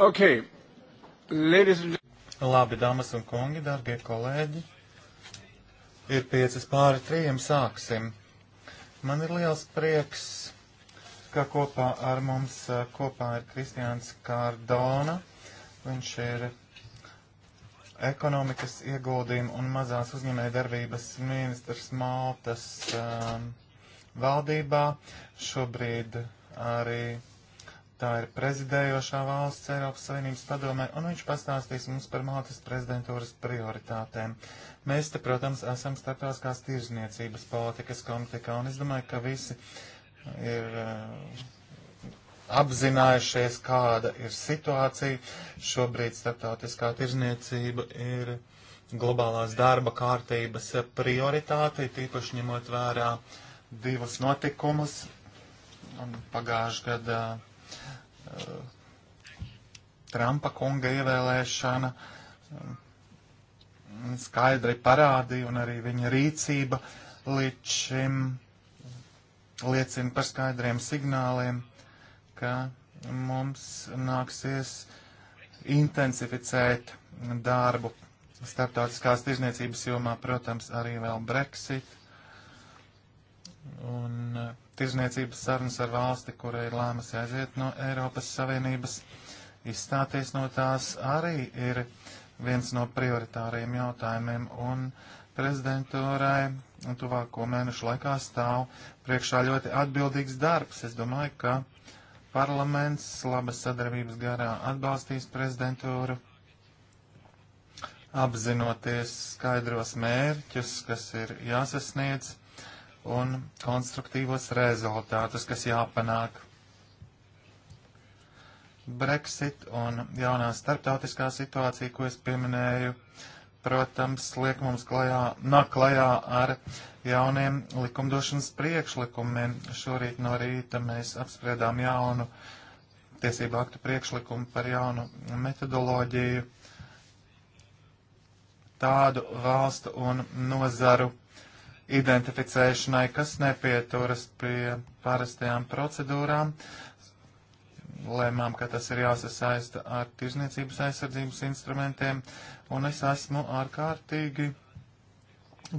Okay. Ladies and Labi, dāmas un kungi, darbie kolēģi. Ir piecas pāri trījiem, sāksim. Man ir liels prieks, ka kopā ar mums kopā ir Kristiāns Kārdona. Viņš ir ekonomikas ieguldījuma un mazās uzņēmēja darbības ministrs Maltas um, valdībā. Šobrīd arī Tā ir prezidējošā valsts Eiropas Savienības padomē, un viņš pastāstīs mums par Maltas prezidentūras prioritātēm. Mēs te, protams, esam starptautiskās tirzniecības politikas komiteka, un es domāju, ka visi ir uh, apzinājušies, kāda ir situācija. Šobrīd starptautiskā tirzniecība ir globālās darba kārtības prioritāte, tīpaši ņemot vērā divus notikumus. Un pagājušajā gadā uh, Trumpa kunga ievēlēšana um, skaidri parādīja un arī viņa rīcība līdz šim liecina par skaidriem signāliem, ka mums nāksies intensificēt darbu starptautiskās tirzniecības jomā, protams, arī vēl Brexit un e, tirzniecības sarunas ar valsti, kura ir lēmusi aiziet no Eiropas Savienības, izstāties no tās arī ir viens no prioritāriem jautājumiem, un prezidentūrai un tuvāko mēnešu laikā stāv priekšā ļoti atbildīgs darbs. Es domāju, ka parlaments labas sadarbības garā atbalstīs prezidentūru, apzinoties skaidros mērķus, kas ir jāsasniedz un konstruktīvos rezultātus, kas jāpanāk. Brexit un jaunā starptautiskā situācija, ko es pieminēju, protams, liek mums klajā, nāk klajā ar jauniem likumdošanas priekšlikumiem. Šorīt no rīta mēs apspriedām jaunu tiesību aktu priekšlikumu par jaunu metodoloģiju tādu valstu un nozaru identificēšanai, kas nepieturas pie parastajām procedūrām. Lēmām, ka tas ir jāsasaista ar tirzniecības aizsardzības instrumentiem, un es esmu ārkārtīgi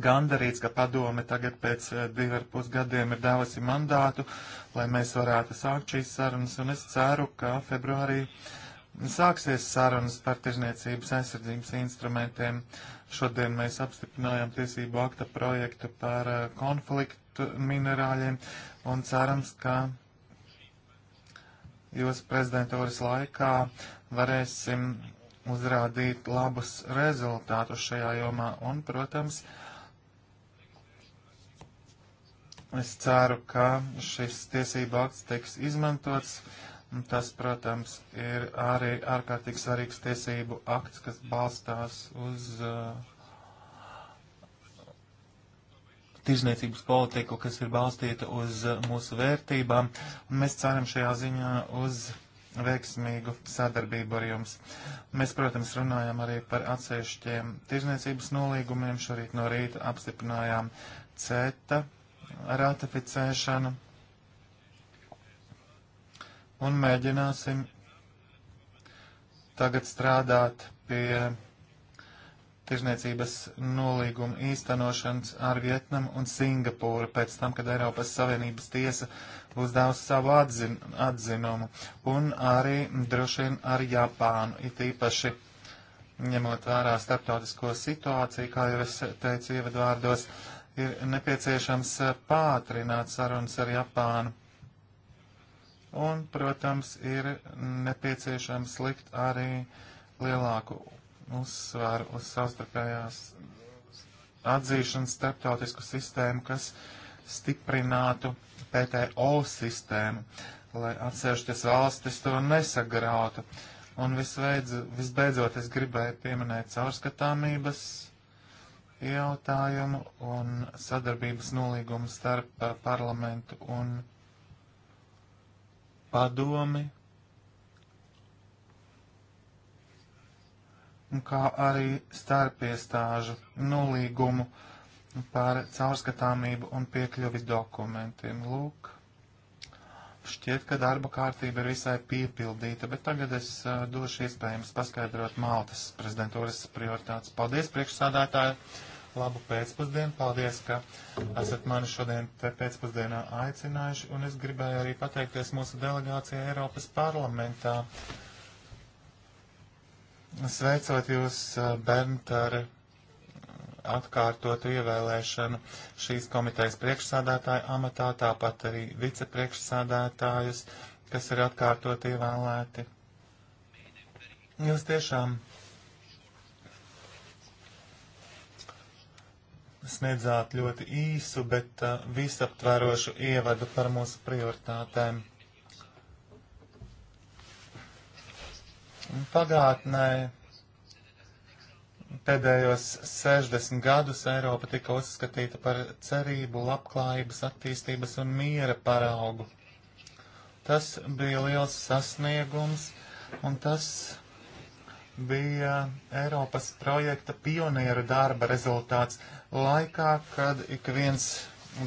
gandarīts, ka padome tagad pēc eh, divi ar pus gadiem ir devusi mandātu, lai mēs varētu sākt šīs sarunas, un es ceru, ka februārī sāksies sarunas par tirzniecības aizsardzības instrumentiem. Uh, Šodien mēs apstiprinājām tiesību akta projektu par eh, konfliktu minerāļiem un cerams, ka jūsu prezidentūras laikā varēsim uzrādīt labus rezultātus šajā jomā. Un, protams, es ceru, ka šis tiesību akts tiks izmantots Tas, protams, ir arī ārkārtīgi svarīgs tiesību akts, kas balstās uz uh, tirzniecības politiku, kas ir balstīta uz uh, mūsu vērtībām. Un mēs ceram šajā ziņā uz veiksmīgu sadarbību ar jums. Mēs, protams, runājam arī par atsevišķiem tirzniecības nolīgumiem. Šorīt no rīta apstiprinājām CETA ratificēšanu un mēģināsim tagad strādāt pie tirzniecības nolīguma īstenošanas ar Vietnamu un Singapūru pēc tam, kad Eiropas Savienības tiesa būs devusi savu atzin, atzinumu, un arī droši vien ar Japānu, it īpaši ņemot vērā starptautisko situāciju, kā jau es teicu ievadvārdos, ir nepieciešams pātrināt sarunas ar Japānu Un, protams, ir nepieciešams likt arī lielāku uzsvaru uz savstarpējās atzīšanas starptautisku sistēmu, kas stiprinātu PTO sistēmu, lai atsevišķas valstis to nesagrautu. Un visveidz, visbeidzot es gribēju pieminēt caurskatāmības jautājumu un sadarbības nolīgumu starp uh, parlamentu un padomi, kā arī starpiestāžu nolīgumu par caurskatāmību un piekļuvi dokumentiem. Lūk, šķiet, ka darba kārtība ir visai piepildīta, bet tagad es uh, došu iespējams paskaidrot Maltas prezidentūras prioritātes. Paldies, priekšsādātāji! Labu pēcpusdienu, paldies, ka esat mani šodien te pēcpusdienā aicinājuši, un es gribēju arī pateikties mūsu delegācijai Eiropas parlamentā. Sveicot jūs, eh, Bernt, ar atkārtotu ievēlēšanu šīs komitejas priekšsādātāja amatā, tāpat arī vicepriekšsādātājus, kas ir atkārtot ievēlēti. Jūs tiešām sniedzāt ļoti īsu, bet uh, visaptvērošu ievadu par mūsu prioritātēm. Pagātnē pēdējos 60 gadus Eiropa tika uzskatīta par cerību, labklājības, attīstības un miera paraugu. Tas bija liels sasniegums, un tas bija Eiropas projekta pionieru darba rezultāts laikā, kad ik viens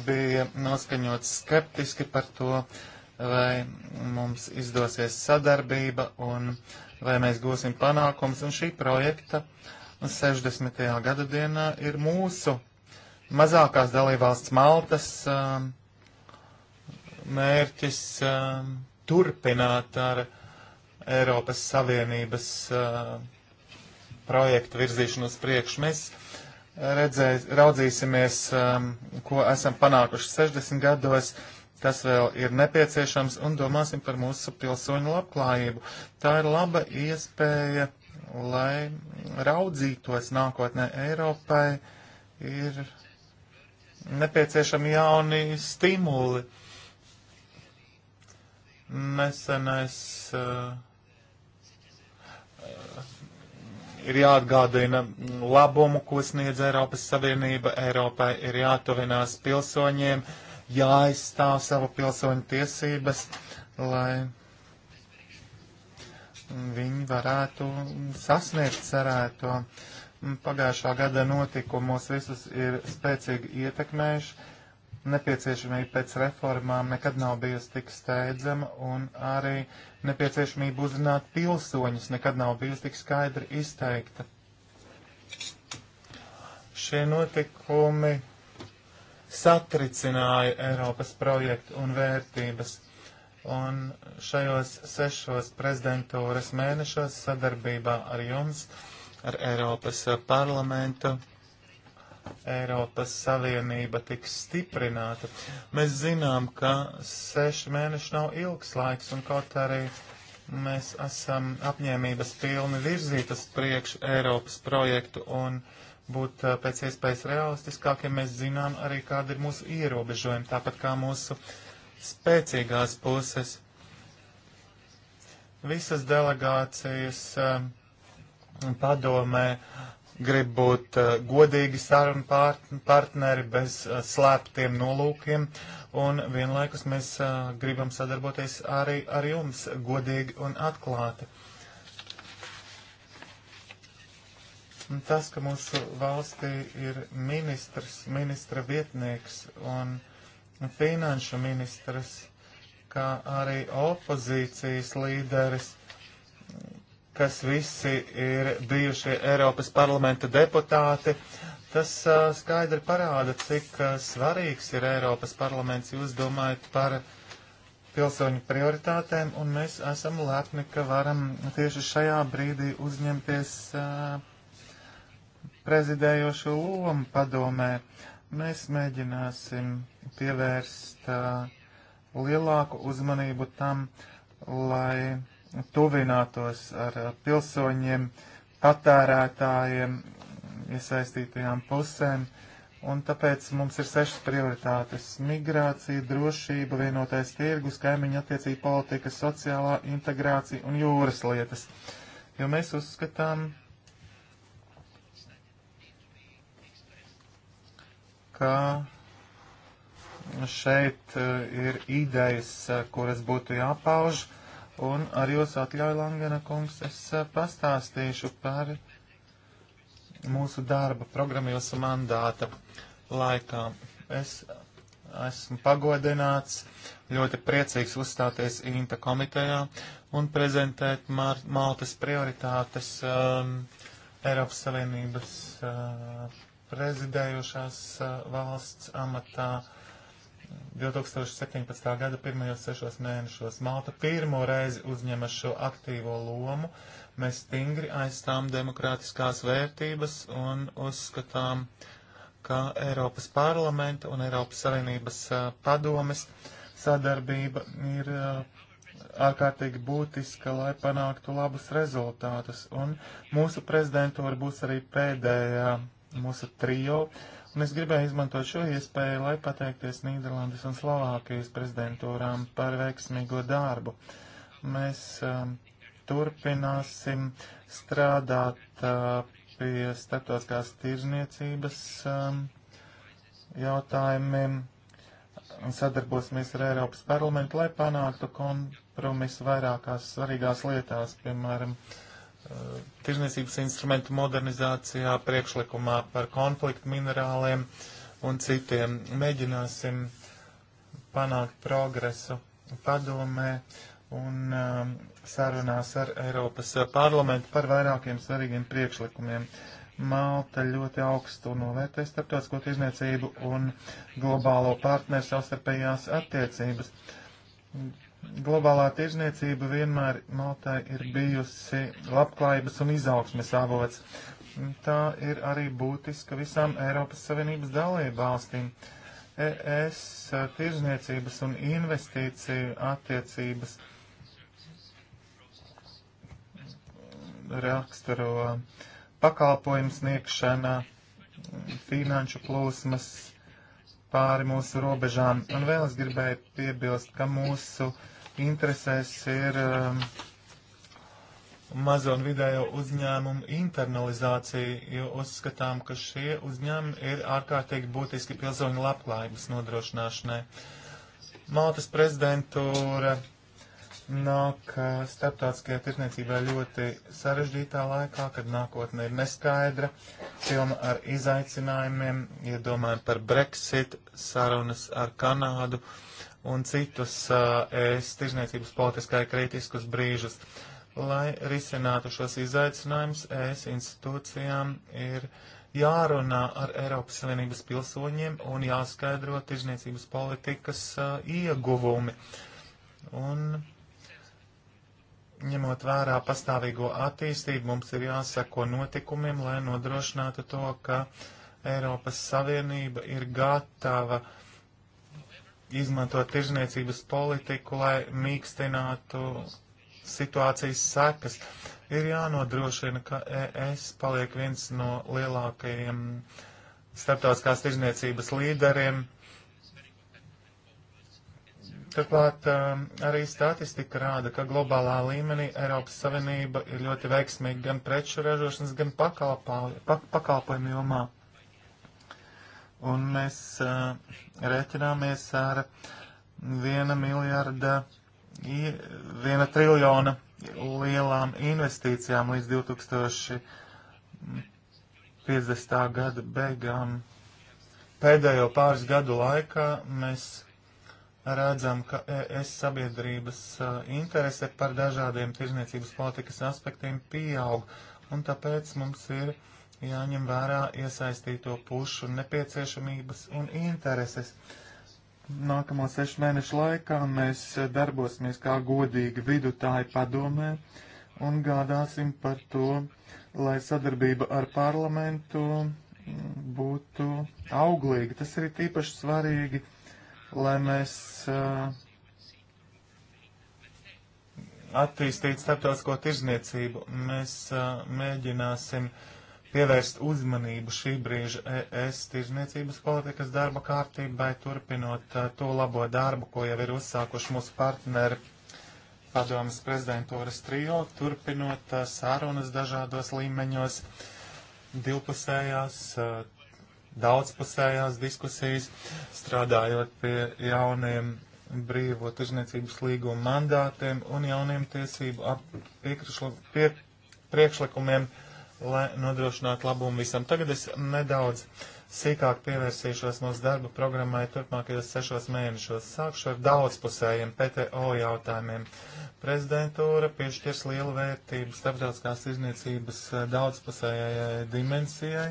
bija noskaņots skeptiski par to, vai mums izdosies sadarbība un vai mēs gūsim panākums. Un šī projekta 60. gada dienā ir mūsu mazākās dalībvalsts Maltas um, mērķis um, turpināt ar Eiropas Savienības uh, projektu virzīšanos priekš. Mēs redzēs, raudzīsimies, um, ko esam panākuši 60 gados, kas vēl ir nepieciešams, un domāsim par mūsu pilsoņu labklājību. Tā ir laba iespēja, lai raudzītos nākotnē Eiropai, ir nepieciešami jauni stimuli. Nesenais uh, ir jāatgādina labumu, ko sniedz Eiropas Savienība. Eiropai ir jātuvinās pilsoņiem, jāizstāv savu pilsoņu tiesības, lai viņi varētu sasniegt cerēto. Pagājušā gada notikumi mūs visus ir spēcīgi ietekmējuši nepieciešamība pēc reformām nekad nav bijusi tik steidzama, un arī nepieciešamība uzrunāt pilsoņus nekad nav bijusi tik skaidri izteikta. Šie notikumi satricināja Eiropas projektu un vērtības, un šajos sešos prezidentūras mēnešos sadarbībā ar jums, ar Eiropas parlamentu, Eiropas Savienība tiks stiprināta. Mēs zinām, ka seši mēneši nav ilgs laiks, un kaut arī mēs esam apņēmības pilni virzītas priekš Eiropas projektu un būt pēc iespējas realistiskākiem, ja mēs zinām arī, kāda ir mūsu ierobežojuma, tāpat kā mūsu spēcīgās puses. Visas delegācijas padomē grib būt uh, godīgi sarunu part partneri bez uh, slēptiem nolūkiem, un vienlaikus mēs uh, gribam sadarboties arī ar jums godīgi un atklāti. Un tas, ka mūsu valstī ir ministrs, ministra vietnieks un finanšu ministrs, kā arī opozīcijas līderis, kas visi ir bijuši Eiropas parlamenta deputāti. Tas uh, skaidri parāda, cik uh, svarīgs ir Eiropas parlaments. Jūs domājat par pilsoņu prioritātēm, un mēs esam lepni, ka varam tieši šajā brīdī uzņemties uh, prezidējošo lomu padomē. Mēs mēģināsim pievērst lielāku uzmanību tam, lai tuvinātos ar pilsoņiem, patērētājiem, iesaistītajām pusēm. Un tāpēc mums ir sešas prioritātes - migrācija, drošība, vienotais tirgus, kaimiņa attiecība politika, sociālā integrācija un jūras lietas. Jo mēs uzskatām, ka šeit eh, ir idejas, eh, kuras būtu jāpauž. Uh, Un ar jūsu atļauju, Langana kungs, es eh, pastāstīšu par mūsu darba programmu jūsu mandāta laikā. Es esmu pagodināts, ļoti priecīgs uzstāties INTA komitejā un prezentēt Mar Maltas prioritātes um, Eiropas Savienības uh, prezidējošās uh, valsts amatā 2017. gada pirmajos sešos mēnešos Malta pirmo reizi uzņemas šo aktīvo lomu. Mēs stingri aizstām demokrātiskās vērtības un uzskatām, ka Eiropas parlamenta un Eiropas Savienības uh, padomes sadarbība ir uh, ārkārtīgi būtiska, lai panāktu labus rezultātus. Un mūsu prezidentūra būs arī pēdējā mūsu trijo. Uh, Es gribēju izmantot šo iespēju, lai pateikties Nīderlandes un Slovākijas prezidentūrām par veiksmīgo darbu. Mēs uh, turpināsim strādāt uh, pie starptautiskās tirzniecības um, jautājumiem un sadarbosimies ar Eiropas parlamentu, lai panāktu kompromisu vairākās svarīgās lietās, piemēram, uh, tirzniecības instrumentu modernizācijā, priekšlikumā par konfliktu minerāliem un citiem. Mēģināsim panākt progresu padomē un um, sarunās ar Eiropas parlamentu par vairākiem svarīgiem priekšlikumiem. Malta ļoti augstu novērtē starptautisko tirzniecību un globālo partneru savstarpējās attiecības globālā tirzniecība vienmēr Maltai ir bijusi labklājības un izaugsmes avots. Tā ir arī būtiska visām Eiropas Savienības dalību valstīm. ES tirzniecības un investīciju attiecības raksturo pakalpojumu sniegšana, finanšu plūsmas pāri mūsu robežām. Un vēl es gribēju piebilst, ka mūsu uh, interesēs ir um, mazo un vidējo uzņēmumu internalizācija, jo uzskatām, ka šie uzņēmumi ir ārkārtīgi būtiski pilsoņu labklājības nodrošināšanai. Maltas prezidentūra nāk uh, starptautiskajā tirniecībā ļoti sarežģītā laikā, kad nākotne ir neskaidra, pilna ar izaicinājumiem, iedomājam par Brexit, sarunas ar Kanādu un citus ēst uh, tirzniecības politiskai kritiskus brīžus. Lai risinātu šos izaicinājumus, ēst institūcijām ir jārunā ar Eiropas Savienības pilsoņiem un jāskaidro tirzniecības politikas uh, ieguvumi. Un ņemot vērā pastāvīgo attīstību, mums ir jāseko notikumiem, lai nodrošinātu to, ka Eiropas Savienība ir gatava uh, izmantot tirzniecības politiku, lai mīkstinātu situācijas sekas. Ir jānodrošina, ka ES paliek viens no lielākajiem starptautiskās tirzniecības līderiem. Turklāt um, arī statistika rāda, ka globālā līmenī Eiropas Savienība ir ļoti veiksmīga gan preču ražošanas, gan pakalpojumu jomā. Pa, un mēs uh, rēķināmies ar viena miljarda, viena triljona lielām investīcijām līdz 2050. gada beigām. Pēdējo pāris gadu laikā mēs redzam, ka ES sabiedrības interese par dažādiem tirzniecības politikas aspektiem pieaug, un tāpēc mums ir uh, jāņem vērā iesaistīto pušu nepieciešamības un intereses. Nākamo sešu mēnešu laikā mēs darbosimies kā godīgi vidutāji padomē un gādāsim par to, lai sadarbība ar parlamentu būtu auglīga. Tas ir īpaši svarīgi, lai mēs uh, attīstītu starptautisko tirzniecību. Mēs uh, mēģināsim uh, pievērst uzmanību šī brīža ES tirzniecības politikas darba kārtībai, turpinot uh, to labo darbu, ko jau ir uzsākuši mūsu partneri padomas prezidentūras trijo, turpinot uh, sārunas dažādos līmeņos, divpusējās, uh, daudzpusējās diskusijas, strādājot pie jauniem brīvo tirzniecības līguma mandātiem un jauniem tiesību ap, piekrišla, pie, priekšlikumiem. Pie, lai nodrošinātu labumu visam. Tagad es nedaudz sīkāk pievērsīšos mūsu darba programmai turpmākajos sešos mēnešos. Sākšu ar daudzpusējiem PTO jautājumiem. Prezidentūra piešķirs lielu vērtību starptautiskās izniecības eh, daudzpusējai eh, dimensijai,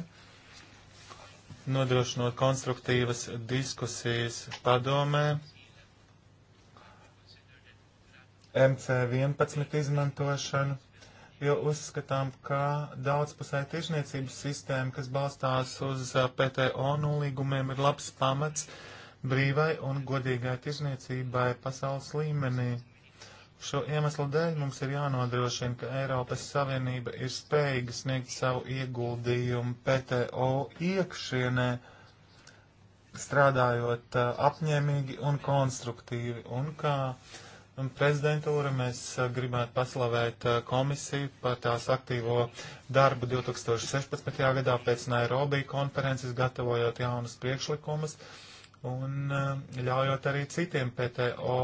nodrošinot konstruktīvas diskusijas padomē. MC11 izmantošanu jo uzskatām, ka daudzpusē tiešniecības sistēma, kas balstās uz PTO nolīgumiem, ir labs pamats brīvai un godīgai tiešniecībai pasaules līmenī. Šo iemeslu dēļ mums ir jānodrošina, ka Eiropas Savienība ir spējīga sniegt savu ieguldījumu PTO iekšienē, strādājot apņēmīgi un konstruktīvi, un kā uh, prezidentūra. Mēs eh, gribētu paslavēt eh, komisiju par tās aktīvo darbu 2016. gadā pēc Nairobi konferences, gatavojot jaunas priekšlikumus un eh, ļaujot arī citiem PTO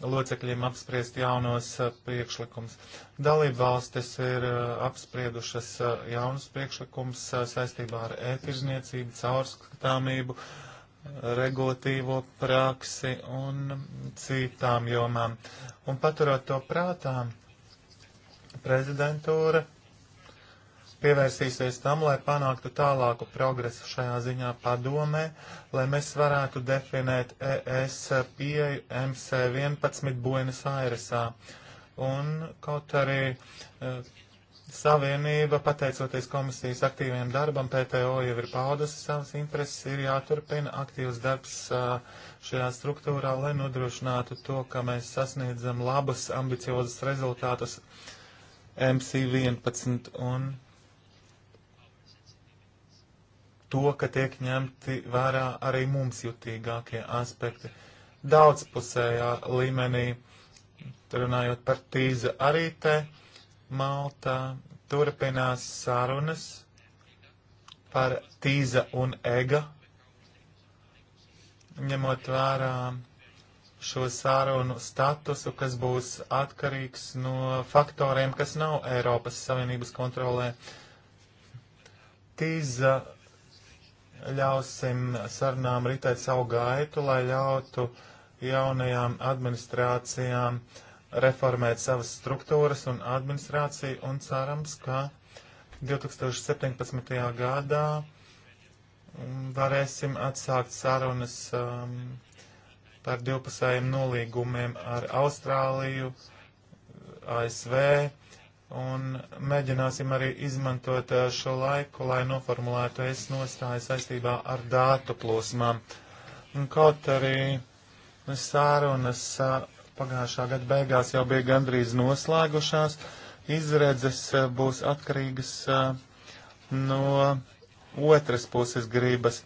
locekļiem apspriest jaunos priekšlikumus. Dalība valstis ir apspriedušas jaunus priekšlikumus saistībā ar ētirzniecību, caurskatāmību. E regulatīvo praksi un citām jomām. Un paturot to prātā, prezidentūra pievērsīsies tam, lai panāktu tālāku progresu šajā ziņā padomē, lai mēs varētu definēt ES pieeju MC11 Buenas Airesā. Un kaut arī uh, Savienība, pateicoties komisijas aktīviem darbam, PTO jau ir paudusi savas intereses, ir jāturpina aktīvs darbs šajā struktūrā, lai nodrošinātu to, ka mēs sasniedzam labus, ambiciozus rezultātus MC11 un to, ka tiek ņemti vērā arī mums jutīgākie aspekti daudzpusējā līmenī, runājot par tīza arī te Maltā turpinās sarunas par tīza un ega, ņemot vērā šo sārunu statusu, kas būs atkarīgs no faktoriem, kas nav Eiropas Savienības kontrolē. Tīza ļausim sarunām ritēt savu gaitu, lai ļautu jaunajām administrācijām uh, reformēt savas struktūras un administrāciju un cerams, ka 2017. gadā um, varēsim atsākt sarunas um, par divpusējiem nolīgumiem ar Austrāliju, ASV, un mēģināsim arī izmantot uh, šo laiku, lai noformulētu es nostāju saistībā ar dātu plūsmām. Un kaut arī sarunas uh, pagājušā gada beigās jau bija gandrīz noslēgušās. Izredzes eh, būs atkarīgas eh, no otras puses gribas.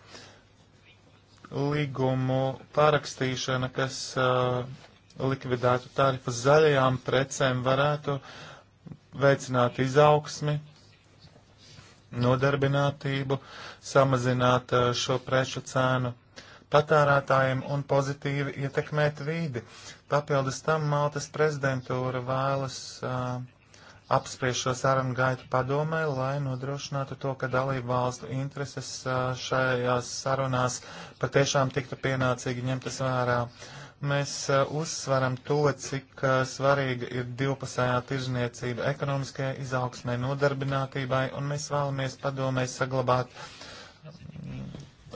Līgumu pārakstīšana, kas eh, likvidētu tarifus zaļajām precēm, varētu veicināt izaugsmi, nodarbinātību, samazināt šo preču cēnu patērētājiem un pozitīvi ietekmēt vīdi. Uh, Papildus tam Maltas prezidentūra vēlas uh, apspriest šo sarunu gaitu padomē, lai nodrošinātu to, ka dalību valstu intereses uh, šajās sarunās patiešām tiktu pienācīgi ņemtas vērā. Mēs uh, uzsveram to, cik svarīga ir divpusējā tirzniecība ekonomiskajai izaugsmai, nodarbinātībai, un mēs vēlamies padomē saglabāt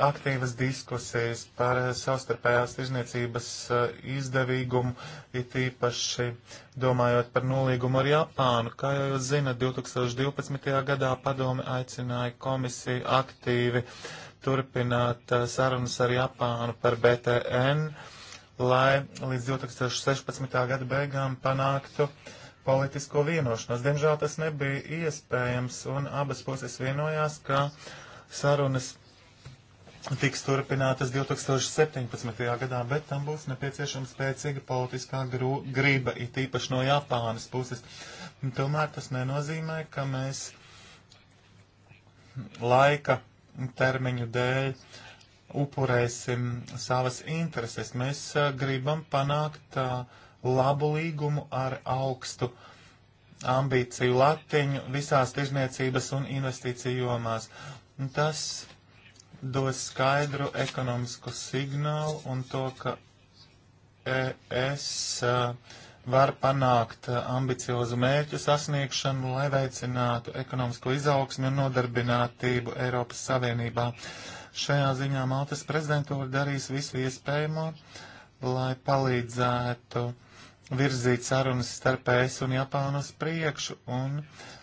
aktīvas diskusijas par savstarpējās tirzniecības eh, izdevīgumu, it īpaši domājot par nolīgumu ar Japānu. Kā jau jūs zinat, 2012. gadā padome aicināja komisiju aktīvi turpināt eh, sarunas ar Japānu par BTN, lai līdz 2016. gada beigām panāktu politisko vienošanos. Diemžēl tas nebija iespējams, un abas puses vienojās, ka sarunas tiks turpinātas 2017. gadā, bet tam būs nepieciešama spēcīga politiskā grība, it īpaši no Japānas puses. Un tomēr tas nenozīmē, ka mēs laika termiņu dēļ upurēsim savas intereses. Mēs a, uh, gribam panākt a, uh, labu līgumu ar augstu ambīciju latiņu visās tirzniecības un investīciju jomās. Un tas dos skaidru ekonomisku signālu un to, ka ES var panākt ambiciozu mērķu sasniegšanu, lai veicinātu ekonomisko izaugsmi un nodarbinātību Eiropas Savienībā. Šajā ziņā Maltas prezidentūra darīs visu iespējamo, lai palīdzētu uh, virzīt sarunas starp ES un Japānu uz priekšu, un,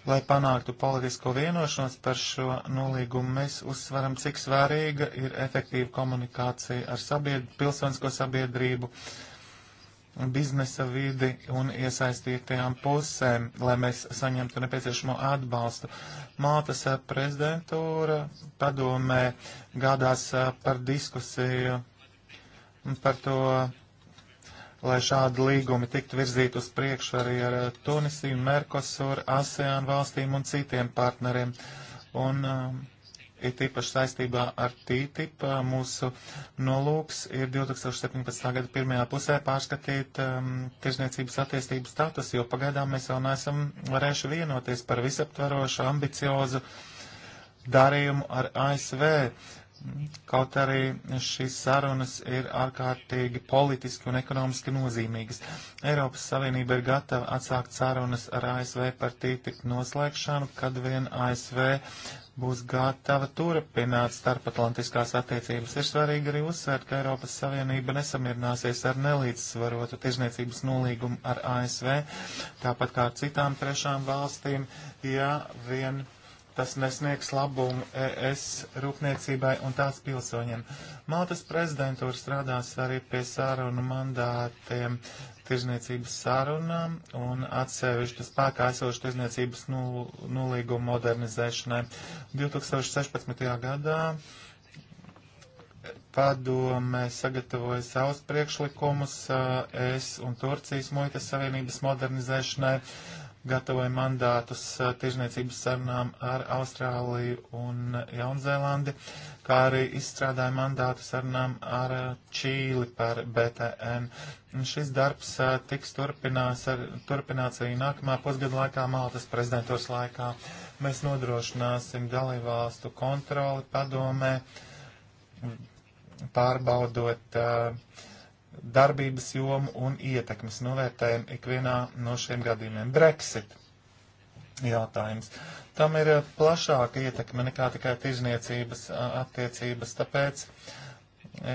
lai panāktu politisko vienošanos par šo nolīgumu, mēs uzsveram, cik svērīga ir efektīva komunikācija ar sabied pilsonisko sabiedrību, biznesa vidi un iesaistītajām pusēm, lai mēs saņemtu nepieciešamo atbalstu. Maltas eh, prezidentūra padomē gādās eh, par diskusiju par to, lai šādi līgumi tiktu virzīti uz priekšu arī ar eh, Tunisiju, Merkosur, ASEAN valstīm un citiem partneriem. Un, um, it īpaši saistībā ar TTIP uh, mūsu nolūks ir 2017. gada pirmajā pusē pārskatīt um, tirzniecības attīstības status, jo pagaidām mēs vēl neesam varējuši vienoties par visaptvarošu, ambiciozu darījumu ar ASV. Kaut arī šīs sarunas ir ārkārtīgi politiski un ekonomiski nozīmīgas. Eiropas Savienība ir gatava atsākt sarunas ar ASV par TTIP noslēgšanu, kad vien ASV būs gatava turpināt starpatlantiskās attiecības. Ir svarīgi arī uzsvērt, ka Eiropas Savienība nesamierināsies ar nelīdzsvarotu tirzniecības nolīgumu ar ASV, tāpat kā ar citām trešām valstīm, ja vien Tas nesniegs labumu ES rūpniecībai un tās pilsoņiem. Maltas prezidentūra strādās arī pie sārunu mandātiem tirzniecības sārunām un atsevišķi spēkā esošu tirzniecības nul nulīgumu modernizēšanai. 2016. gadā padome sagatavoja savus priekšlikumus uh, ES un Turcijas muitas savienības modernizēšanai gatavoja mandātus tirzniecības sarunām ar Austrāliju un Jaunzēlandi, kā arī izstrādāja mandātu sarunām ar Čīli par BTN. Un šis darbs tiks ar, turpināts arī nākamā pusgada laikā Maltas prezidentūras laikā. Mēs nodrošināsim dalībvalstu kontroli padomē, pārbaudot uh, darbības jomu un ietekmes novērtējumu ikvienā no šiem gadījumiem. Brexit jautājums. Tam ir eh, plašāka ietekme nekā tikai tirzniecības attiecības, tāpēc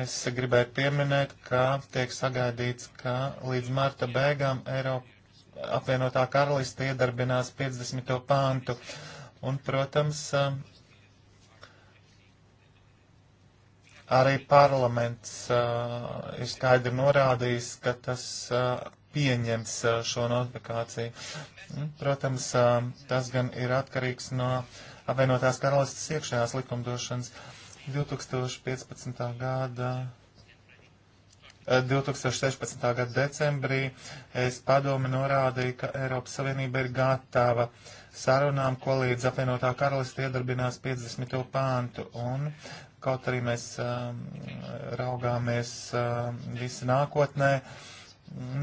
es gribētu pieminēt, ka tiek sagaidīts, ka līdz marta beigām Eiropa apvienotā karaliste iedarbinās 50. pāntu. Un, protams, Arī parlaments uh, ir skaidri norādījis, ka tas uh, pieņems uh, šo notifikāciju. Nu, protams, uh, tas gan ir atkarīgs no apvienotās karalistas iekšējās likumdošanas 2015. gada. 2016. gada decembrī es padomi norādīju, ka Eiropas Savienība ir gatava sarunām, ko līdz apvienotā karalista iedarbinās 50. pāntu, un Kaut arī mēs um, raugāmies um, visi nākotnē,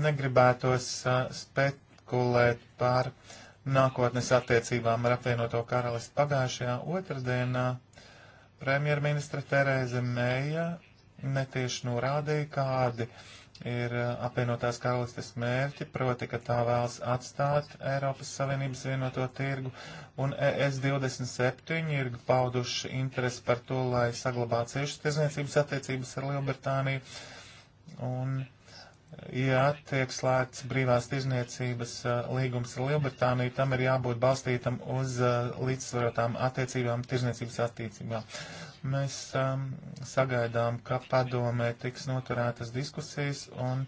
negribētos uh, spekulēt par nākotnes attiecībām ar apvienoto karalistu pagājušajā otrdienā. Premjerministra Terēze Mēja netieši norādīja, kādi ir uh, apvienotās karalistes mērķi, proti, ka tā vēlas atstāt Eiropas Savienības vienoto tirgu, un e ES 27 ir pauduši interesi par to, lai saglabātu ciešas tirzniecības attiecības ar Lielbritāniju. Un ja tiek slēgts brīvās tirzniecības eh, līgums ar Lielbritāniju, tam ir jābūt balstītam uz eh, līdzsvarotām attiecībām, tirzniecības attiecībām. Mēs um, sagaidām, ka padomē tiks noturētas diskusijas un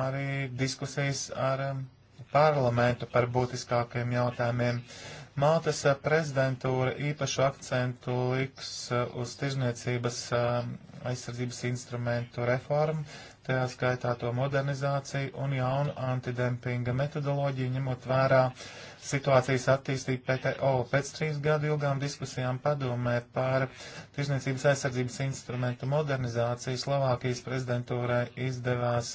arī diskusijas ar um, parlamentu par būtiskākiem jautājumiem. Maltas eh, prezidentūra īpašu akcentu liks uz tirzniecības um, aizsardzības instrumentu reformu, tajā skaitā to modernizāciju un jaunu antidempinga metodoloģiju, ņemot vērā situācijas attīstību PTO. Pēc trīs gadu ilgām diskusijām padomē par tirzniecības aizsardzības instrumentu modernizāciju Slovākijas prezidentūrai izdevās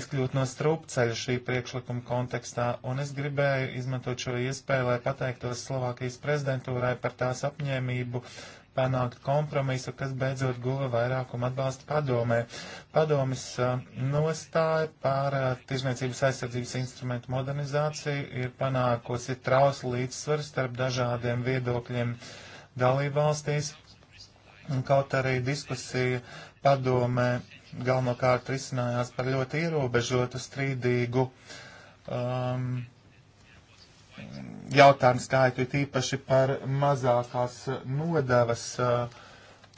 izkļūt no strupceļa šī priekšlikuma kontekstā, un es gribēju izmantot šo iespēju, lai pateiktos Slovākijas prezidentūrai par tās apņēmību panākt kompromisu, kas beidzot guva vairākumu atbalstu padomē. Padomis nostāja par tirzniecības aizsardzības instrumentu modernizāciju ir panākusi trausla līdzsvaru starp dažādiem viedokļiem dalībvalstīs. Kaut arī diskusija padomē galvenokārt risinājās par ļoti ierobežotu strīdīgu um, jautājums skaitu tīpaši par mazākās nodevas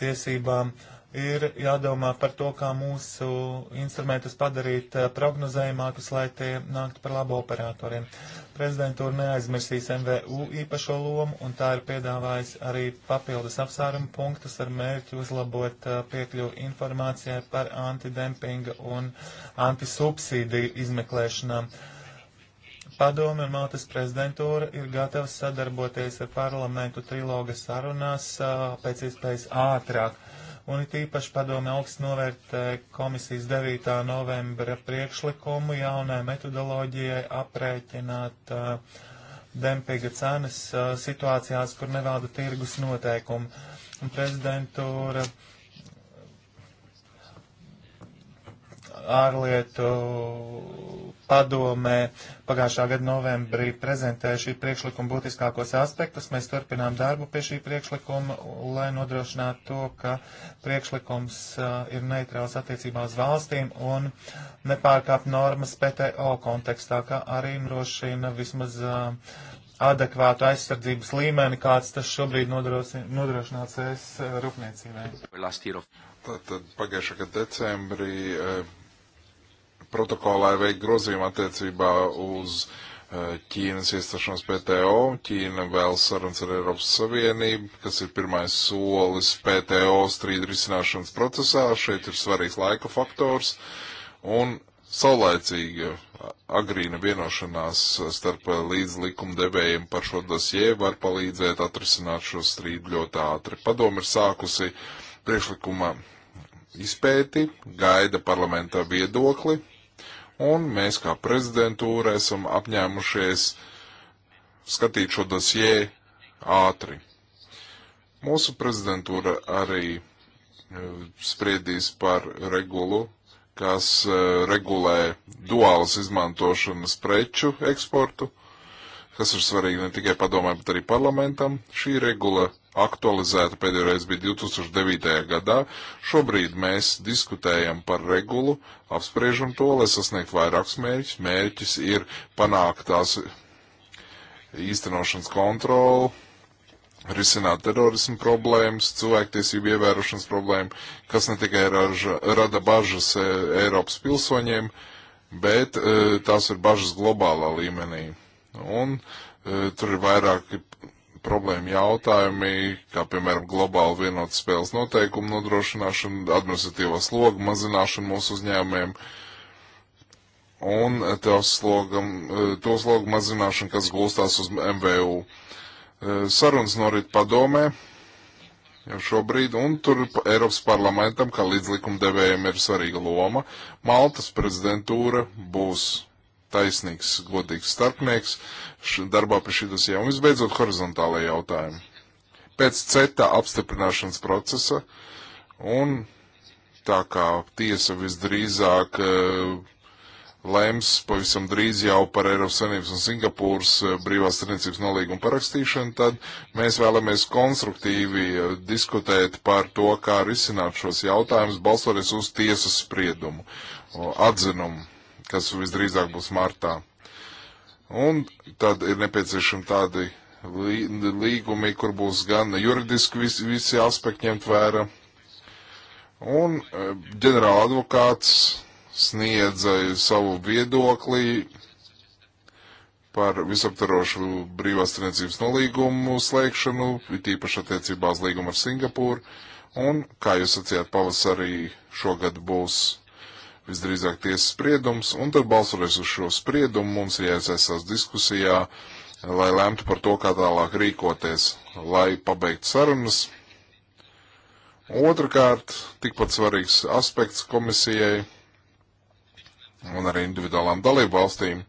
tiesībām. Ir jādomā par to, kā mūsu instrumentus padarīt prognozējumākus, lai tie nāktu par labu operatoriem. Prezidentūra neaizmirsīs MVU īpašo lomu, un tā ir piedāvājis arī papildus apsārumu punktus ar mērķi uzlabot piekļuvu informācijai par antidempinga un antisubsīdiju izmeklēšanām. Uh, Padome un Maltas prezidentūra ir gatava sadarboties ar parlamentu triloga sarunās pēc iespējas ātrāk. Un it īpaši padome augsts novērtē komisijas 9. novembra priekšlikumu jaunai metodoloģijai aprēķināt uh, dempinga cenas uh, situācijās, kur nevalda tirgus noteikumi. Un prezidentūra uh, ārlietu padomē pagājušā gada novembrī prezentēja šī priekšlikuma būtiskākos aspektus. Mēs turpinām darbu pie šī priekšlikuma, lai nodrošinātu to, ka priekšlikums uh, ir neitrāls attiecībā uz valstīm un nepārkāp normas PTO kontekstā, kā arī nodrošina vismaz uh, adekvātu aizsardzības līmeni, kāds tas šobrīd nodrošināts es rūpniecībai. Tad pagājušā gada decembrī protokolā veikt grozījumu attiecībā uz eh, Ķīnas iestāšanos PTO. Ķīna vēl sarunas ar Eiropas Savienību, kas ir pirmais solis PTO strīdu risināšanas procesā. Šeit ir svarīgs laika faktors un saulaicīga agrīna vienošanās starp līdzlikumdevējiem par šo dosie var palīdzēt atrisināt šo strīdu ļoti ātri. Padomi ir sākusi priekšlikuma izpēti, gaida parlamenta viedokli un mēs kā prezidentūra esam apņēmušies skatīt šo dosjē ātri. Mūsu prezidentūra arī e, spriedīs par regulu, kas e, regulē duālas izmantošanas preču eksportu, kas ir svarīgi ne tikai padomē, bet arī parlamentam. Šī regula aktualizēta pēdējo reizi bija 2009. gadā. Šobrīd mēs diskutējam par regulu, apspriežam to, lai sasniegtu vairākus mērķus. Mērķis ir panākt tās īstenošanas kontroli, risināt terorismu problēmas, cilvēktiesību ievērošanas problēmu, kas ne tikai raža, rada bažas e, Eiropas pilsoņiem, bet e, tās ir bažas globālā līmenī. Un e, tur ir vairāki problēma jautājumi, kā piemēram globāli vienotas spēles noteikumu nodrošināšana, administratīvā sloga mazināšana mūsu uzņēmējiem un eh, slogam, eh, to slogu mazināšana, kas gulstās uz MVU. Eh, sarunas norit padomē jau šobrīd, un tur Eiropas parlamentam, kā līdzlikumdevējiem, ir svarīga loma. Maltas prezidentūra būs taisnīgs, godīgs starpnieks darbā pie šī dosijā. Un visbeidzot, horizontālajie jautājumi. Pēc CETA apstiprināšanas procesa un tā kā tiesa visdrīzāk eh, lems pavisam drīz jau par Eiropas Savienības un Singapūras eh, brīvās tirdzniecības nolīgumu parakstīšanu, tad mēs vēlamies konstruktīvi eh, diskutēt par to, kā risināt šos jautājumus, balstoties uz tiesas spriedumu, atzinumu kas visdrīzāk būs martā. Un tad ir nepieciešami tādi līgumi, kur būs gan juridiski visi, visi aspekti ņemt vērā. Un e, ģenerāla advokāts sniedza savu viedoklī par visaptarošu brīvās tirniecības nolīgumu slēgšanu, tīpaši attiecībā uz līgumu ar Singapūru. Un, kā jūs sacījāt, pavasarī šogad būs visdrīzāk tiesas spriedums, un tad balsoties uz šo spriedumu mums ir jāiesaistās diskusijā, lai lemtu par to, kā tālāk rīkoties, lai pabeigtu sarunas. Otrakārt, tikpat svarīgs aspekts komisijai un arī individuālām dalību valstīm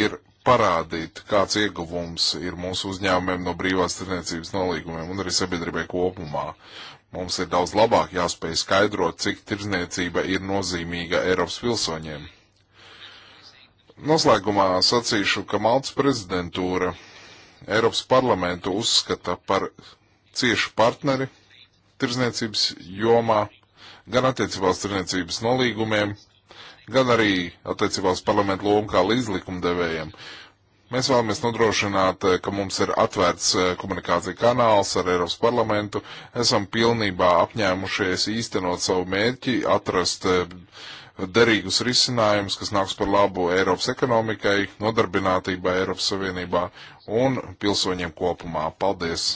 ir parādīt, kāds ieguvums ir mūsu uzņēmumiem no brīvās tirniecības nolīgumiem un arī sabiedrībai kopumā. Mums ir daudz labāk jāspēj skaidrot, cik tirzniecība ir nozīmīga Eiropas pilsoņiem. Noslēgumā sacīšu, ka Maltas prezidentūra Eiropas parlamentu uzskata par ciešu partneri tirzniecības jomā, gan attiecībā uz tirzniecības nolīgumiem, gan arī attiecībā uz parlamentu lomu kā līdzlikumdevējiem. devējiem Mēs vēlamies nodrošināt, eh, ka mums ir atvērts eh, komunikācija kanāls ar Eiropas parlamentu. Esam pilnībā apņēmušies īstenot savu mērķi, atrast eh, derīgus risinājumus, kas nāks par labu Eiropas ekonomikai, nodarbinātībai Eiropas Savienībā un pilsoņiem kopumā. Paldies!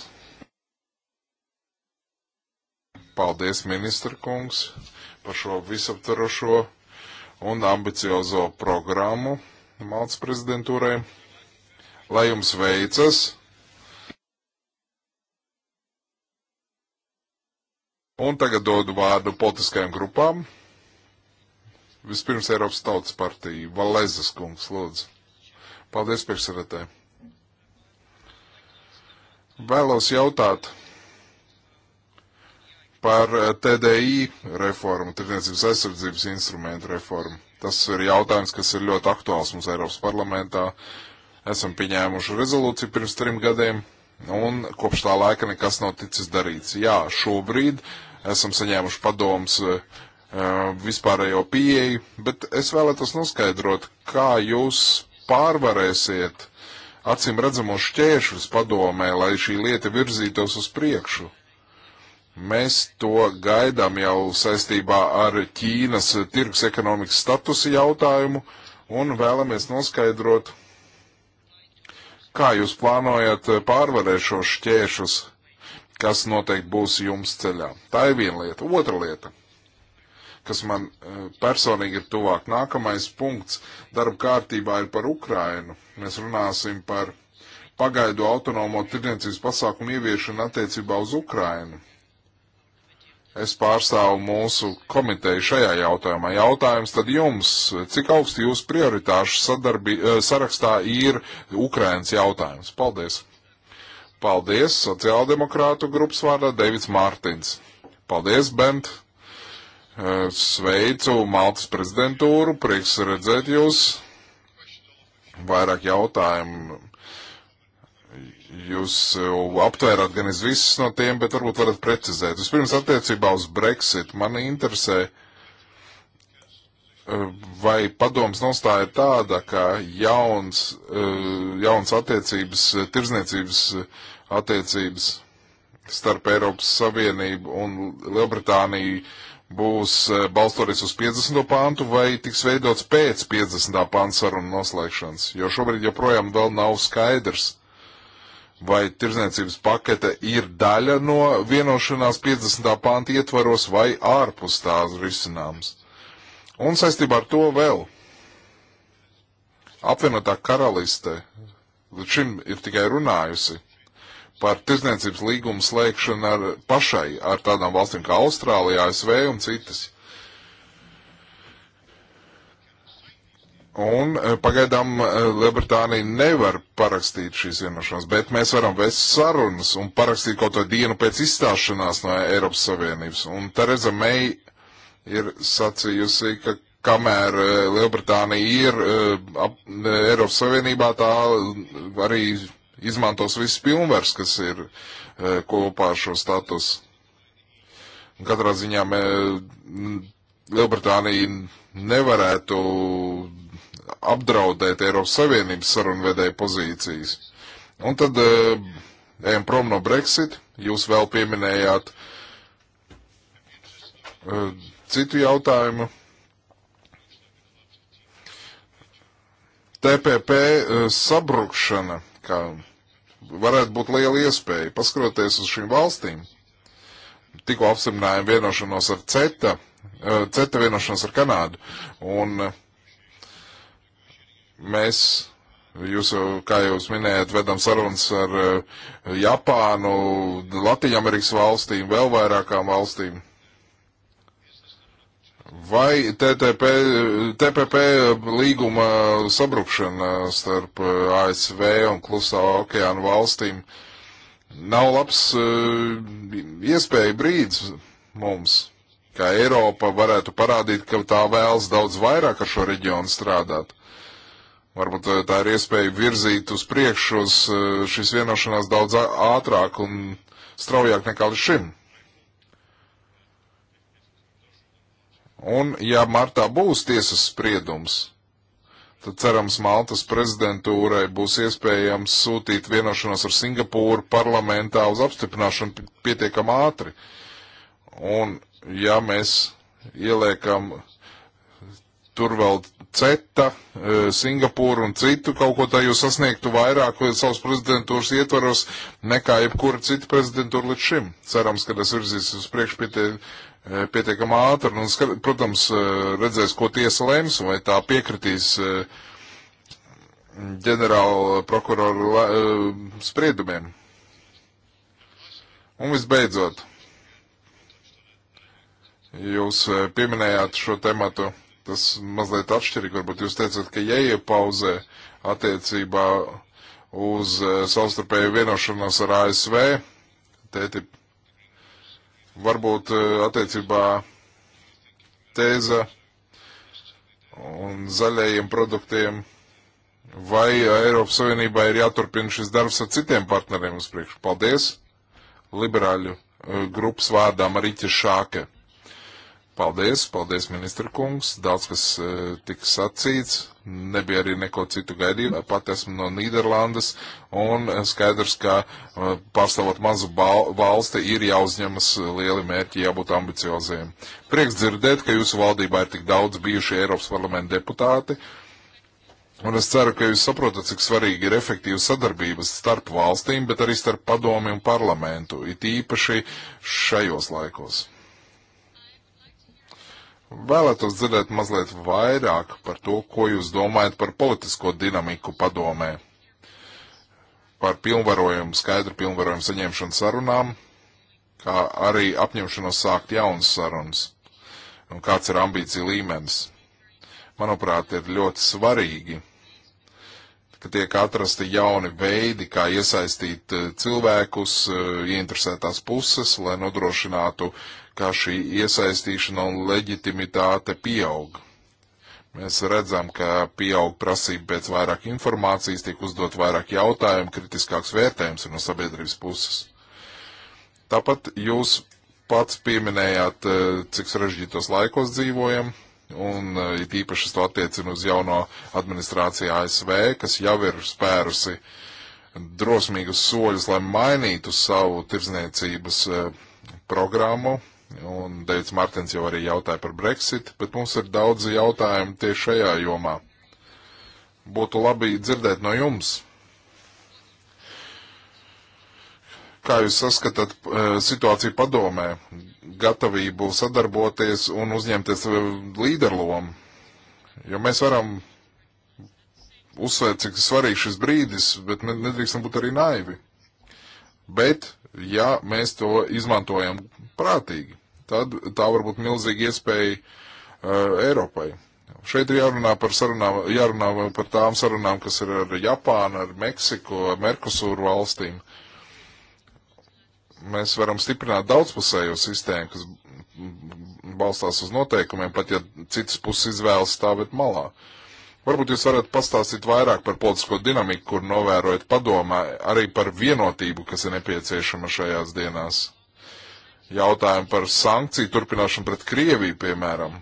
Paldies, ministra kungs, par šo visaptvarošo un ambiciozo programmu Maltas prezidentūrai. Lai jums veicas! Un tagad dodu vārdu politiskajām grupām. Vispirms Eiropas Tautas partija. Valēzes kungs, lūdzu. Paldies, priekšsēdētāji. Vēlos jautāt par eh, TDI reformu, Tirniecības aizsardzības instrumentu reformu. Tas ir jautājums, kas ir ļoti aktuāls mums Eiropas parlamentā. Esam pieņēmuši rezolūciju pirms trim gadiem, un kopš tā laika nekas nav ticis darīts. Jā, šobrīd esam saņēmuši padomus uh, eh, eh, vispārējo pieeju, bet es vēlētos noskaidrot, kā jūs pārvarēsiet acīm redzamos šķēršļus padomē, lai šī lieta virzītos uz priekšu. Mēs to gaidām jau saistībā ar Ķīnas tirgus ekonomikas statusu jautājumu un vēlamies noskaidrot, Kā jūs plānojat eh, pārvarēt šos šķēršus, kas noteikti būs jums ceļā? Tā ir viena lieta. Otra lieta, kas man eh, personīgi ir tuvāk, nākamais punkts darba kārtībā ir par Ukrainu. Mēs runāsim par pagaidu autonomo tirdzniecības pasākumu ieviešanu attiecībā uz Ukrainu es pārstāvu mūsu komiteju šajā jautājumā. Jautājums tad jums, cik augsti jūsu prioritāšu sadarbi, eh, sarakstā ir Ukrainas jautājums? Paldies! Paldies, sociāldemokrātu grupas vārdā Deivids Mārtins. Paldies, Bent! Eh, sveicu Maltas prezidentūru, prieks redzēt jūs. Vairāk jautājumu Jūs eh, aptvērāt gan es visus no tiem, bet varbūt varat precizēt. Vispirms attiecībā uz Brexit mani interesē, eh, vai padoms nostāja tāda, ka jauns, eh, jauns attiecības, tirzniecības attiecības starp Eiropas Savienību un Lielbritāniju būs balstoties uz 50. pāntu vai tiks veidots pēc 50. pānta sarunu noslēgšanas, jo šobrīd joprojām vēl nav skaidrs vai tirzniecības pakete ir daļa no vienošanās 50. pānta ietvaros vai ārpus tās risināms. Un saistībā ar to vēl. Apvienotā karaliste līdz šim ir tikai runājusi par tirzniecības līgumu slēgšanu ar pašai, ar tādām valstīm kā Austrālija, ASV un citas. Un eh, pagaidām eh, Lielbritānija nevar parakstīt šīs vienošanās, bet mēs varam vest sarunas un parakstīt kaut ko dienu pēc izstāšanās no Eiropas Savienības. Un Tereza Mei ir sacījusi, ka kamēr eh, Lielbritānija ir ap, Eiropas Savienībā, tā arī izmantos viss pilnvers, kas ir kopā ar šo status. Katrā ziņā mē, Lielbritānija nevarētu apdraudēt Eiropas Savienības sarunvedēju pozīcijas. Un tad eh, ejam prom no Brexit. Jūs vēl pieminējāt eh, citu jautājumu. TPP eh, sabrukšana, kā varētu būt liela iespēja, paskroties uz šīm valstīm. Tikko apstiprinājām vienošanos ar CETA, CETA vienošanos ar Kanādu, un uh, Mēs, jūs, kā jūs minējat, vedam sarunas ar eh, Japānu, Latviju-Amerikas valstīm, vēl vairākām valstīm. Vai TTP, TPP līguma sabrukšana starp eh, ASV un Klusā okeāna valstīm nav labs eh, iespēja brīdis mums, kā Eiropa varētu parādīt, ka tā vēlas daudz vairāk ar šo reģionu strādāt? Varbūt eh, tā ir iespēja virzīt uz priekšu eh, šīs vienošanās daudz ātrāk un straujāk nekā līdz šim. Un, ja martā būs tiesas spriedums, tad cerams Maltas prezidentūrai būs iespējams sūtīt vienošanos ar Singapūru parlamentā uz apstiprināšanu pietiekam ātri. Un, ja mēs ieliekam tur vēl CETA, eh, Singapūru un citu kaut ko tā jūs sasniegtu vairāk eh, savas prezidentūras ietvaros nekā jebkura cita prezidentūra līdz šim. Cerams, ka tas virzīs uz priekšu pie tie eh, pietiekami ātri. Un, skat, protams, redzēs, ko tiesa lems, vai tā piekritīs ģenerāla prokurora spriedumiem. Un visbeidzot, jūs pieminējāt šo tematu Tas mazliet atšķirīgi, varbūt jūs teicat, ka jāiepauzē attiecībā uz eh, savstarpēju vienošanos ar ASV. Tēti, varbūt eh, attiecībā tēza un zaļajiem produktiem. Vai Eiropas Savienībā ir jāturpina šis darbs ar citiem partneriem uz priekšu? Paldies! Liberāļu eh, grupas vārdā Mariķa Šāke. Paldies, paldies, ministra kungs. Daudz kas uh, tika sacīts. Nebija arī neko citu gaidīju. Pat esmu no Nīderlandes un e, skaidrs, ka uh, pārstāvot mazu valsti ir jāuzņemas lieli mērķi, jābūt ambicioziem. Prieks dzirdēt, ka jūsu valdībā ir tik daudz bijuši Eiropas parlamenta deputāti. Un es ceru, ka jūs saprotat, cik svarīgi ir efektīva sadarbības starp valstīm, bet arī starp padomi un parlamentu, it īpaši šajos laikos. Vēlētos dzirdēt mazliet vairāk par to, ko jūs domājat par politisko dinamiku padomē, par pilnvarojumu, skaidru pilnvarojumu saņemšanu sarunām, kā arī apņemšanos sākt jaunas sarunas un kāds ir ambīcija līmenis. Manuprāt, ir ļoti svarīgi ka tiek atrasti jauni veidi, kā iesaistīt eh, cilvēkus, eh, ieinteresētās puses, lai nodrošinātu, kā šī iesaistīšana un leģitimitāte pieaug. Mēs redzam, ka pieaug prasība pēc vairāk informācijas, tiek uzdot vairāk jautājumu, kritiskāks vērtējums no sabiedrības puses. Tāpat jūs pats pieminējāt, eh, cik sarežģītos laikos dzīvojam un eh, it īpaši es to attiecinu uz jauno administrāciju ASV, kas jau ir spērusi drosmīgus soļus, lai mainītu savu tirdzniecības eh, programmu. Un Deivids Martins jau arī jautāja par Brexit, bet mums ir daudzi jautājumi tieši šajā jomā. Būtu labi dzirdēt no jums, Kā jūs saskatāt e, situāciju padomē, gatavību sadarboties un uzņemties e, līderlomu? Jo mēs varam uzsvērt, cik svarīgs šis brīdis, bet nedrīkstam būt arī naivi. Bet, ja mēs to izmantojam prātīgi, tad tā var būt milzīga iespēja uh, Eiropai. Šeit ir jārunā par, sarunām, jārunā par tām sarunām, kas ir ar Japānu, ar Meksiku, ar Merkusūru valstīm mēs varam stiprināt daudzpusējo sistēmu, kas balstās uz noteikumiem, pat ja citas puses izvēlas stāvēt malā. Varbūt jūs varat pastāstīt vairāk par politisko dinamiku, kur novērojat padomā, arī par vienotību, kas ir nepieciešama šajās dienās. Jautājumu par sankciju turpināšanu pret Krieviju, piemēram.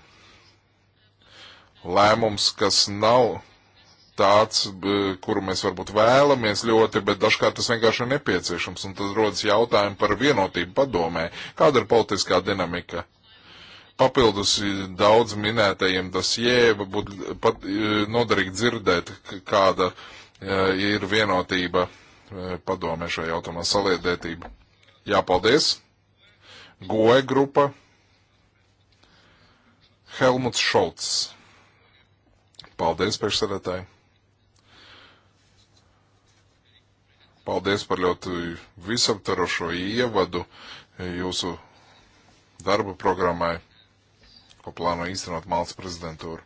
Lēmums, kas nav tāds, kuru mēs varbūt vēlamies ļoti, bet dažkārt tas vienkārši ir nepieciešams, un tad rodas jautājumi par vienotību padomē. Kāda ir politiskā dinamika? Papildus daudz minētajiem tas jēva, būtu pat noderīgi dzirdēt, kāda e, ir vienotība e, padomē šajā jautājumā, saliedētība. Jā, paldies! Goe grupa. Helmuts Šolts. Paldies, priekšsēdētāji! Paldies par ļoti visaptarošo ievadu jūsu darba programmai, ko plāno īstenot Maltas prezidentūra.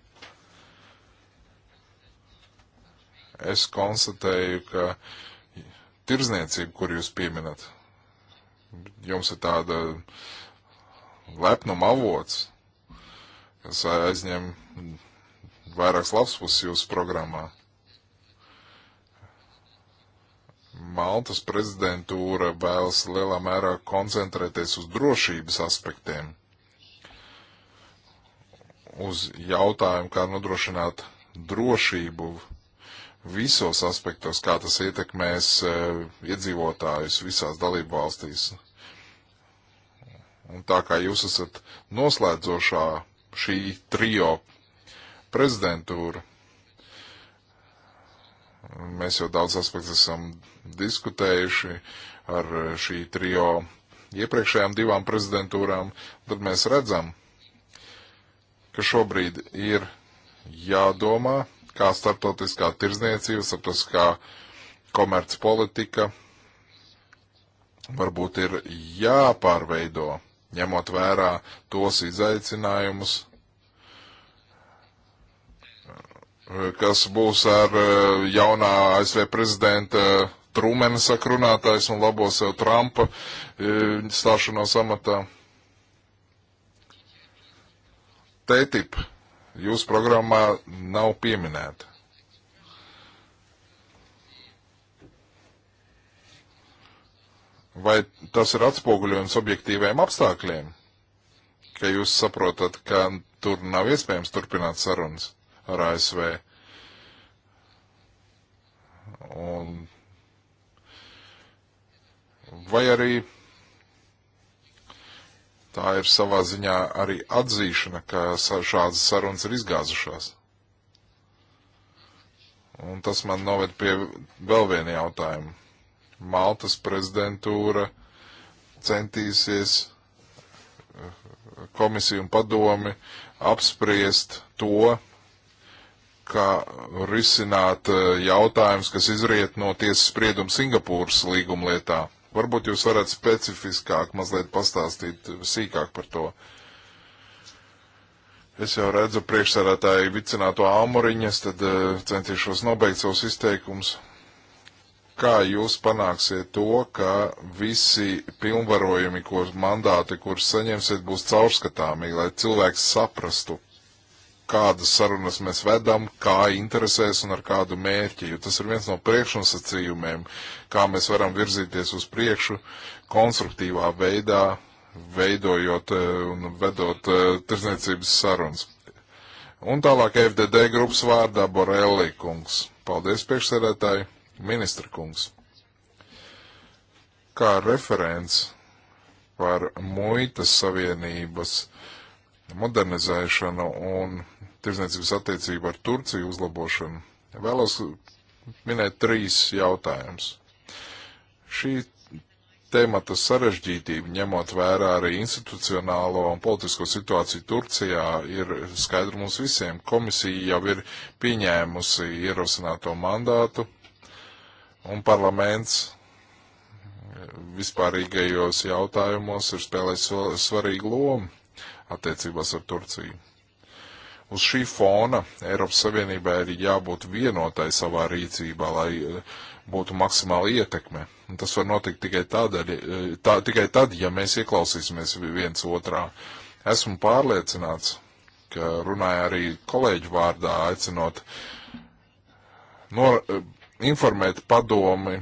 Es konstatēju, ka tirzniecība, kur jūs pieminat, jums ir tāda lepnuma avots, kas aizņem vairākas labs puses jūsu programmā. Maltas prezidentūra vēlas lielā mērā koncentrēties uz drošības aspektiem, uz jautājumu, kā nodrošināt drošību visos aspektos, kā tas ietekmēs e, iedzīvotājus visās dalību valstīs. Un tā kā jūs esat noslēdzošā šī trio prezidentūra, Mēs jau daudz aspektus esam diskutējuši ar šī trio iepriekšējām divām prezidentūrām. Tad mēs redzam, ka šobrīd ir jādomā, kā starptautiskā tirzniecība, starptautiskā komercpolitika varbūt ir jāpārveido, ņemot vērā tos izaicinājumus, kas būs ar eh, jaunā ASV prezidenta Trumena sakrunātājs un labo sev Trumpa eh, stāšanos amatā. TTIP jūsu programmā nav pieminēta. Vai tas ir atspoguļojums objektīviem apstākļiem, ka jūs saprotat, ka tur nav iespējams turpināt sarunas? ar ASV. Un vai arī tā ir savā ziņā arī atzīšana, ka šādas sarunas ir izgāzušās. Un tas man noved pie vēl viena jautājuma. Maltas prezidentūra centīsies eh, komisiju un padomi apspriest to, kā risināt eh, jautājums, kas izriet no tiesas sprieduma Singapūras līguma lietā. Varbūt jūs varat specifiskāk mazliet pastāstīt sīkāk par to. Es jau redzu priekšsēdētāju vicināto āmuriņas, tad eh, centīšos nobeigt savus izteikumus. Kā jūs panāksiet to, ka visi pilnvarojumi, ko mandāti, kurus saņemsiet, būs caurskatāmīgi, lai cilvēks saprastu, kādas sarunas mēs vedam, kā interesēs un ar kādu mērķi, jo tas ir viens no priekšnosacījumiem, kā mēs varam virzīties uz priekšu konstruktīvā veidā, veidojot eh, un vedot eh, tirzniecības sarunas. Un tālāk FDD grupas vārdā Borelli kungs. Paldies priekšsēdētāji, ministra kungs. Kā referents par muitas savienības modernizēšanu un tirdzniecības attiecību ar Turciju uzlabošanu, vēlos minēt trīs jautājumus. Šī temata sarežģītība, ņemot vērā arī institucionālo un politisko situāciju Turcijā, ir skaidra mums visiem. Komisija jau ir pieņēmusi ierosināto mandātu, un parlaments vispārīgajos jautājumos ir spēlējis svarīgu lomu attiecībās ar Turciju. Uz šī fona Eiropas Savienībai ir jābūt vienotai savā rīcībā, lai eh, būtu maksimāla ietekme. Un tas var notikt tikai, tādēļ, eh, tā, tikai tad, ja mēs ieklausīsimies viens otrā. Esmu pārliecināts, ka runāja arī kolēģi vārdā, aicinot nor, eh, informēt padomi,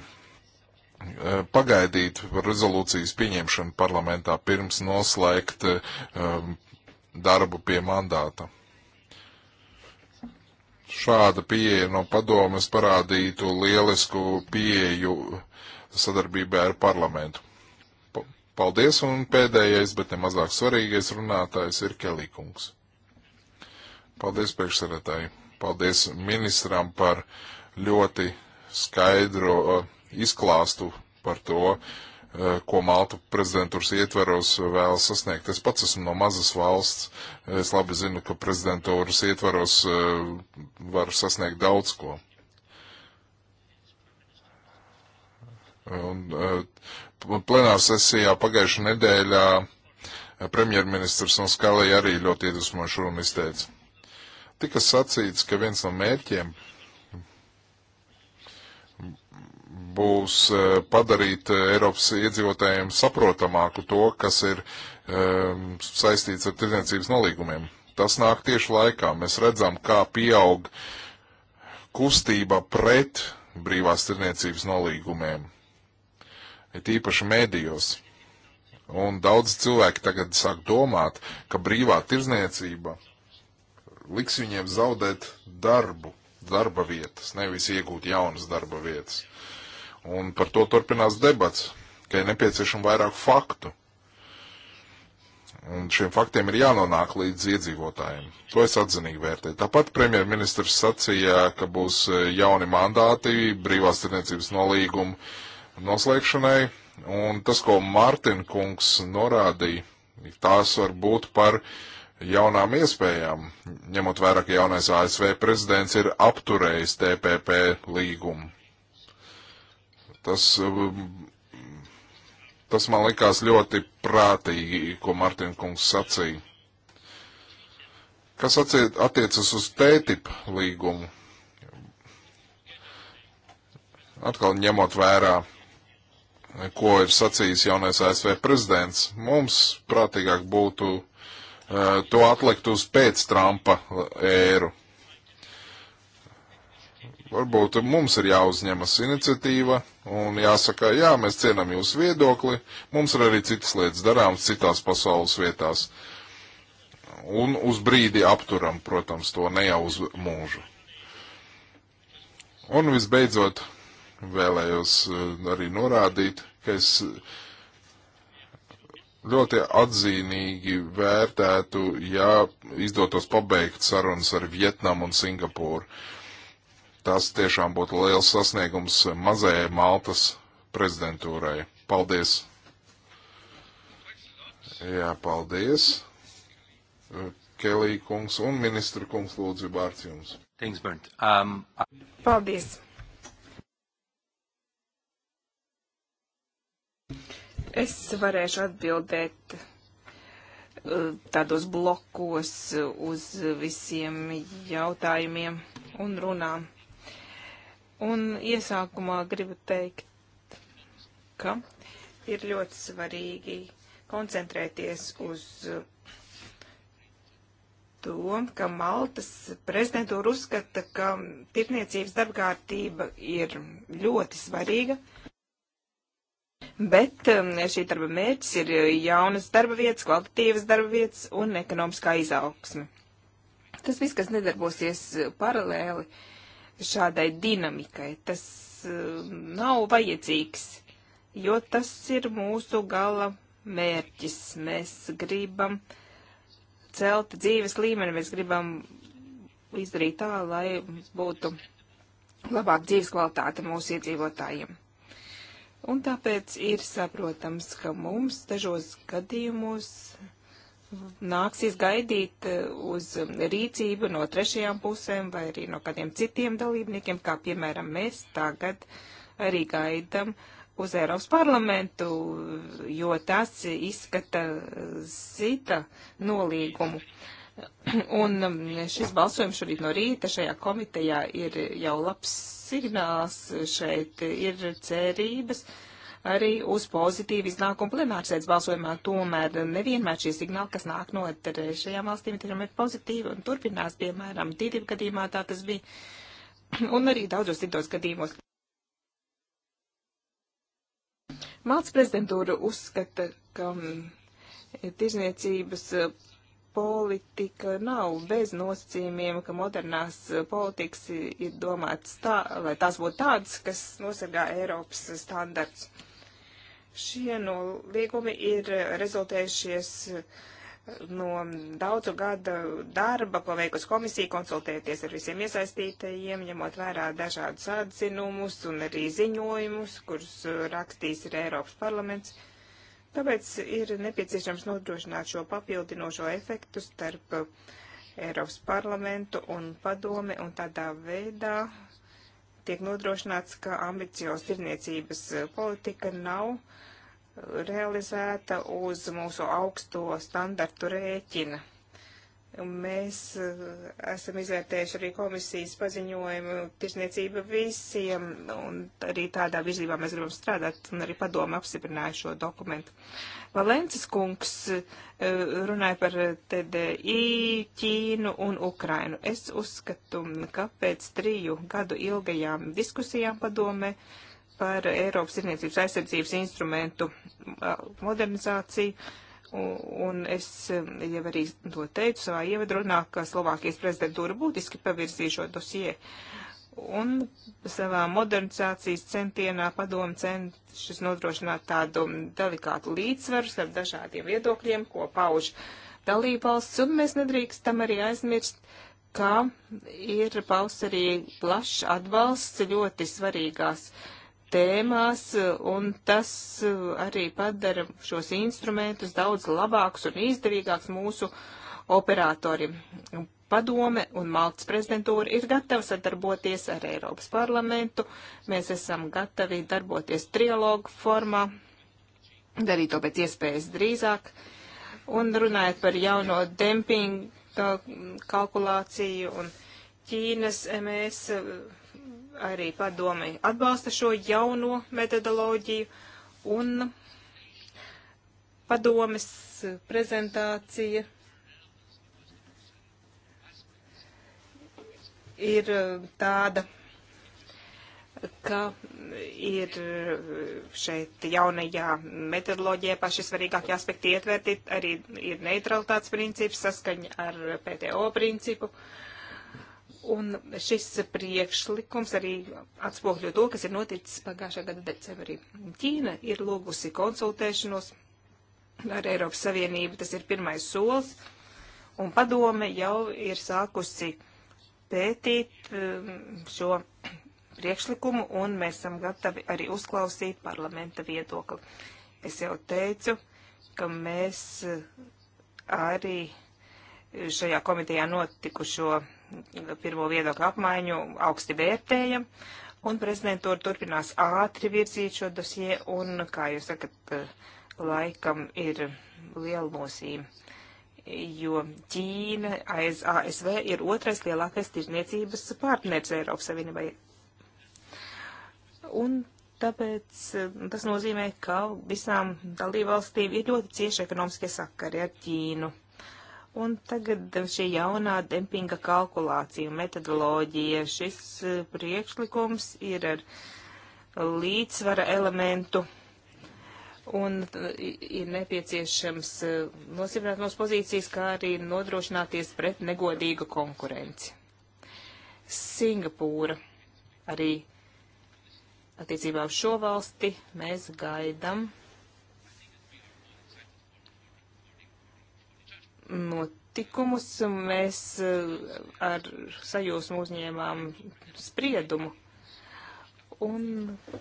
pagaidīt rezolūcijas pieņemšanu parlamentā pirms noslēgt um, darbu pie mandāta šāda pieeja no padomas parādītu lielisku pieeju sadarbībā ar parlamentu. Paldies, un pēdējais, bet nemazāk svarīgais runātājs ir Kelīkungs. Paldies, priekšsarētāji. Paldies ministram par ļoti skaidro uh, izklāstu par to, uh, Eh, ko Maltu prezidentūras ietvaros vēlas sasniegt. Es pats esmu no mazas valsts. Es labi zinu, ka prezidentūras ietvaros eh, var sasniegt daudz ko. Un eh, plenāra sesijā pagājušajā nedēļā premjerministrs un skalēja arī ļoti iedvesmošu runu izteica. Tika sacīts, ka viens no mērķiem būs eh, padarīt eh, Eiropas iedzīvotājiem saprotamāku to, kas ir um, saistīts ar tirdzniecības nolīgumiem. Tas nāk tieši laikā. Mēs redzam, kā pieaug kustība pret brīvās tirdzniecības nolīgumiem. Ir tīpaši mēdījos. Un daudz cilvēki tagad sāk domāt, ka brīvā tirdzniecība liks viņiem zaudēt darbu, darba vietas, nevis iegūt jaunas darba vietas un par to turpinās debats, ka ir nepieciešama vairāk faktu. Un šiem faktiem ir jānonāk līdz iedzīvotājiem. To es atzinīgi vērtēju. Tāpat premjerministrs sacīja, ka būs eh, jauni mandāti brīvās tirniecības nolīgumu noslēgšanai, un tas, ko Mārtiņa kungs norādīja, tās var būt par jaunām iespējām, ņemot vērā, ka jaunais ASV prezidents ir apturējis TPP līgumu. Tas, tas man likās ļoti prātīgi, ko Mārtiņa kungs sacīja. Kas attiecas uz TTIP līgumu? Atkal ņemot vērā, ko ir sacījis jaunais ASV prezidents, mums prātīgāk būtu uh, to atlikt uz pēc Trumpa ēru Varbūt mums ir jāuzņemas iniciatīva un jāsaka, jā, mēs cienam jūsu viedokli, mums ir arī citas lietas darāmas citās pasaules vietās. Un uz brīdi apturam, protams, to ne jau uz mūžu. Un visbeidzot, vēlējos eh, arī norādīt, ka es ļoti atzīmīgi vērtētu, ja izdotos pabeigt sarunas ar Vietnamu un Singapūru. Tas tiešām būtu liels sasniegums mazajai Maltas prezidentūrai. Paldies! Jā, paldies! Kelī kungs un ministra kungs lūdzu vārds jums. Thanks, Bernd. Um, I... Paldies! Es varēšu atbildēt uh, tādos blokos uz visiem jautājumiem un runām. Un iesākumā gribu teikt, ka ir ļoti svarīgi koncentrēties uz to, ka Maltas prezidentūra uzskata, ka tirniecības darbkārtība ir ļoti svarīga, bet um, šī darba mērķis ir jaunas darba vietas, kvalitatīvas darba vietas un ekonomiskā izaugsme. Tas viss, kas nedarbosies uh, paralēli, uh, šādai dinamikai. Tas eh, nav vajadzīgs, jo tas ir mūsu gala mērķis. Mēs gribam celt dzīves līmeni, mēs gribam izdarīt tā, lai būtu labāka dzīves kvalitāte mūsu iedzīvotājiem. Un tāpēc ir saprotams, ka mums dažos gadījumos nāksies gaidīt eh, uz rīcību no trešajām pusēm vai arī no kādiem citiem dalībniekiem, kā piemēram mēs tagad arī gaidam uz Eiropas parlamentu, jo tas izskata sita nolīgumu. Un um, šis balsojums šorīt no rīta šajā komitejā ir jau labs signāls, šeit ir cerības. Uh, arī uz pozitīvu iznākumu plenārsēdes balsojumā. Tomēr nevienmēr šie signāli, kas nāk no trešajām valstīm, tiešām ir pozitīvi un turpinās, piemēram, tīrību gadījumā tā tas bija, un arī daudzos citos gadījumos. Māca prezidentūra uzskata, ka mm, tirzniecības eh, politika nav bez nosacījumiem, ka modernās eh, politikas ir domātas tā, lai tās būtu tādas, kas nosargā Eiropas standarts. Šie nolīgumi ir rezultējušies eh, no daudzu gada darba, ko veikusi komisija, konsultēties ar visiem iesaistītajiem, ņemot vērā dažādus atzinumus un arī ziņojumus, kurus eh, rakstīs ir Eiropas parlaments. Tāpēc ir nepieciešams nodrošināt šo papildinošo efektu starp eh, Eiropas parlamentu un padomi, un tādā veidā tiek nodrošināts, ka ambiciozs tirniecības eh, politika nav eh, realizēta uz mūsu augsto standartu rēķina. Mēs eh, esam izvērtējuši arī komisijas paziņojumu tirsniecība visiem, un arī tādā virzībā mēs gribam strādāt, un arī padomu apstiprināju šo dokumentu. Valences kungs eh, runāja par TDI, Ķīnu un Ukrainu. Es uzskatu, ka pēc triju gadu ilgajām diskusijām padome par Eiropas tirsniecības aizsardzības instrumentu eh, modernizāciju, Un es eh, jau arī to teicu savā ievadrunā, ka Slovākijas prezidentūra būtiski pavirzīja šo dosie. Un savā modernizācijas centienā padomu cenšas nodrošināt tādu delikātu līdzsvaru starp dažādiem viedokļiem, ko pauž dalībvalsts. Un mēs nedrīkstam arī aizmirst, ka ir paus arī plašs atbalsts ļoti svarīgās uh, tēmās, un tas eh, arī padara šos instrumentus daudz labākus un izdevīgākus mūsu operatoriem. Padome un Maltas prezidentūra ir gatava sadarboties ar Eiropas parlamentu. Mēs esam gatavi darboties trialogu formā, darīt to pēc iespējas drīzāk. Un runājot par jauno dempingu kalkulāciju un Ķīnas MS arī padome atbalsta šo jauno metodoloģiju un padomes prezentācija ir uh, tāda, ka ir uh, šeit jaunajā metodoloģijā paši svarīgākie aspekti ietverti, arī ir neutralitātes princips saskaņa ar PTO principu. Uh, Un šis priekšlikums arī atspogļo to, kas ir noticis pagājušā gada decembrī. Ķīna ir lūgusi konsultēšanos ar Eiropas Savienību, tas ir pirmais solis, un padome jau ir sākusi pētīt um, šo priekšlikumu, un mēs esam gatavi arī uzklausīt parlamenta viedokli. Es jau teicu, ka mēs uh, arī šajā komitejā notikušo pirmo viedokļu apmaiņu augsti vērtējam, un prezidentūra turpinās ātri virzīt šo dosie, un, kā jūs sakat, laikam ir liela nosīme, jo Ķīna aiz ASV ir otrais lielākais tirzniecības partners Eiropas Savienībai. Un tāpēc mm, tas nozīmē, ka visām dalībvalstīm ir ļoti cieši ekonomiskie sakari ar Ķīnu Un tagad šī jaunā dempinga kalkulācija metodoloģija. Šis eh, priekšlikums ir ar līdzsvara elementu un eh, ir nepieciešams eh, nostiprināt mūsu pozīcijas, kā arī nodrošināties pret negodīgu konkurenci. Singapūra arī attiecībā uz šo valsti mēs gaidam notikumus, mēs eh, ar sajūsmu uzņēmām spriedumu. Un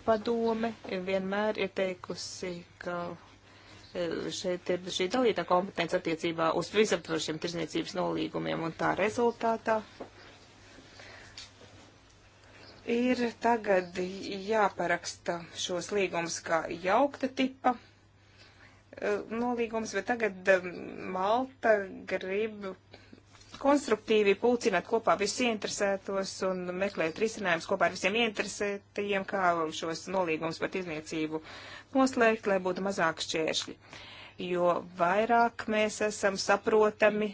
padome vienmēr ir teikusi, ka eh, šeit ir šī dalītā kompetence attiecībā uz visaptvarošiem tirzniecības nolīgumiem un tā rezultātā. Ir tagad jāparaksta šos līgumus kā jaukta tipa Eh, nolīgums, bet tagad eh, Malta grib konstruktīvi pulcināt kopā visus ieinteresētos un meklēt risinājumus kopā ar visiem ieinteresētajiem, kā šos nolīgumus par izniecību noslēgt, lai būtu mazāk šķēršļi. Uh, jo vairāk mēs esam saprotami,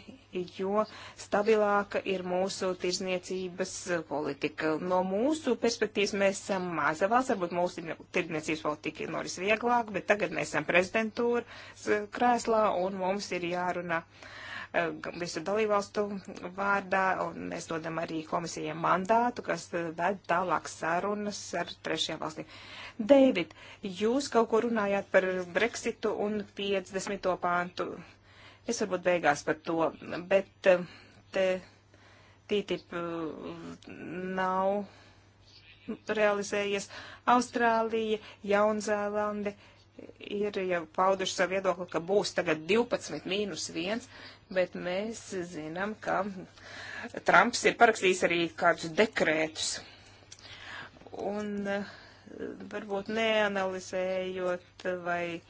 jo stabilāka ir mūsu tirzniecības politika. No mūsu perspektīvas mēs esam maza valsts, varbūt mūsu tirzniecības politika noris vieglāk, bet tagad mēs esam prezidentūras krēslā un mums ir jārunā. Uh, Eh, visu dalībvalstu vārdā, un mēs dodam arī komisijai mandātu, kas ved tālāk sarunas ar trešajām valstīm. David, jūs kaut ko runājāt par Brexitu un 50. pāntu. Es varbūt beigās par to, bet eh, te TTIP eh, nav realizējies. Austrālija, Jaunzēlande ir jau pauduši savu viedokli, ka būs tagad 12 mīnus 1 bet mēs zinām, ka Trumps ir parakstījis arī kādus dekrētus. Un eh, varbūt neanalizējot, vai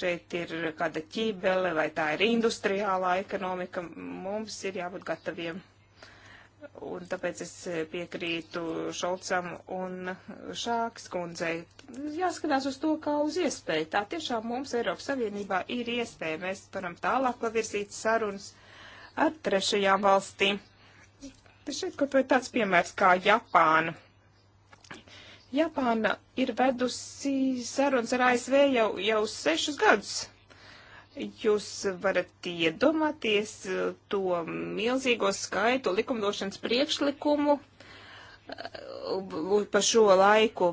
šeit ir kāda ķībele, vai tā ir industriālā ekonomika, mums ir jābūt gataviem un tāpēc es eh, piekrītu Šolcam un Šāks kundzei. Jāskatās uz to kā uz iespēju. Tā tiešām mums Eiropas Savienībā ir iespēja. Mēs varam tālāk pavirzīt sarunas ar trešajām valstīm. Tas šeit kaut vai tāds piemērs kā Japāna. Japāna ir vedusi sarunas ar ASV jau, jau sešus gadus Jūs varat iedomāties eh, to milzīgo skaitu likumdošanas priekšlikumu eh, pa šo laiku,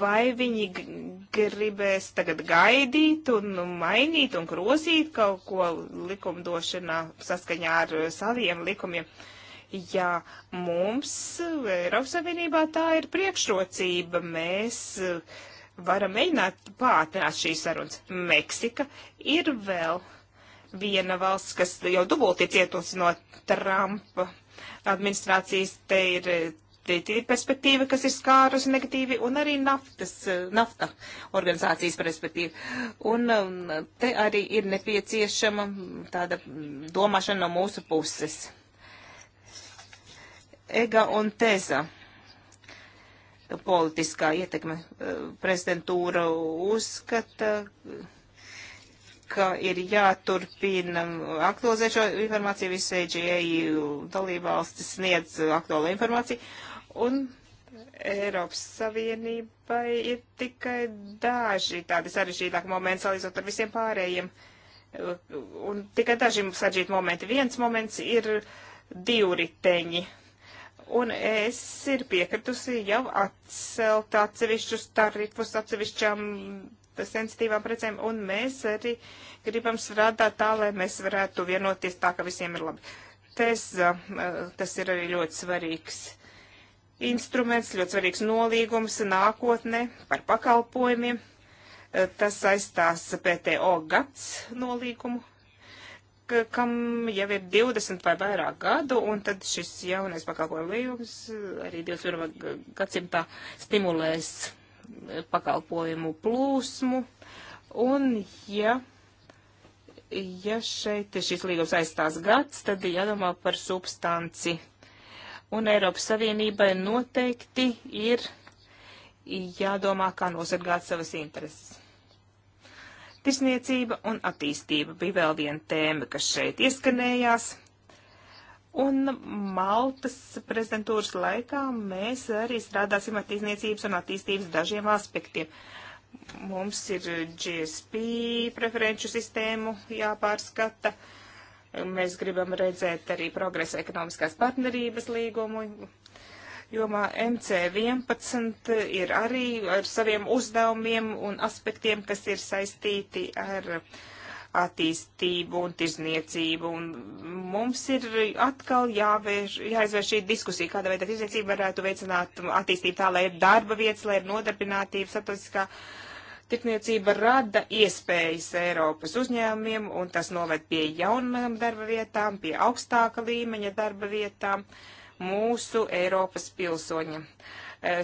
vai viņi gribēs tagad gaidīt un mainīt un grozīt kaut ko likumdošanā saskaņā ar saviem likumiem. Ja mums Eiropas Savienībā tā ir priekšrocība, mēs uh, varam mēģināt pātrināt šīs sarunas. Meksika ir vēl viena valsts, kas jau dubulti cietusi no Trumpa administrācijas. Te ir perspektīva, kas ir skārusi negatīvi, un arī naftas, nafta organizācijas perspektīva. Un um, te arī ir nepieciešama tāda domāšana no mūsu puses. Ega un Teza politiskā ietekme. Eh, prezidentūra uzskata, ka ir jāturpina aktualizēt šo informāciju, visi AGA dalībvalstis sniedz aktuālo informāciju, un Eiropas Savienībai ir tikai daži tādi sarežģītāki momenti salīdzinot ar visiem pārējiem, eh, un tikai daži sarežģīti momenti. Viens moments ir divriteņi un es ir piekritusi jau atcelt atsevišķus tarifus atsevišķām sensitīvām precēm, un mēs arī gribam strādāt tā, lai mēs varētu vienoties tā, ka visiem ir labi. Tas, eh, tas ir arī ļoti svarīgs instruments, ļoti svarīgs nolīgums nākotnē par pakalpojumiem. Eh, tas saistās PTO gads nolīgumu kam jau ir 20 vai vairāk gadu, un tad šis jaunais pakalpojumu līgums arī 21. gadsimtā stimulēs eh, pakalpojumu plūsmu, un ja, ja šeit šis līgums aizstās gads, tad jādomā par substanci. Un Eiropas Savienībai noteikti ir jādomā, kā nosargāt savas intereses. Tirzniecība un attīstība bija vēl viena tēma, kas šeit ieskanējās. Un Maltas prezidentūras laikā mēs arī strādāsim ar tirzniecības un attīstības dažiem aspektiem. Mums ir GSP preferenču sistēmu jāpārskata. Mēs gribam redzēt arī progresu ekonomiskās partnerības līgumu jomā MC11 ir arī ar saviem uzdevumiem un aspektiem, kas ir saistīti ar attīstību un tirzniecību. Un mums ir atkal jāvērš, jāizvērš šī diskusija, kāda veida tirzniecība varētu veicināt attīstību tā, lai ir darba vietas, lai ir nodarbinātība, statistiskā tirniecība rada iespējas Eiropas uzņēmumiem, un tas noved pie jaunām darba vietām, pie augstāka līmeņa darba vietām. Uh, mūsu Eiropas pilsoņiem.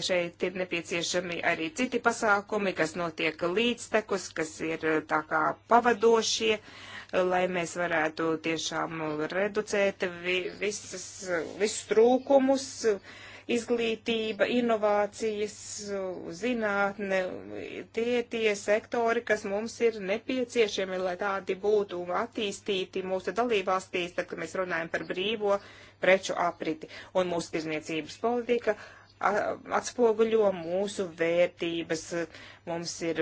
Šeit ir nepieciešami arī citi pasākumi, kas notiek līdztekus, kas ir e, tā kā pavadošie, e, lai mēs varētu tiešām reducēt vi visas, e, visus trūkumus, uh, izglītība, inovācijas, zinātne, tie tie sektori, kas mums ir nepieciešami, lai tādi būtu attīstīti mūsu dalībvalstīs, tad, kad mēs runājam par brīvo preču apriti un mūsu tirzniecības politika atspoguļo mūsu vērtības. Mums ir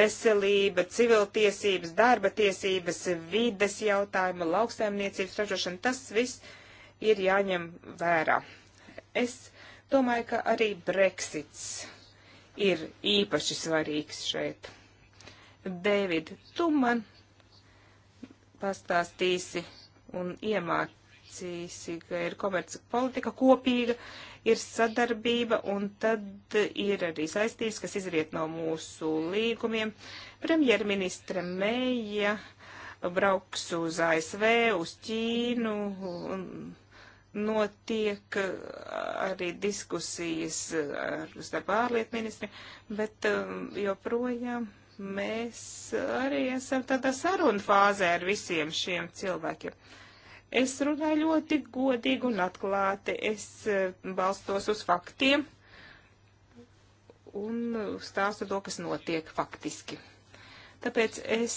veselība, civiltiesības, darba tiesības, vides jautājumi, lauksaimniecības ražošana, tas viss ir jāņem vērā. Es domāju, ka arī Brexits ir īpaši svarīgs šeit. Dēvid, tu man pastāstīsi un iemācīsi, ka ir komerci politika kopīga, ir sadarbība un tad ir arī saistības, kas izriet no mūsu līgumiem. Premjerministra Meija brauks uz ASV, uz Ķīnu un notiek eh, arī diskusijas ar eh, starp ārlietu ministri, bet eh, joprojām mēs arī esam tādā sarunu fāzē ar visiem šiem cilvēkiem. Es runāju ļoti godīgi un atklāti, es balstos uz faktiem un stāstu to, kas notiek faktiski. Tāpēc es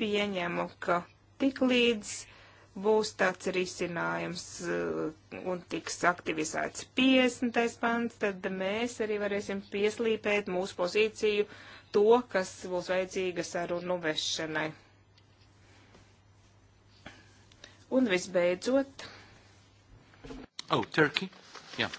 pieņemu, ka tik līdz būs tāds risinājums uh, un tiks aktivizēts 50. pants, tad mēs arī varēsim pieslīpēt mūsu pozīciju to, kas būs vajadzīga sarunu vešanai. Un visbeidzot. Oh, Turkey. Yeah.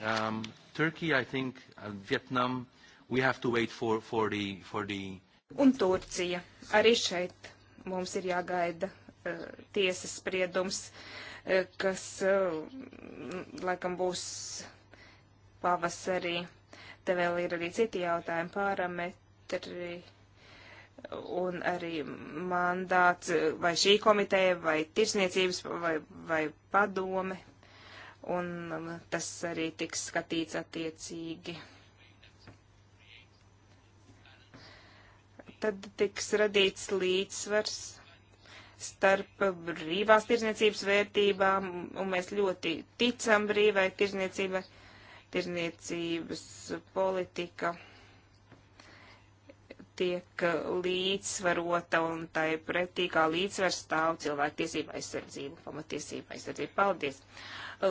Um, Turkey, I think, uh, Vietnam, we have to wait for, for the, for the... Un Turcija. Arī šeit mums ir jāgaida Eh, tiesas spriedums, eh, kas eh, laikam būs pavasarī. Te vēl ir arī citi jautājumi, parametri un arī mandāts vai šī komiteja vai tirsniecības vai, vai padome. Un um, tas arī tiks skatīts attiecīgi. Tad tiks radīts līdzsvars starp brīvās tirzniecības vērtībām, un mēs ļoti ticam brīvai tirzniecībai, tirzniecības politika tiek līdzsvarota un tai pretī kā līdzsvars stāv cilvēktiesība aizsardzība, pamatiesība aizsardzība. Paldies!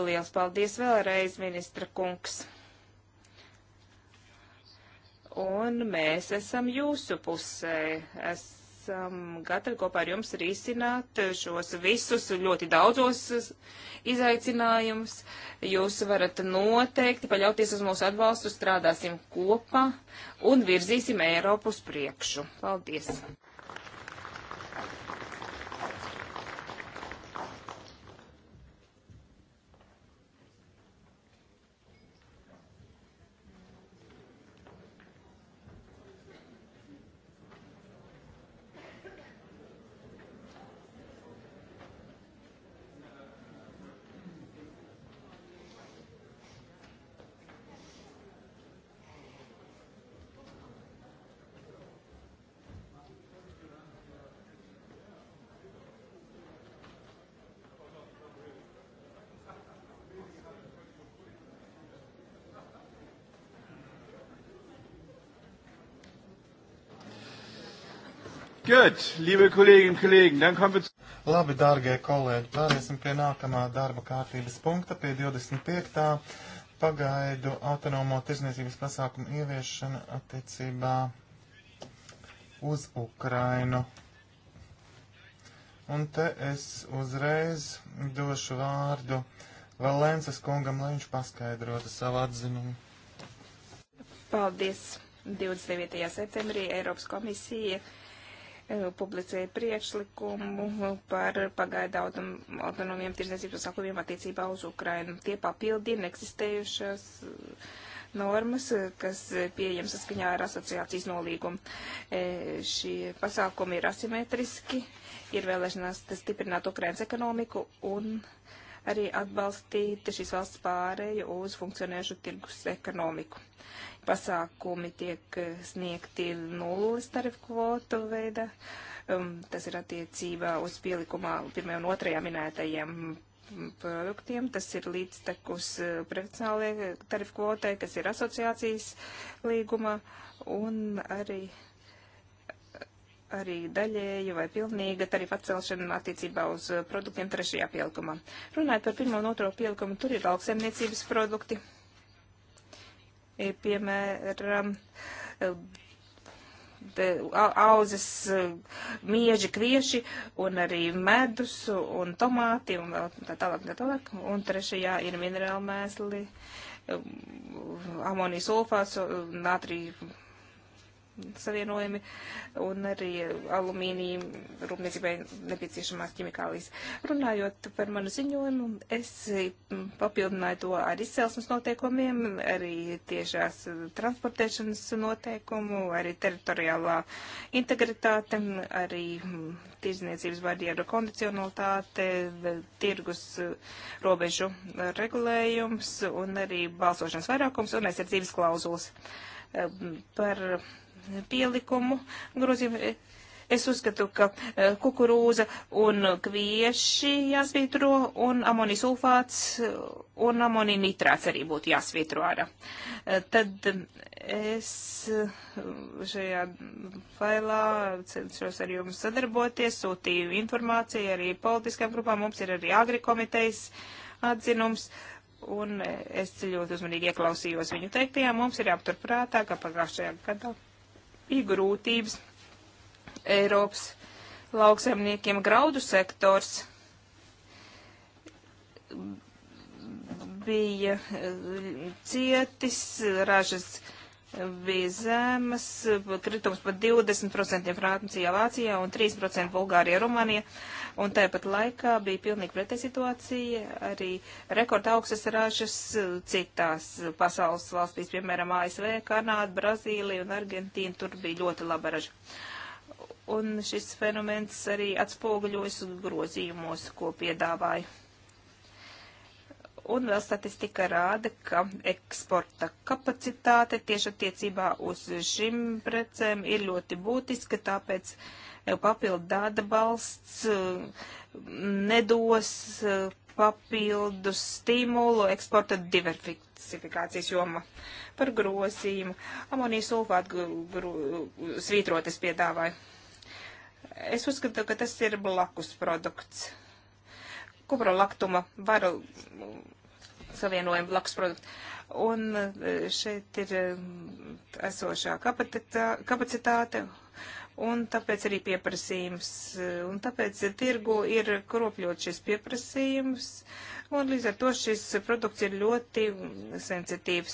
Liels paldies vēlreiz, ministra kungs! Un mēs esam jūsu pusē. Es esam gatavi kopā ar jums risināt šos visus ļoti daudzos izaicinājumus. Jūs varat noteikti paļauties uz mūsu atbalstu, strādāsim kopā un virzīsim Eiropu uz priekšu. Paldies! Good, liebe Kolleginnen und Kollegen, dann kommen wir zu. Labi, dārgie kolēģi, pāriesim pie nākamā darba kārtības punkta, pie 25. pagaidu autonomo tirzniecības pasākumu ieviešana attiecībā uz Ukrainu. Un te es uzreiz došu vārdu Valences kungam, lai viņš paskaidrotu savu atzinumu. Paldies! 29. septembrī Eiropas komisija Eh, publicēja priekšlikumu par pagaida autonomiem tirdzniecības akumiem attiecībā uz Ukrainu. Tie papildina eksistējušas eh, normas, eh, kas pieejams saskaņā ar asociācijas nolīgumu. E, šie pasākumi ir asimetriski, ir vēlēšanās stiprināt Ukrainas ekonomiku un arī atbalstīt šīs valsts pārēju uz funkcionēšu tirgus ekonomiku pasākumi tiek eh, sniegti nulles tarifu kvotu veidā. Um, tas ir attiecībā uz pielikumā pirmajā un otrajā minētajiem produktiem. Tas ir līdztekus eh, profesionālajai tarifu kvotai, kas ir asociācijas līguma un arī arī daļēja vai pilnīga tarifa atcelšana attiecībā uz eh, produktiem trešajā pielikumā. Runājot par pirmo un otro pielikumu, tur ir lauksaimniecības produkti, Ir piemēram auzas e, mieži, kvieši un arī medus un tomāti un tā tālāk, tā tālāk. Un trešajā ir minerāli mēsli, e, amonijas sulfāts, e, natrija savienojumi un arī alumīnija rūpniecībai nepieciešamās ķimikālijas. Runājot par manu ziņojumu, es mm, papildināju to ar izcelsmes noteikumiem, arī tiešās transportēšanas noteikumu, arī teritoriālā integritāte, arī mm, tirzniecības barjeru kondicionalitāte, tirgus robežu regulējums un arī balsošanas vairākums un aizsardzības klauzulas. Par pielikumu grozījumu. Es uzskatu, ka eh, kukurūza un kvieši jāsvītro, un amonisulfāts un amoninitrāts arī būtu jāsvītro ārā. Eh, tad eh, es šajā failā cenšos ar jums sadarboties, sūtīju informāciju arī politiskām grupām. Mums ir arī agrikomitejas atzinums un es ļoti uzmanīgi ieklausījos viņu teiktajā. Mums ir jāapturprātā, ka pagājušajā gadā bija grūtības Eiropas lauksaimniekiem graudu sektors bija eh, cietis, ražas bija zemes, kritums pat 20% Francijā, Vācijā un 3% Bulgārijā, Rumānijā. Un tāpat laikā bija pilnīgi pretē situācija, arī rekorda augstas ražas citās pasaules valstīs, piemēram, ASV, Kanāda, Brazīlija un Argentīna, tur bija ļoti laba raža. Un šis fenomens arī atspoguļojas grozījumos, ko piedāvāja Un vēl statistika rāda, ka eksporta kapacitāte tieši attiecībā uz šim precēm ir ļoti būtiska, tāpēc eh, papildu atbalsts eh, nedos eh, papildu stimulu eksporta diversifikācijas joma par grozījumu. Amonijas sulfātu svītrotes piedāvāju. Es uzskatu, ka tas ir blakus produkts kuprolaktuma varu savienojumu blakus produktu. Un e, šeit ir e, esošā kapacitāte, un tāpēc arī pieprasījums. E, un tāpēc tirgu ir kropļot šis pieprasījums, un līdz ar to šis produkts ir ļoti sensitīvs.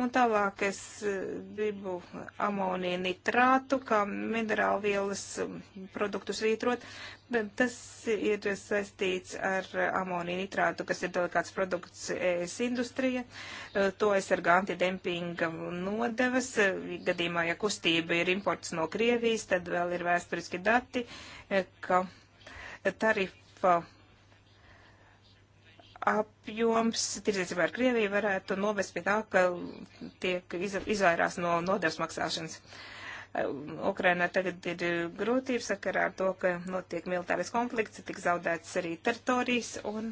Un tālāk es eh, gribu amonija nitrātu, kā minerālvielas um, produktus vītrot, bet tas ir saistīts ar amonija nitrātu, kas ir delikāts produkts e eh, ES industrija. To aizsargā antidempinga nodevas. Eh, gadījumā, ja kustība ir imports no Krievijas, tad vēl ir vēsturiski dati, ka tarifa apjoms tirdzniecībā ar Krieviju varētu novest pie tā, ka tiek izvairās no nodevs maksāšanas. Uh, Ukrainā tagad ir grūtības sakarā ar to, ka notiek militārais konflikts, tik zaudēts arī teritorijas, un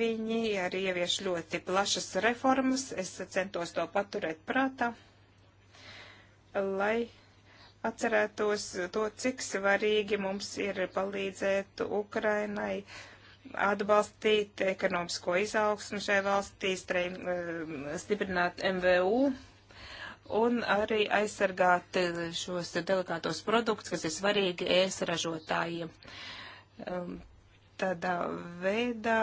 viņi arī ievieš ļoti plašas reformas. Es centos to paturēt prātā, lai atcerētos to, cik svarīgi mums ir palīdzēt Ukrainai uh, atbalstīt ekonomisko izaugsmu šai valstī, streim, eh, stiprināt MVU un arī aizsargāt eh, šos delikātos produktus, kas ir svarīgi ēs ražotājiem. Um, tādā veidā,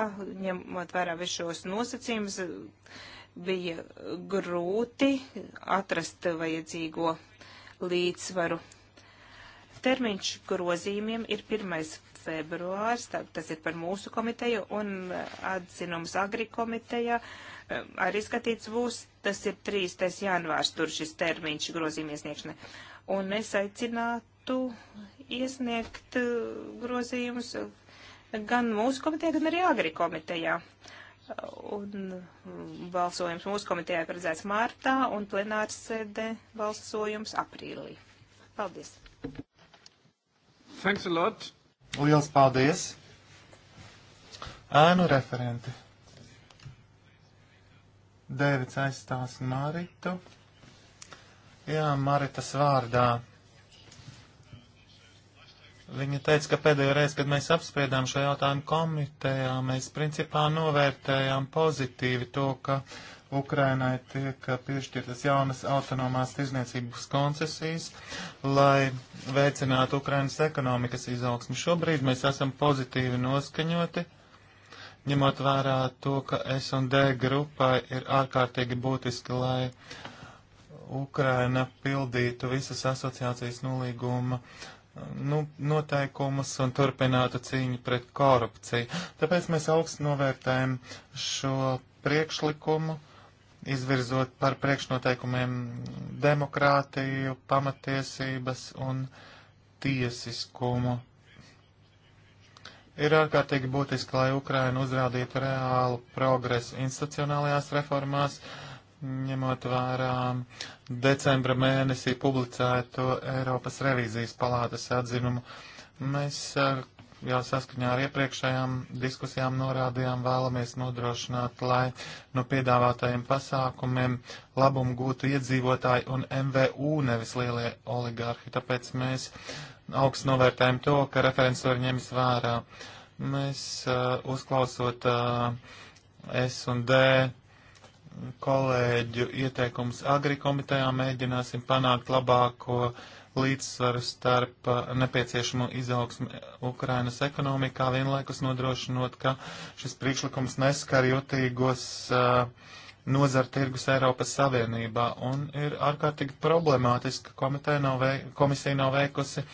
ņemot vērā visus šos nosacījumus, bija grūti atrast vajadzīgo līdzsvaru. Termiņš grozījumiem ir 1 februārs, tā, tas ir par mūsu komiteju, un eh, atzinums agri komiteja eh, arī skatīts būs, tas ir 3. janvārs, tur šis termiņš grozījuma iesniegšanai. Un es aicinātu iesniegt eh, grozījumus gan mūsu komitejā, gan arī agri komitejā. Un mm, balsojums mūsu komitejā paredzēts mārtā un plenārs sēde balsojums aprīlī. Paldies! Thanks a lot. Liels paldies! Ēnu referenti. Dēvids aizstās Maritu. Jā, Maritas vārdā. Viņa teica, ka pēdējo reizi, kad mēs apspriedām šo jautājumu komitejā, mēs principā novērtējām pozitīvi to, ka Ukrainai tiek piešķirtas jaunas autonomās tirzniecības koncesijas, lai veicinātu Ukrainas ekonomikas izaugsmu. Šobrīd mēs esam pozitīvi noskaņoti, ņemot vērā to, ka S&D grupai ir ārkārtīgi būtiski, lai Ukraina pildītu visas asociācijas nolīguma nu, noteikumus un turpinātu cīņu pret korupciju. Tāpēc mēs augstu novērtējam šo priekšlikumu izvirzot par priekšnoteikumiem demokrātiju, pamatiesības un tiesiskumu. Ir ārkārtīgi būtiski, lai Ukraina uzrādītu reālu progresu institucionālajās reformās, ņemot vērā decembra mēnesī publicēto Eiropas revīzijas palātas atzinumu. Mēs jau saskaņā ar iepriekšējām diskusijām norādījām, vēlamies nodrošināt, lai no piedāvātajiem pasākumiem labumu gūtu iedzīvotāji un MVU, nevis lielie oligarhi. Tāpēc mēs augstu novērtējam to, ka referents var ņemt vērā. Mēs uh, uzklausot uh, S un D kolēģu ieteikumus agrikomitejā mēģināsim panākt labāko uh, līdzsvaru starp uh, nepieciešamo izaugsmu Ukrainas ekonomikā, vienlaikus nodrošinot, ka šis priekšlikums neskar jutīgos uh, nozara tirgus Eiropas Savienībā un ir ārkārtīgi problemātiski, ka nav vei, komisija nav veikusi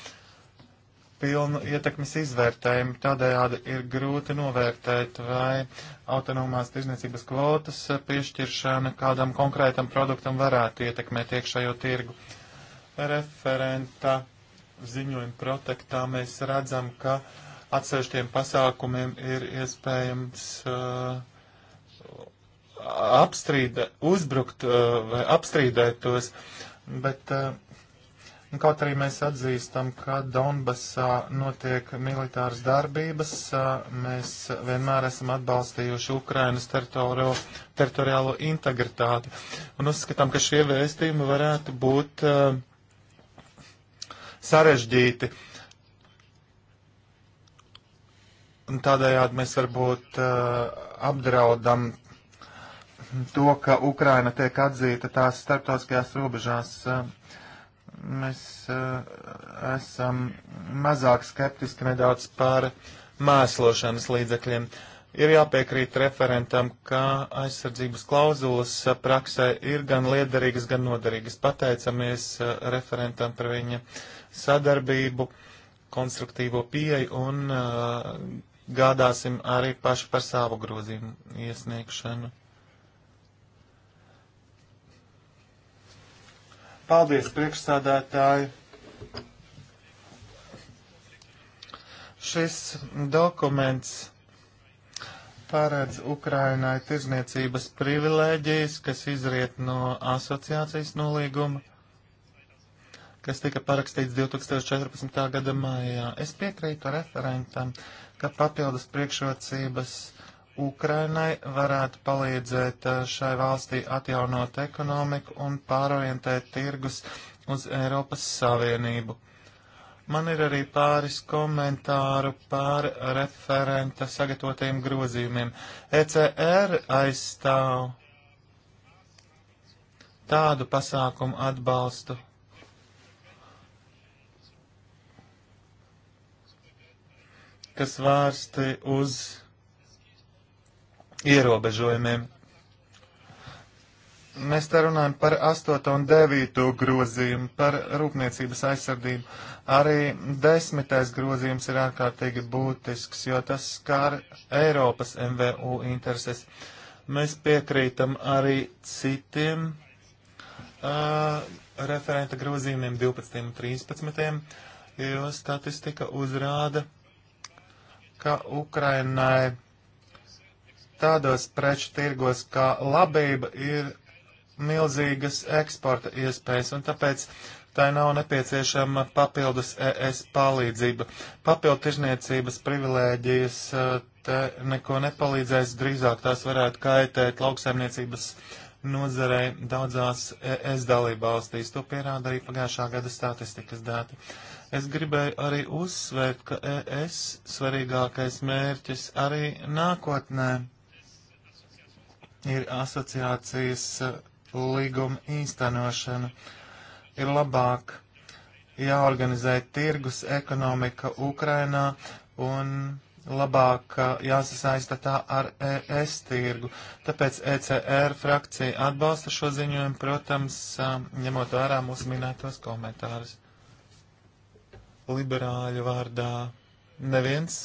pilnu ietekmes izvērtējumu. Tādējādi ir grūti novērtēt, vai autonomās tirzniecības kvotas piešķiršana kādam konkrētam produktam varētu ietekmēt iekšējo tirgu referenta ziņojuma protektā mēs redzam, ka atsevišķiem pasākumiem ir iespējams uh, apstrīda, uzbrukt uh, vai apstrīdēt tos, bet uh, nu, kaut arī mēs atzīstam, ka Donbasā notiek militāras darbības, uh, mēs vienmēr esam atbalstījuši Ukrainas teritoriālo integritāti un uzskatām, ka šie vēstījumi varētu būt uh, sarežģīti. Un tādējādi mēs varbūt uh, apdraudam to, ka Ukraina tiek atzīta tās starptautiskajās robežās. Uh, mēs uh, esam mazāk skeptiski nedaudz par mēslošanas līdzekļiem. Ir jāpiekrīt referentam, ka aizsardzības klauzulas uh, praksē ir gan liederīgas, gan noderīgas. Pateicamies uh, referentam par viņa uh, sadarbību, konstruktīvo pieeju un uh, gādāsim arī paši par savu grozījumu iesniegšanu. Paldies, priekšsādātāji! Šis dokuments paredz Ukrainai tirzniecības privilēģijas, kas izriet no asociācijas nolīguma kas tika parakstīts 2014. gada maijā. Es piekrītu referentam, ka papildus priekšrocības Ukrainai varētu palīdzēt eh, šai valstī atjaunot ekonomiku un pārorientēt tirgus uz Eiropas Savienību. Man ir arī pāris komentāru par referenta sagatavotajiem grozījumiem. ECR aizstāv tādu pasākumu atbalstu, kas vērsti uz ierobežojumiem. Mēs te runājam par 8 un 9 grozījumu, par rūpniecības aizsardzību. Arī 10. grozījums ir ārkārtīgi būtisks, jo tas skar Eiropas MVU intereses. Mēs piekrītam arī citiem uh, referenta grozījumiem 12 un 13, jo statistika uzrāda, ka Ukrainai tādos preču tirgos kā labība ir milzīgas eksporta iespējas, un tāpēc tai nav nepieciešama papildus ES palīdzība. Papildu tirzniecības privilēģijas e, te neko nepalīdzēs, drīzāk tās varētu kaitēt lauksaimniecības nozarei daudzās ES dalībvalstīs. To pierāda arī pagājušā gada statistikas dati. Uh, Es gribēju arī uzsvērt, ka ES svarīgākais mērķis arī nākotnē ir asociācijas uh, līguma īstenošana. Ir labāk jāorganizē tirgus ekonomika Ukrainā un labāk uh, jāsasaista tā ar ES tirgu. Tāpēc ECR frakcija atbalsta šo ziņojumu, protams, uh, ņemot vērā mūsu minētos komentārus liberāļu vārdā neviens,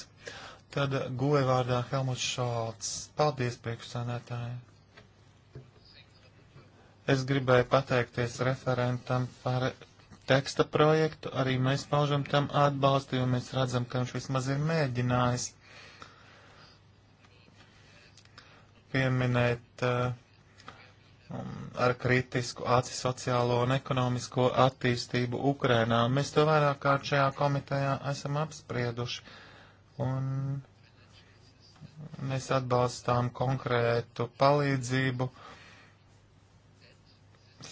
tad guve vārdā Helmuts Šalts. Paldies, priekšsēdētāji! Es gribēju pateikties referentam par teksta projektu, arī mēs paužam tam atbalstu, jo mēs redzam, ka viņš vismaz ir mēģinājis pieminēt uh, ar kritisku aci sociālo un ekonomisko attīstību Ukrainā. Mēs to vairāk kārt šajā komitejā esam apsprieduši, un mēs atbalstām konkrētu palīdzību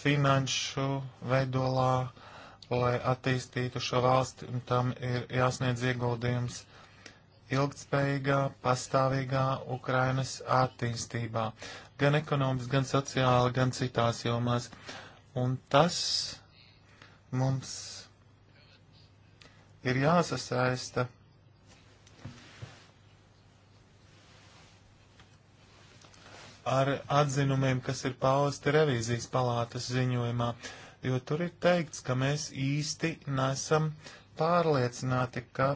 finanšu veidolā, lai attīstītu šo valsti, un tam ir jāsniedz ieguldījums ilgtspējīgā, pastāvīgā Ukrainas attīstībā, gan ekonomiski, gan sociāli, gan citās jomās. Un tas mums ir jāsasaista ar atzinumiem, kas ir pausti revīzijas palātas ziņojumā, jo tur ir teikts, ka mēs īsti nesam pārliecināti, ka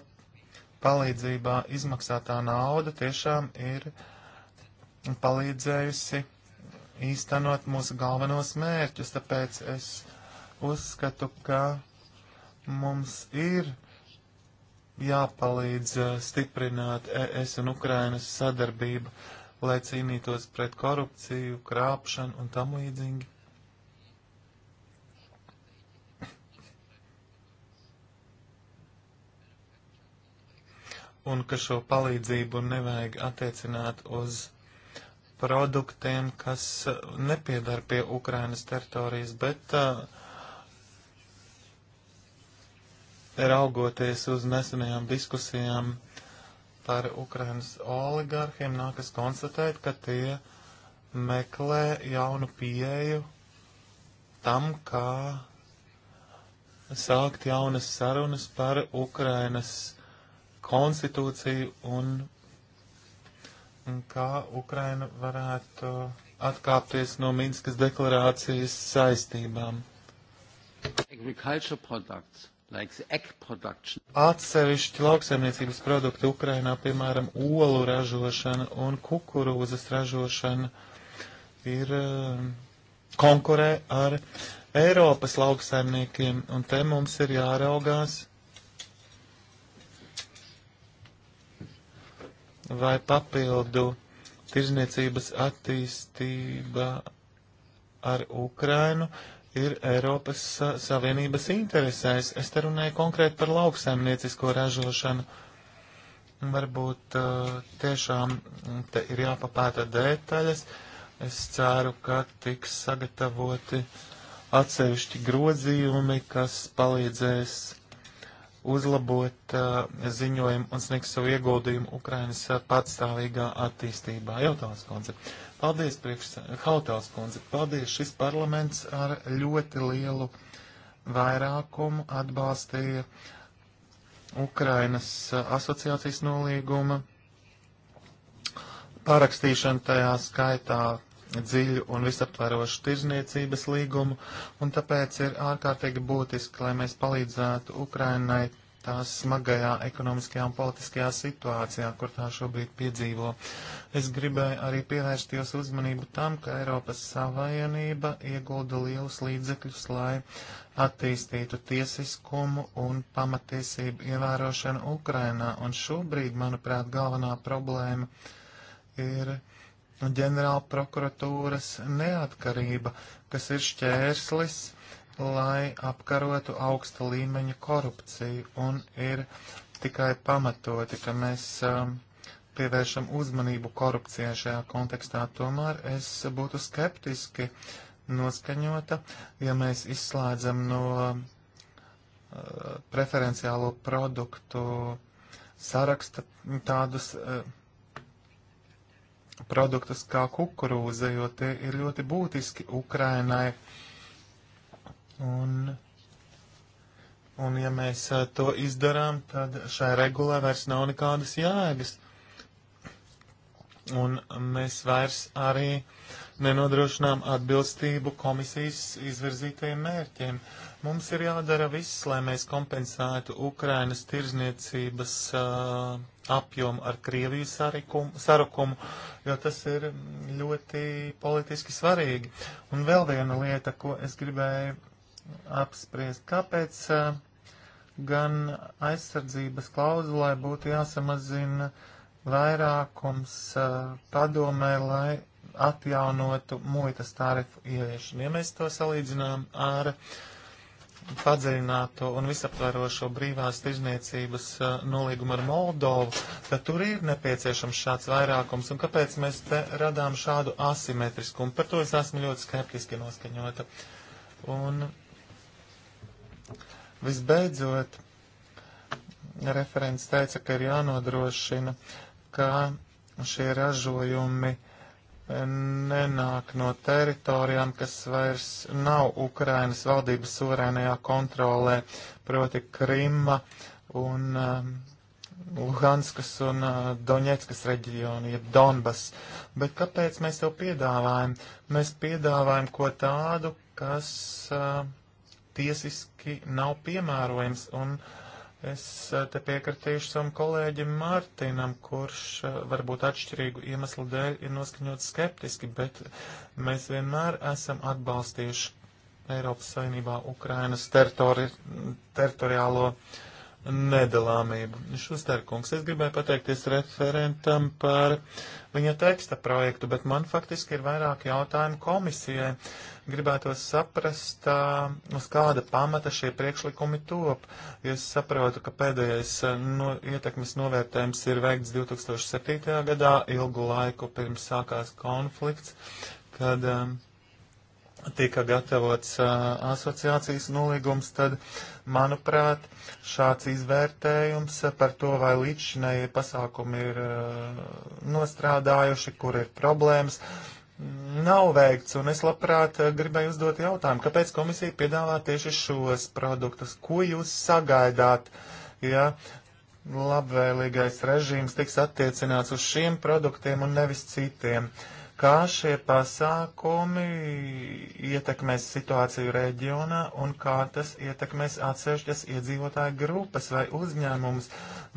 palīdzībā izmaksātā nauda tiešām ir palīdzējusi īstenot mūsu galvenos mērķus, tāpēc es uzskatu, ka mums ir jāpalīdz eh, stiprināt ES un Ukrainas sadarbību, lai cīnītos pret korupciju, krāpšanu un tam līdzīgi. un ka šo palīdzību nevajag attiecināt uz produktiem, kas uh, nepiedar pie Ukrainas teritorijas, bet uh, raugoties uz nesenajām diskusijām par Ukrainas oligarhiem, nākas konstatēt, ka tie meklē jaunu pieeju tam, kā sākt jaunas sarunas par Ukrainas konstitūciju un kā Ukraina varētu atkāpties no Minskas deklarācijas saistībām. Like Atsevišķi lauksaimniecības produkti Ukrainā, piemēram, olu ražošana un kukurūzas ražošana, ir eh, konkurē ar Eiropas lauksaimniekiem, un te mums ir jāraugās vai papildu tirzniecības attīstība ar Ukrainu ir Eiropas Savienības interesēs. Es te runēju konkrēti par lauksaimniecisko ražošanu. Varbūt uh, tiešām te ir jāpapēta detaļas. Es ceru, ka tiks sagatavoti atsevišķi grozījumi, kas palīdzēs uzlabot uh, ziņojumu un sniegt savu ieguldījumu Ukrainas uh, patstāvīgā attīstībā. Jautājums, kundze. Paldies, priekš Hautels kundze. Paldies, šis parlaments ar ļoti lielu vairākumu atbalstīja Ukrainas uh, asociācijas nolīguma parakstīšanu tajā skaitā dziļu un visaptvarošu tirzniecības līgumu, un tāpēc ir ārkārtīgi būtiski, lai mēs palīdzētu Ukrainai tās smagajā ekonomiskajā un politiskajā situācijā, kur tā šobrīd piedzīvo. Es gribēju arī pievērst jūs uzmanību tam, ka Eiropas Savienība iegulda lielus līdzekļus, lai attīstītu tiesiskumu un pamatiesību ievērošanu Ukrainā, un šobrīd, manuprāt, galvenā problēma ir ģenerāla prokuratūras neatkarība, kas ir šķērslis, lai apkarotu augsta līmeņa korupciju, un ir tikai pamatoti, ka mēs um, pievēršam uzmanību korupcijai šajā kontekstā. Tomēr es būtu skeptiski noskaņota, ja mēs izslēdzam no um, uh, preferenciālo produktu saraksta tādus uh, produktus kā kukurūza, jo tie ir ļoti būtiski Ukrainai. Un, un ja mēs to izdarām, tad šai regulē vairs nav nekādas jēgas. Un mēs vairs arī nenodrošinām atbilstību komisijas izvirzītajiem mērķiem. Uh, Mums ir jādara viss, lai mēs kompensētu Ukrainas tirzniecības uh, apjomu ar Krieviju sarikumu, sarukumu, jo tas ir ļoti politiski svarīgi. Un vēl viena lieta, ko es gribēju apspriest, kāpēc uh, gan aizsardzības klauzulai būtu jāsamazina vairākums uh, padomē, lai atjaunotu muitas tarifu ieviešanu. Ja mēs to salīdzinām ar uh, padziļinātu un visaptvarošo brīvās tirzniecības eh, nolīgumu ar Moldovu, tad tur ir nepieciešams šāds vairākums. Un kāpēc mēs te radām šādu asimetriskumu? Par to es esmu ļoti skeptiski noskaņota. Un visbeidzot, referents teica, ka ir jānodrošina, ka šie ražojumi uh, nenāk no teritorijām, kas vairs nav Ukrainas valdības suverēnajā kontrolē, proti Krima un um, Luhanskas un uh, Doņetskas reģioni, jeb Donbas. Bet kāpēc mēs to piedāvājam? Mēs piedāvājam ko tādu, kas uh, tiesiski nav piemērojams un uh, Es eh, te piekritīšu savam kolēģim Mārtiņam, kurš eh, varbūt atšķirīgu iemeslu dēļ ir noskaņots skeptiski, bet mēs vienmēr esam atbalstījuši Eiropas Savienībā Ukrainas teritori teritoriālo uh, nedalāmību. Šustērkungs, es gribēju pateikties referentam par viņa teksta projektu, bet man faktiski ir vairāk jautājumu komisijai. Gribētu saprast, uz kāda pamata šie priekšlikumi top. Es saprotu, ka pēdējais no, ietekmes novērtējums ir veikts 2007. gadā, ilgu laiku pirms sākās konflikts, kad um, tika gatavots uh, asociācijas nolīgums, tad, manuprāt, šāds izvērtējums par to, vai līdzšinēji pasākumi ir uh, nostrādājuši, kur ir problēmas, nav veikts. Un es labprāt uh, gribēju uzdot jautājumu, kāpēc komisija piedāvā tieši šos produktus? Ko jūs sagaidāt? Ja labvēlīgais režīms tiks attiecināts uz šiem produktiem un nevis citiem. Uh, kā šie pasākumi ietekmēs situāciju reģionā un kā tas ietekmēs atsevišķas iedzīvotāju grupas vai uzņēmumus,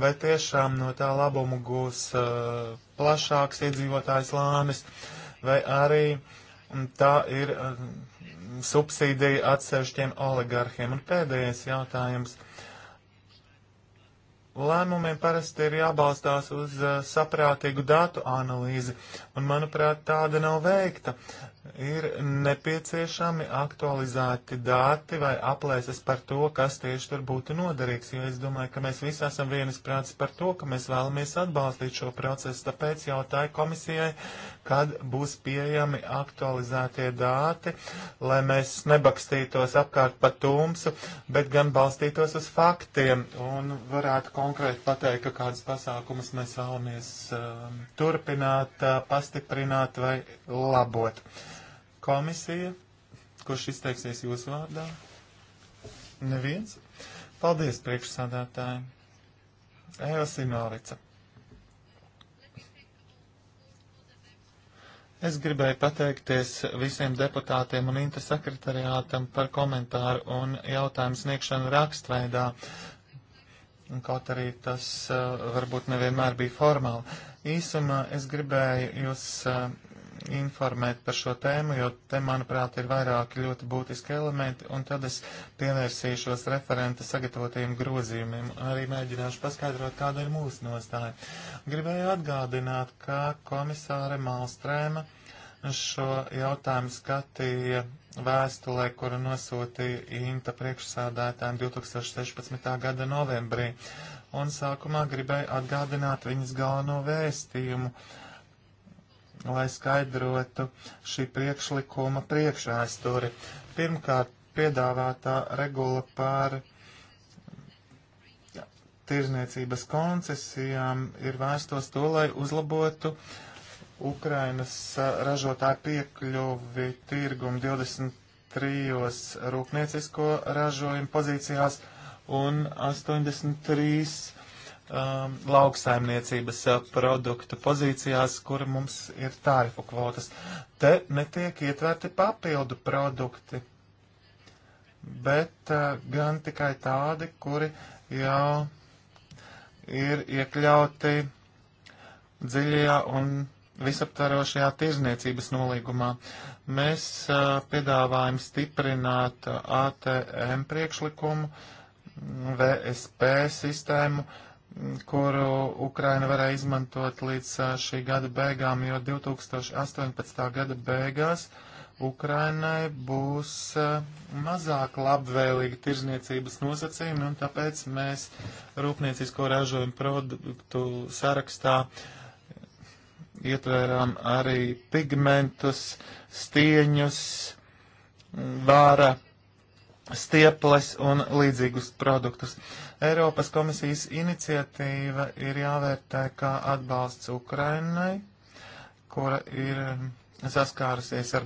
vai tiešām no tā labumu gūs uh, plašāks iedzīvotājs lānis, vai arī mm, tā ir uh, subsīdija atsevišķiem oligarhiem. Un pēdējais jautājums. Lēmumiem parasti ir jābalstās uz uh, saprātīgu datu analīzi, un, manuprāt, tāda nav veikta. Ir nepieciešami aktualizēti dati vai aplēses par to, kas tieši tur būtu noderīgs, jo es domāju, ka mēs visi esam vienisprātis par to, ka mēs vēlamies atbalstīt šo procesu, tāpēc jautāju komisijai, kad būs pieejami aktualizētie dāti, lai mēs nebakstītos apkārt pa tumsu, bet gan balstītos uz faktiem un varētu konkrēti pateikt, ka kādas pasākumas mēs vēlamies um, turpināt, uh, pastiprināt vai labot. Komisija, kurš izteiksies jūsu vārdā? Neviens? Paldies priekšsādātājiem. Eva Simolica. Es gribēju pateikties visiem deputātiem un intersekretariātam par komentāru un jautājumu sniegšanu rakstveidā. Kaut arī tas uh, varbūt nevienmēr bija formāli. Īsumā es gribēju jūs uh, informēt par šo tēmu, jo te, manuprāt, ir vairāki ļoti būtiski elementi, un tad es pievērsīšos referenta sagatavotajiem grozījumiem, arī mēģināšu paskaidrot, kāda ir mūsu nostāja. Gribēju atgādināt, ka komisāre Malstrēma šo jautājumu skatīja vēstulē, kuru nosūtīja Inta priekšsādātājiem 2016. gada novembrī, un sākumā gribēju atgādināt viņas galveno vēstījumu lai skaidrotu šī priekšlikuma priekšēsturi. Pirmkārt, piedāvātā regula par tirzniecības koncesijām ir vērstos to, lai uzlabotu Ukrainas ražotāju piekļuvi tirgumu 23 rūpniecisko ražojumu pozīcijās un 83 um, lauksaimniecības uh, produktu pozīcijās, kur mums ir tārifu kvotas. Te netiek ietverti papildu produkti, bet uh, gan tikai tādi, kuri jau ir iekļauti dziļajā un visaptvarošajā tirzniecības nolīgumā. Mēs uh, piedāvājam stiprināt uh, ATM priekšlikumu, VSP sistēmu, uh, kuru Ukraina varēja izmantot līdz šī gada beigām, jo 2018. gada beigās Ukrainai būs mazāk labvēlīgi tirzniecības nosacījumi, un tāpēc mēs rūpniecisko ražojumu produktu sarakstā ietvērām arī pigmentus, stieņus, vāra, stieples un līdzīgus produktus. Uh, Eiropas komisijas iniciatīva ir jāvērtē kā atbalsts Ukrainai, kura ir saskārusies ar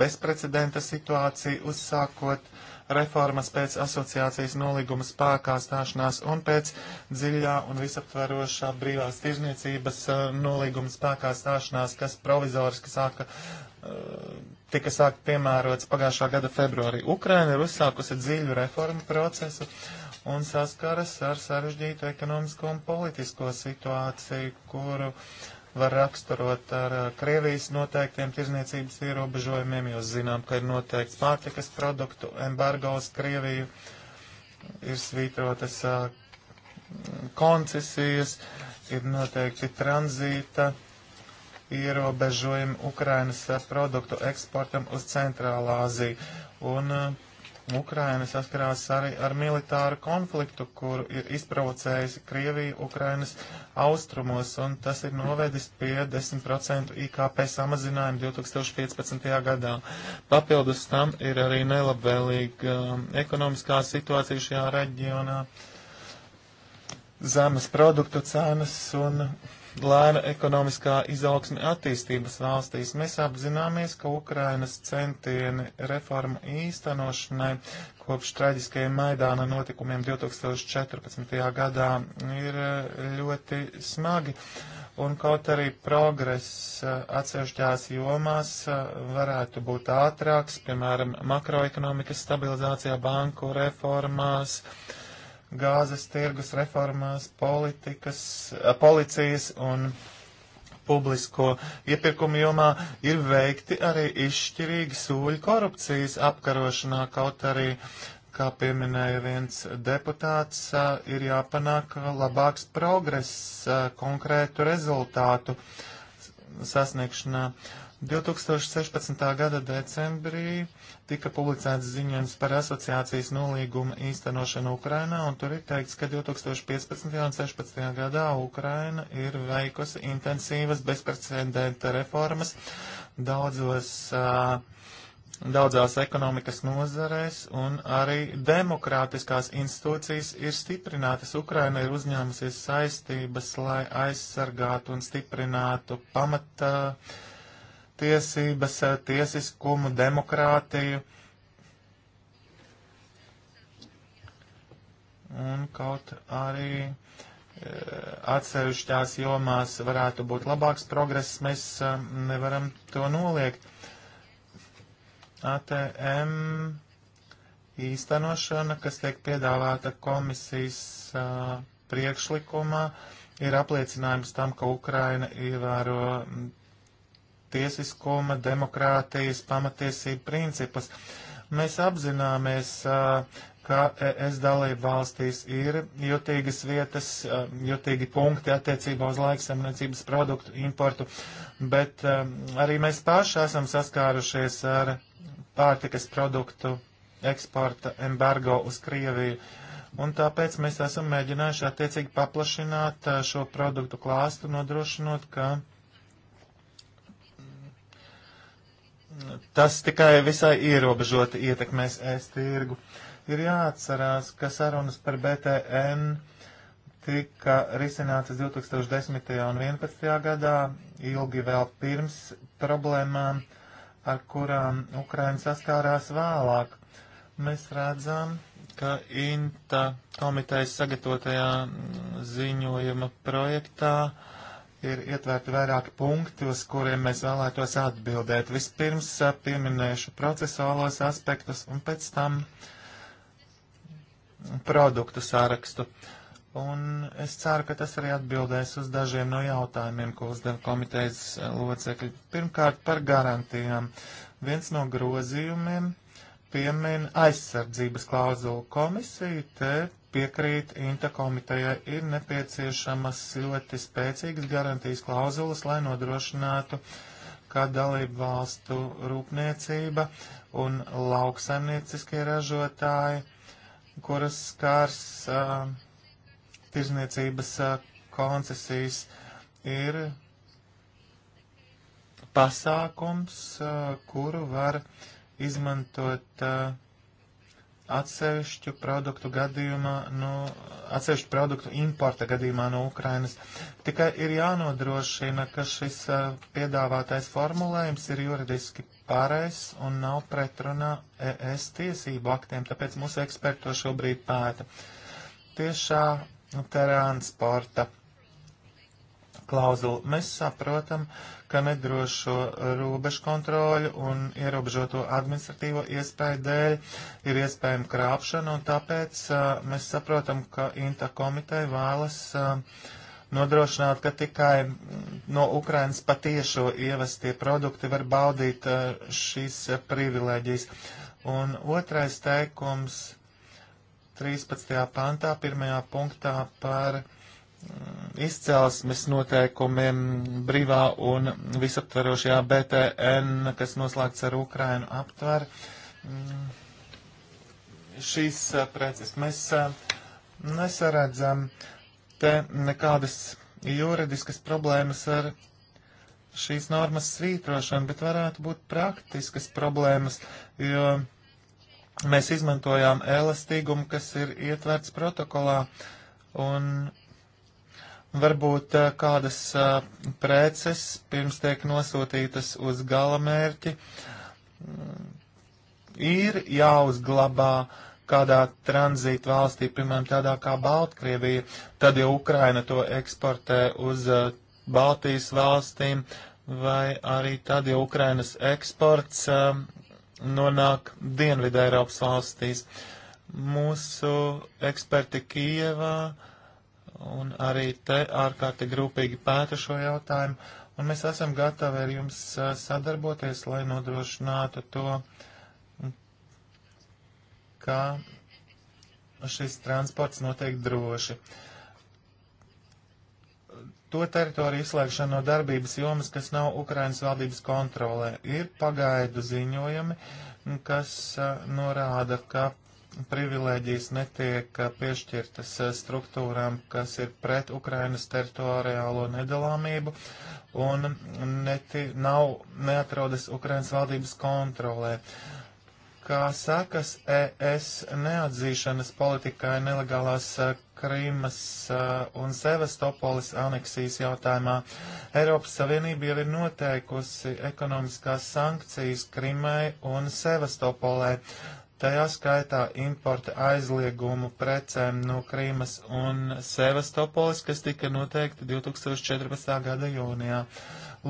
bezprecedenta situāciju, uzsākot reformas pēc asociācijas nolīguma spēkā stāšanās un pēc dziļā un visaptverošā brīvās tirzniecības uh, nolīguma spēkā stāšanās, kas provizoriski sāka, uh, tika sākt piemērots pagājušā gada februārī. Ukraina ir uzsākusi dziļu reformu procesu un saskaras ar sarežģītu ekonomisko un politisko situāciju, kuru var raksturot ar eh, Krievijas noteiktiem tirzniecības ierobežojumiem, jo zinām, ka ir noteikts pārtikas produktu embargo uz Krieviju, ir svītrotas eh, koncesijas, ir noteikti tranzīta ierobežojumi Ukrainas eh, produktu eksportam uz Centrālā Aziju. Un uh, Ukraina saskarās arī ar militāru konfliktu, kur ir izprovocējusi Krievija Ukrainas austrumos, un tas ir novedis pie 10% IKP samazinājuma 2015. gadā. Papildus tam ir arī nelabvēlīga um, ekonomiskā situācija šajā reģionā, zemes produktu cenas un lēna ekonomiskā izaugsme attīstības valstīs. Mēs apzināmies, ka Ukrainas centieni reforma īstenošanai kopš traģiskajiem Maidāna notikumiem 2014. gadā ir eh, ļoti smagi. Un kaut arī progress eh, atsevišķās jomās eh, varētu būt ātrāks, piemēram, makroekonomikas stabilizācijā, banku reformās, uh, gāzes tirgus reformās, politikas, eh, policijas un publisko iepirkumu jomā ir veikti arī izšķirīgi sūļi korupcijas apkarošanā, kaut arī, kā pieminēja viens deputāts, eh, ir jāpanāk labāks progress eh, konkrētu rezultātu sasniegšanā. Uh, 2016. gada decembrī tika publicēts ziņojums par asociācijas nolīgumu īstenošanu Ukrainā, un tur ir teikts, ka 2015. un 2016. gadā Ukraina ir veikusi intensīvas bezprecedenta reformas daudzos, daudzās ekonomikas nozarēs, un arī demokrātiskās institūcijas ir stiprinātas. Ukraina ir uzņēmusies saistības, lai aizsargātu un stiprinātu pamata tiesības, eh, tiesiskumu, demokrātiju. Un kaut arī eh, atsevišķās jomās varētu būt labāks progress, mēs eh, nevaram to noliegt. ATM īstenošana, kas tiek piedāvāta komisijas priekšlikumā, ir apliecinājums tam, ka Ukraina ievēro tiesiskuma, demokrātijas, pamatiesību principus. Mēs apzināmies, ka es dalību valstīs ir jutīgas vietas, jutīgi punkti attiecībā uz laiksamniecības produktu importu, bet arī mēs paši esam saskārušies ar pārtikas produktu eksporta embargo uz Krieviju. Un tāpēc mēs esam mēģinājuši attiecīgi paplašināt šo produktu klāstu, nodrošinot, ka uh, tas tikai visai ierobežoti ietekmēs ēstirgu. Ir jāatcerās, ka sarunas par BTN tika risinātas 2010. un 2011. gadā, ilgi vēl pirms problēmām, ar kurām Ukraina saskārās vēlāk. Mēs redzam, ka INTA komitejas sagatavotajā ziņojuma projektā uh, ir ietverti vairāki punkti, uz kuriem mēs vēlētos atbildēt. Vispirms pieminēšu procesuālos aspektus un pēc tam produktu sārakstu. Un es ceru, ka tas arī atbildēs uz dažiem no jautājumiem, ko uzdev komitejas locekļi. Pirmkārt, par garantijām. Viens no grozījumiem piemin aizsardzības klauzulu komisiju, te piekrīt Inta komitejai, ir nepieciešamas ļoti spēcīgas garantijas klauzulas, lai nodrošinātu, ka dalību valstu rūpniecība un lauksaimnieciskie ražotāji, kuras skārs uh, tirzniecības uh, koncesijas, ir pasākums, uh, kuru var izmantot uh, atsevišķu produktu gadījumā, no, nu, atsevišķu produktu importa gadījumā no Ukrainas. Tikai ir jānodrošina, ka šis piedāvātais formulējums ir juridiski pareizs un nav pretrunā ES tiesību aktiem, tāpēc mūsu eksperti to šobrīd pēta. Tiešā transporta klauzulu. Mēs saprotam, ka nedrošo robežu kontroļu un ierobežoto administratīvo iespēju dēļ ir iespējama krāpšana, un tāpēc mēs saprotam, ka INTA komiteja vēlas nodrošināt, ka tikai no Ukrainas patiešo ievestie produkti var baudīt šīs privilēģijas. Un otrais teikums 13. pantā, pirmajā punktā par Mm, izcelsmes noteikumiem brīvā un visaptverošajā BTN, kas noslēgts ar Ukrainu, aptver mm, šīs preces. Mēs nesaredzam te nekādas juridiskas problēmas ar šīs normas svītrošanu, bet varētu būt praktiskas problēmas, jo mēs izmantojām elastīgumu, kas ir ietverts protokolā. Un varbūt eh, kādas eh, preces pirms tiek nosūtītas uz galamērķi mm, ir jāuzglabā kādā tranzīta valstī, piemēram, tādā kā Baltkrievija, tad jau Ukraina to eksportē uz eh, Baltijas valstīm, vai arī tad, ja Ukrainas eksports nonāk Dienvidē Eiropas valstīs. Mūsu eksperti Kievā uh, un arī te ārkārtīgi rūpīgi pēta šo jautājumu, un mēs esam gatavi ar jums sadarboties, lai nodrošinātu to, ka šis transports notiek droši. To teritoriju izslēgšana no darbības jomas, kas nav Ukrainas valdības kontrolē, ir pagaidu ziņojumi, kas norāda, ka privilēģijas netiek uh, piešķirtas uh, struktūrām, kas ir pret Ukrainas teritoriālo nedalāmību un neti, nav, neatrodas Ukrainas valdības kontrolē. Kā sekas ES neatzīšanas politikai nelegālās uh, Krīmas un Sevastopolis aneksijas jautājumā Eiropas Savienība jau ir noteikusi ekonomiskās sankcijas Krimai un Sevastopolē, tajā skaitā importa aizliegumu precēm no Krīmas un Sevastopolis, kas tika noteikti 2014. gada jūnijā.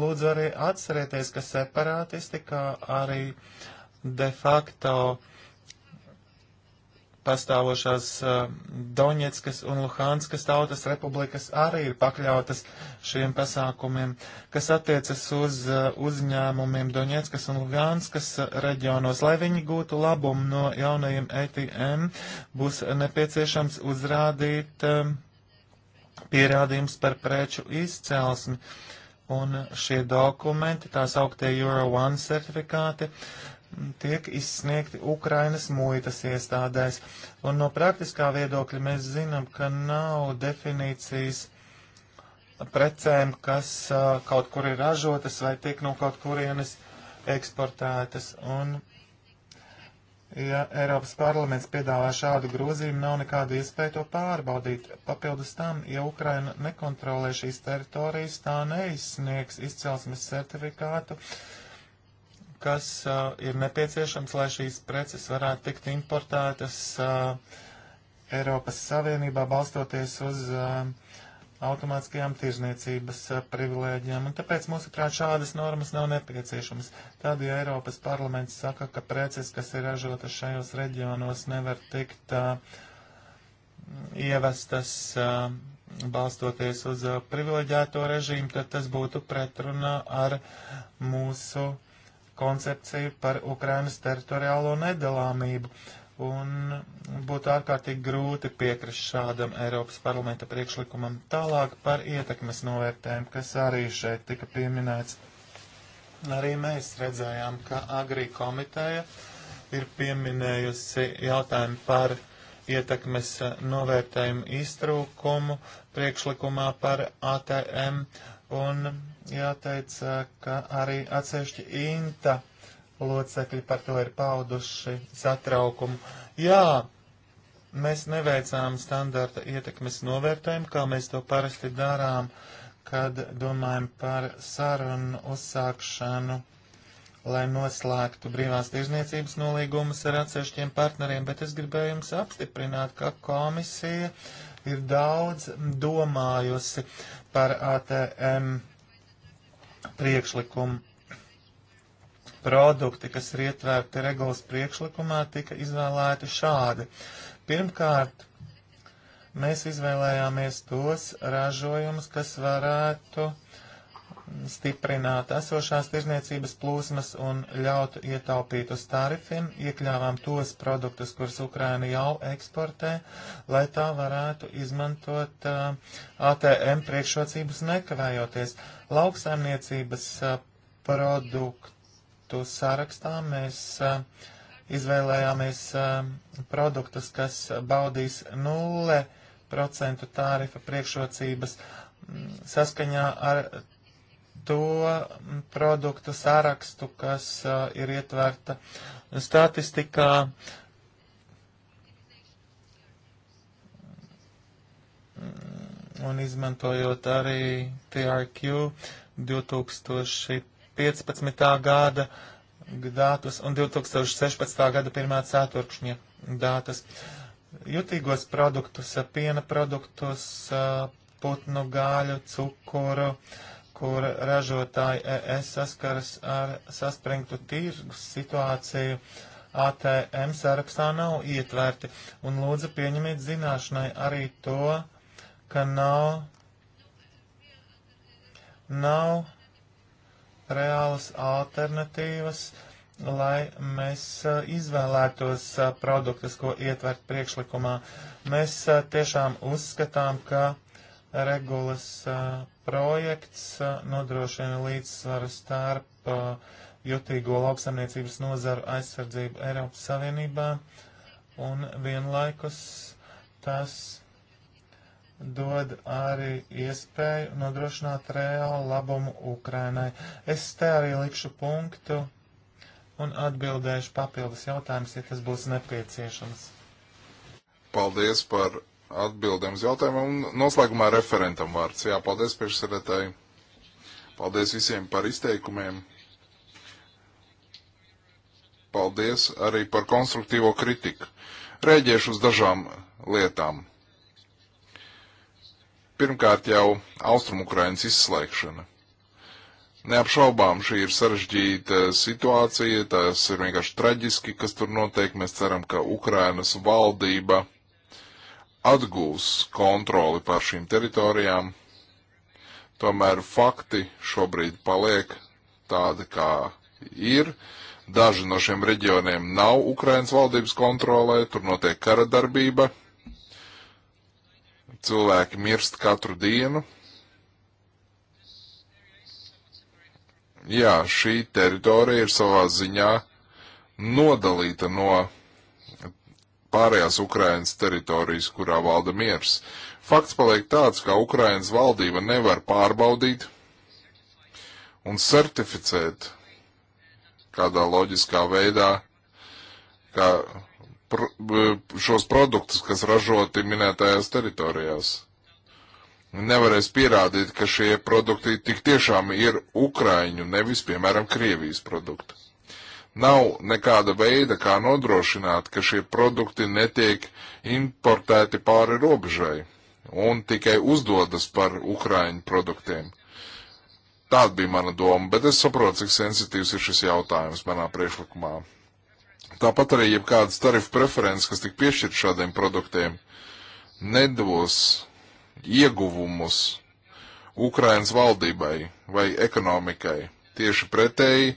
Lūdzu arī atcerieties, ka separātisti, kā arī de facto uh, pastāvošās Doņetskas un Luhānskas tautas republikas arī ir pakļautas šiem pasākumiem, kas attiecas uz uzņēmumiem Doņetskas un Luhānskas reģionos. Lai viņi gūtu labumu no jaunajiem ATM, būs nepieciešams uzrādīt pierādījums par preču izcelsmi. Un šie dokumenti, tās augtie Euro 1 certifikāti, uh, tiek izsniegti Ukrainas muitas iestādēs. Un no praktiskā viedokļa mēs zinām, ka nav definīcijas precēm, kas uh, kaut kur ir ražotas vai tiek no kaut kurienes eksportētas. Un, ja Eiropas parlaments piedāvā šādu grozījumu, nav nekāda iespēja to pārbaudīt. Papildus tam, ja Ukraina nekontrolē šīs teritorijas, tā neizsniegs izcelsmes certifikātu. Uh, kas uh, ir nepieciešams, lai šīs preces varētu tikt importētas uh, Eiropas Savienībā, balstoties uz uh, automātiskajām tirzniecības uh, privilēģijām, un tāpēc, mūsuprāt, šādas normas nav nepieciešamas. Tad, ja Eiropas parlaments saka, ka preces, kas ir ražotas šajos reģionos, nevar tikt uh, ievestas uh, balstoties uz uh, privileģēto režīmu, tad tas būtu pretrunā ar mūsu koncepciju par Ukrainas teritoriālo nedalāmību. Un būtu ārkārtīgi grūti piekrist šādam Eiropas parlamenta priekšlikumam tālāk par ietekmes novērtējumu, kas arī šeit tika pieminēts. Arī mēs redzējām, ka Agri komiteja ir pieminējusi jautājumu par ietekmes novērtējumu iztrūkumu priekšlikumā par ATM un jāteic, ka arī atsevišķi INTA locekļi par to ir pauduši satraukumu. Jā, mēs neveicām standarta ietekmes novērtējumu, kā mēs to parasti darām, kad domājam par sarunu uzsākšanu, lai noslēgtu brīvās tirzniecības nolīgumus ar atsevišķiem partneriem, bet es gribēju jums apstiprināt, ka komisija ir daudz domājusi par ATM priekšlikumu. Produkti, kas ir ietverti regulas priekšlikumā, tika izvēlēti šādi. Pirmkārt, mēs izvēlējāmies tos ražojumus, kas varētu stiprināt esošās tirzniecības plūsmas un ļautu ietaupīt uz tarifiem, iekļāvām tos produktus, kurus Ukraina jau eksportē, lai tā varētu izmantot uh, ATM priekšrocības nekavējoties. Lauksaimniecības uh, produktu sarakstā mēs uh, izvēlējāmies produktus, kas baudīs nulle procentu tārifa priekšrocības saskaņā ar to produktu sārakstu, kas uh, ir ietverta statistikā. Un izmantojot arī TRQ 2015. gada datus un 2016. gada 1. ceturkšņa datus. Jutīgos produktus, piena produktus, uh, putnu gāļu, cukuru, uh, kur ražotāji ES saskaras ar saspringtu tirgus situāciju, ATM sarakstā nav ietverti, un lūdzu pieņemiet zināšanai arī to, ka nav, nav reālas alternatīvas, lai mēs a, izvēlētos a, produktus, ko ietvert priekšlikumā. Mēs a, tiešām uzskatām, ka regulas projekts nodrošina līdzsvaru starp jutīgo lauksaimniecības nozaru aizsardzību Eiropas Savienībā un vienlaikus tas dod arī iespēju nodrošināt reālu labumu Ukrainai. Es te arī likšu punktu un atbildēšu papildus jautājumus, ja tas būs nepieciešams. Paldies par atbildēm uz jautājumiem un noslēgumā referentam vārds. Jā, paldies priekšsēdētāji. Paldies visiem par izteikumiem. Paldies arī par konstruktīvo kritiku. Rēģiešu uz dažām lietām. Pirmkārt jau Austrumukrainas izslēgšana. Neapšaubām šī ir sarežģīta situācija, tas ir vienkārši traģiski, kas tur notiek. Mēs ceram, ka Ukrainas valdība atgūs kontroli pār šīm teritorijām. Tomēr fakti šobrīd paliek tādi, kā ir. Daži no šiem reģioniem nav Ukrainas valdības kontrolē, tur notiek kara darbība. Cilvēki mirst katru dienu. Jā, šī teritorija ir savā ziņā nodalīta no pārējās Ukrainas teritorijas, kurā valda miers. Fakts paliek tāds, ka Ukrainas valdība nevar pārbaudīt un certificēt kādā loģiskā veidā, ka pr šos produktus, kas ražoti minētajās teritorijās. Nevarēs pierādīt, ka šie produkti tik tiešām ir Ukraiņu, nevis, piemēram, Krievijas produkti. Nav nekāda veida, kā nodrošināt, ka šie produkti netiek importēti pāri robežai un tikai uzdodas par Ukraiņu produktiem. Tāda bija mana doma, bet es saprotu, cik sensitīvs ir šis jautājums manā priekšlikumā. Tāpat arī jebkādas tarifu preferences, kas tik piešķirt šādiem produktiem, nedos ieguvumus Ukrainas valdībai vai ekonomikai. Tieši pretēji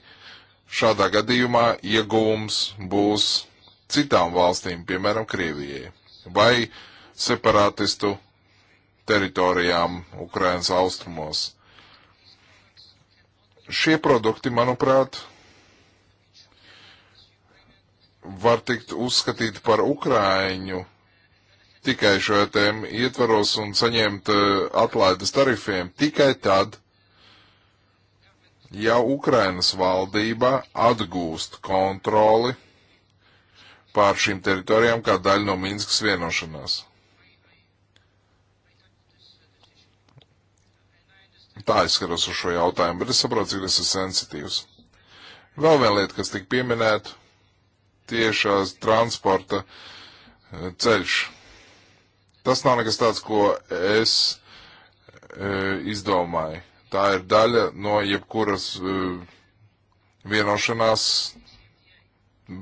Šādā gadījumā ieguvums būs citām valstīm, piemēram, Krievijai, vai separātistu teritorijām Ukrainas austrumos. Šie produkti, manuprāt, var tikt uzskatīti par Ukraiņu tikai šo tēmu ietvaros un saņemt eh, atlaides tarifiem tikai tad, ja Ukrainas valdība atgūst kontroli pār šīm teritorijām kā daļa no Minskas vienošanās. Tā izskatās uz šo jautājumu, bet es saprotu, cik tas ir sensitīvs. Vēl viena lieta, kas tika pieminēta, tiešās transporta eh, ceļš. Tas nav nekas tāds, ko es e, izdomāju Tā ir daļa no jebkuras uh, vienošanās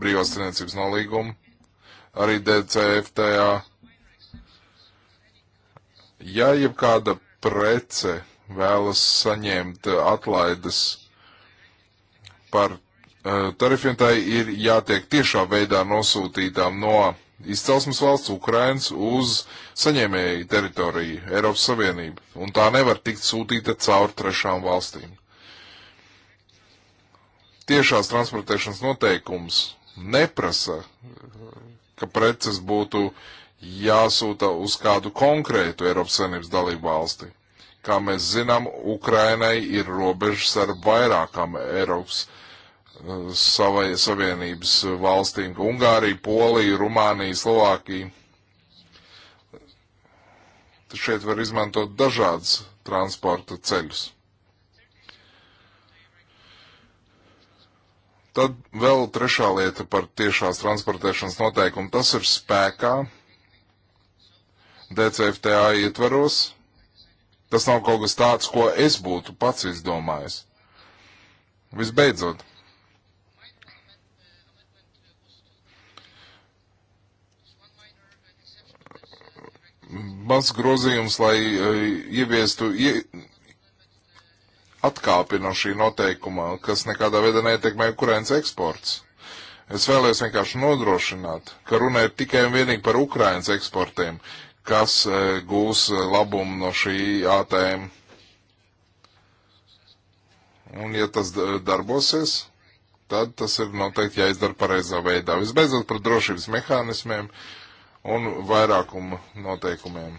brīvās tirniecības nolīguma, arī DCFTA. Ja jebkāda prece vēlas saņemt atlaides par e, tarifiem, tai ir jātiek tiešā veidā nosūtītām no izcelsmes valsts Ukrainas uz saņēmēju teritoriju Eiropas Savienību, un tā nevar tikt sūtīta caur trešām valstīm. Tiešās transportēšanas noteikums neprasa, ka preces būtu jāsūta uz kādu konkrētu Eiropas Savienības dalību valsti. Kā mēs zinām, Ukrainai ir robežas ar vairākām Eiropas Savienības savai, Savienības valstīm - Ungārija, Polija, Rumānija, Slovākija. Tad šeit var izmantot dažādas transporta ceļus. Tad vēl trešā lieta par tiešās transportēšanas noteikumu. Tas ir spēkā DCFTA ietvaros. Tas nav kaut kas tāds, ko es būtu pats izdomājis. Visbeidzot, mazs grozījums, lai eh, ieviestu atkāpi no šī noteikuma, kas nekādā veidā neietekmē Ukrainas eksports. Es vēlējos vienkārši nodrošināt, ka runa ir tikai un vienīgi par Ukrainas eksportiem, kas eh, gūs eh, labumu no šī ATM. Un ja tas darbosies, tad tas ir noteikti jāizdara pareizā veidā. Visbeidzot par drošības mehānismiem. Uh, un vairākuma noteikumiem.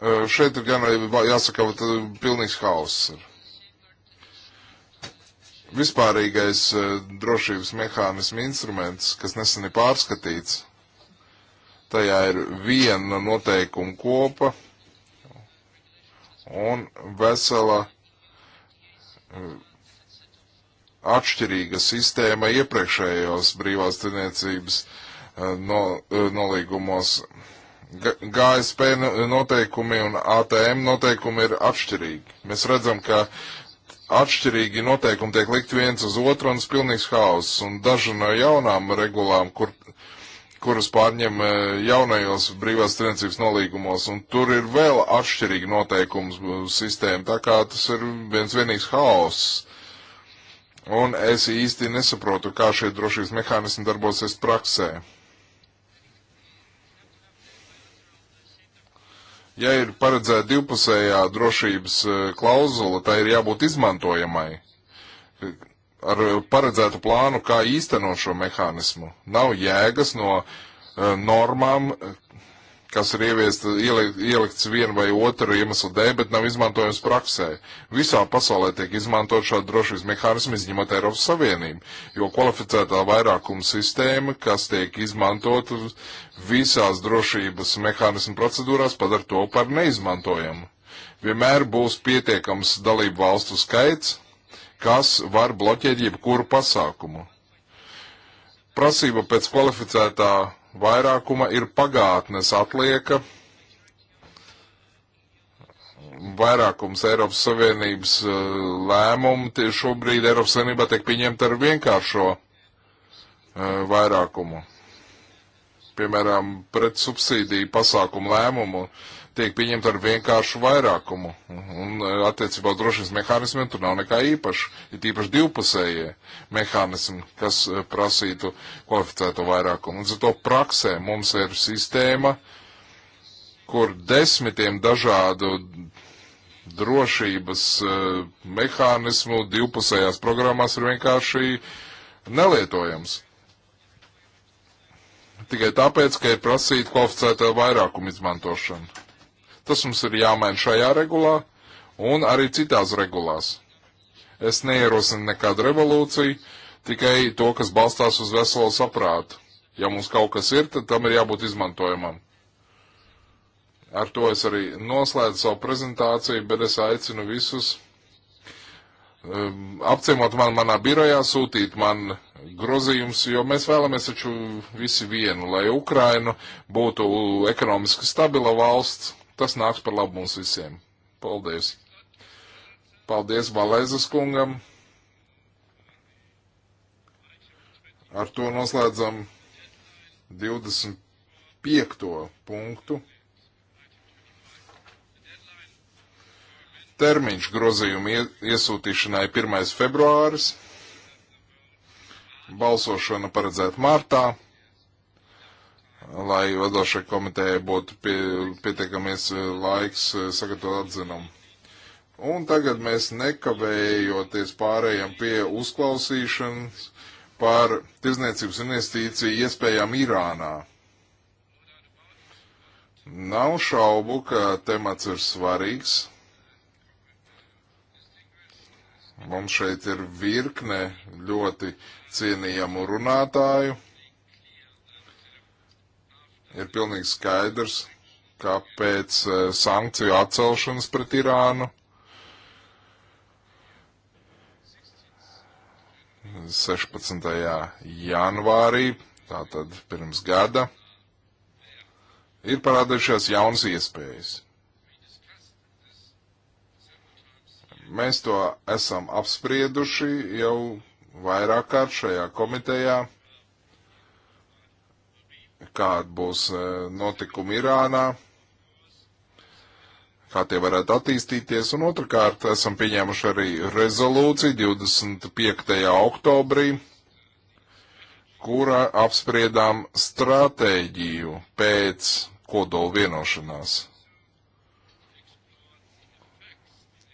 E, šeit ir gan jāsaka, ka pilnīgs hauss ir. Vispārīgais e, drošības mehānismu instruments, kas nesen ir pārskatīts, tajā ir viena noteikuma kopa un vesela e, atšķirīga sistēma iepriekšējos brīvās tirniecības eh, no, eh, nolīgumos. GSP noteikumi un ATM noteikumi ir atšķirīgi. Mēs redzam, ka atšķirīgi noteikumi tiek likt viens uz otru un tas pilnīgs haoss. Un daži no jaunām regulām, kur, kuras pārņem eh, jaunajos brīvās tirdzniecības nolīgumos, un tur ir vēl atšķirīgi noteikums sistēma. Tā kā tas ir viens vienīgs haoss. Un es īsti nesaprotu, kā šie drošības mehānismi darbosies praksē. Ja ir paredzēta divpusējā drošības e, klauzula, tai ir jābūt izmantojamai ar paredzētu plānu, kā īstenot šo mehānismu. Nav jēgas no e, normām, kas ir ieviest, ielikts vienu vai otru iemeslu dēļ, bet nav izmantojams praksē. Visā pasaulē tiek izmantot šādi drošības mehānismi, izņemot Eiropas Savienību, jo kvalificētā vairākuma sistēma, kas tiek izmantot visās drošības mehānismu procedūrās, padara to par neizmantojamu. Vienmēr būs pietiekams dalību valstu skaits, kas var bloķēt jebkuru pasākumu. Prasība pēc kvalificētā vairākuma ir pagātnes atlieka. Vairākums Eiropas Savienības eh, lēmumu tieši šobrīd Eiropas Savienībā tiek pieņemta ar vienkāršo eh, vairākumu. Piemēram, pret subsīdiju pasākumu lēmumu uh, tiek pieņemta ar vienkāršu vairākumu. Un e, attiecībā drošības mehānismiem tur nav nekā īpaša. Ir īpaši divpusējie mehānismi, kas e, prasītu kvalificēto vairākumu. Un zato praksē mums ir sistēma, kur desmitiem dažādu drošības e, mehānismu divpusējās programmās ir vienkārši nelietojams tikai tāpēc, ka ir prasīta kvalificētā vairākuma izmantošana. Tas mums ir jāmaina šajā regulā un arī citās regulās. Es neierosinu nekādu revolūciju, tikai to, kas balstās uz veselo saprātu. Ja mums kaut kas ir, tad tam ir jābūt izmantojamam. Ar to es arī noslēdzu savu prezentāciju, bet es aicinu visus um, apciemot man manā birojā, sūtīt man grozījums, jo mēs vēlamies taču visi vienu, lai Ukraina būtu ekonomiski stabila valsts Tas nāks par labu mums visiem. Paldies! Paldies Valēzes kungam! Ar to noslēdzam 25. punktu. Termiņš grozījuma iesūtīšanai 1. februāris. Balsošana paredzēta martā lai vadošai komitejai būtu pie, pietiekamies eh, laiks eh, sagatavot atzinumu. Un tagad mēs nekavējoties pārējām pie uzklausīšanas par tirzniecības investīciju iespējām Irānā. Nav šaubu, ka temats ir svarīgs. Mums šeit ir virkne ļoti cienījamu runātāju, ir pilnīgi skaidrs, ka pēc e, sankciju atcelšanas pret Irānu 16. janvārī, tātad pirms gada, ir parādījušās jaunas iespējas. Mēs to esam apsprieduši jau vairāk kārt šajā komitejā kāda būs e, notikuma Irānā, kā tie varētu attīstīties, un otrkārt esam pieņēmuši arī rezolūciju 25. oktobrī, kurā apspriedām stratēģiju pēc kodola vienošanās.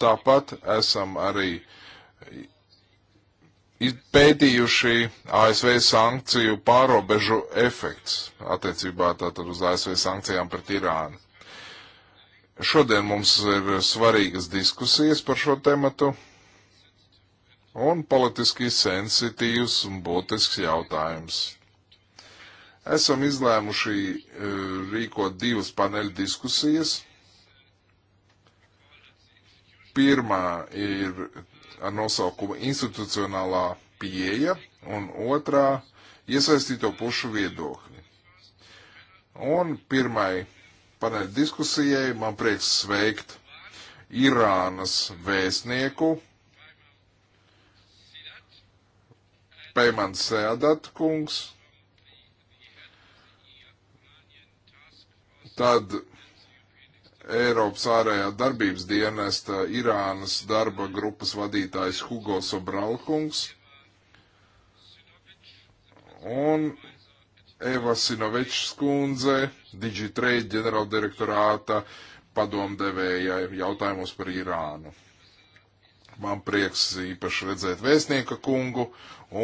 Tāpat esam arī pētījuši ASV sankciju pārobežu efekts attiecībā tātad uz ASV sankcijām pret Irānu. Šodien mums ir svarīgas diskusijas par šo tematu un politiski sensitīvs un būtisks jautājums. Esam izlēmuši e, rīkot divas paneļa diskusijas. Pirmā ir ar nosaukumu institucionālā pieeja un otrā iesaistīto pušu viedokļi. Un pirmai paneļa diskusijai man prieks sveikt Irānas vēstnieku Peimans Seadat kungs, tad Eiropas ārējā darbības dienesta Irānas darba grupas vadītājs Hugo Sobralkungs un Eva Sinovečs kundze, Digitrade ģenerāldirektorāta padomdevēja jautājumos par Irānu. Man prieks īpaši redzēt vēstnieka kungu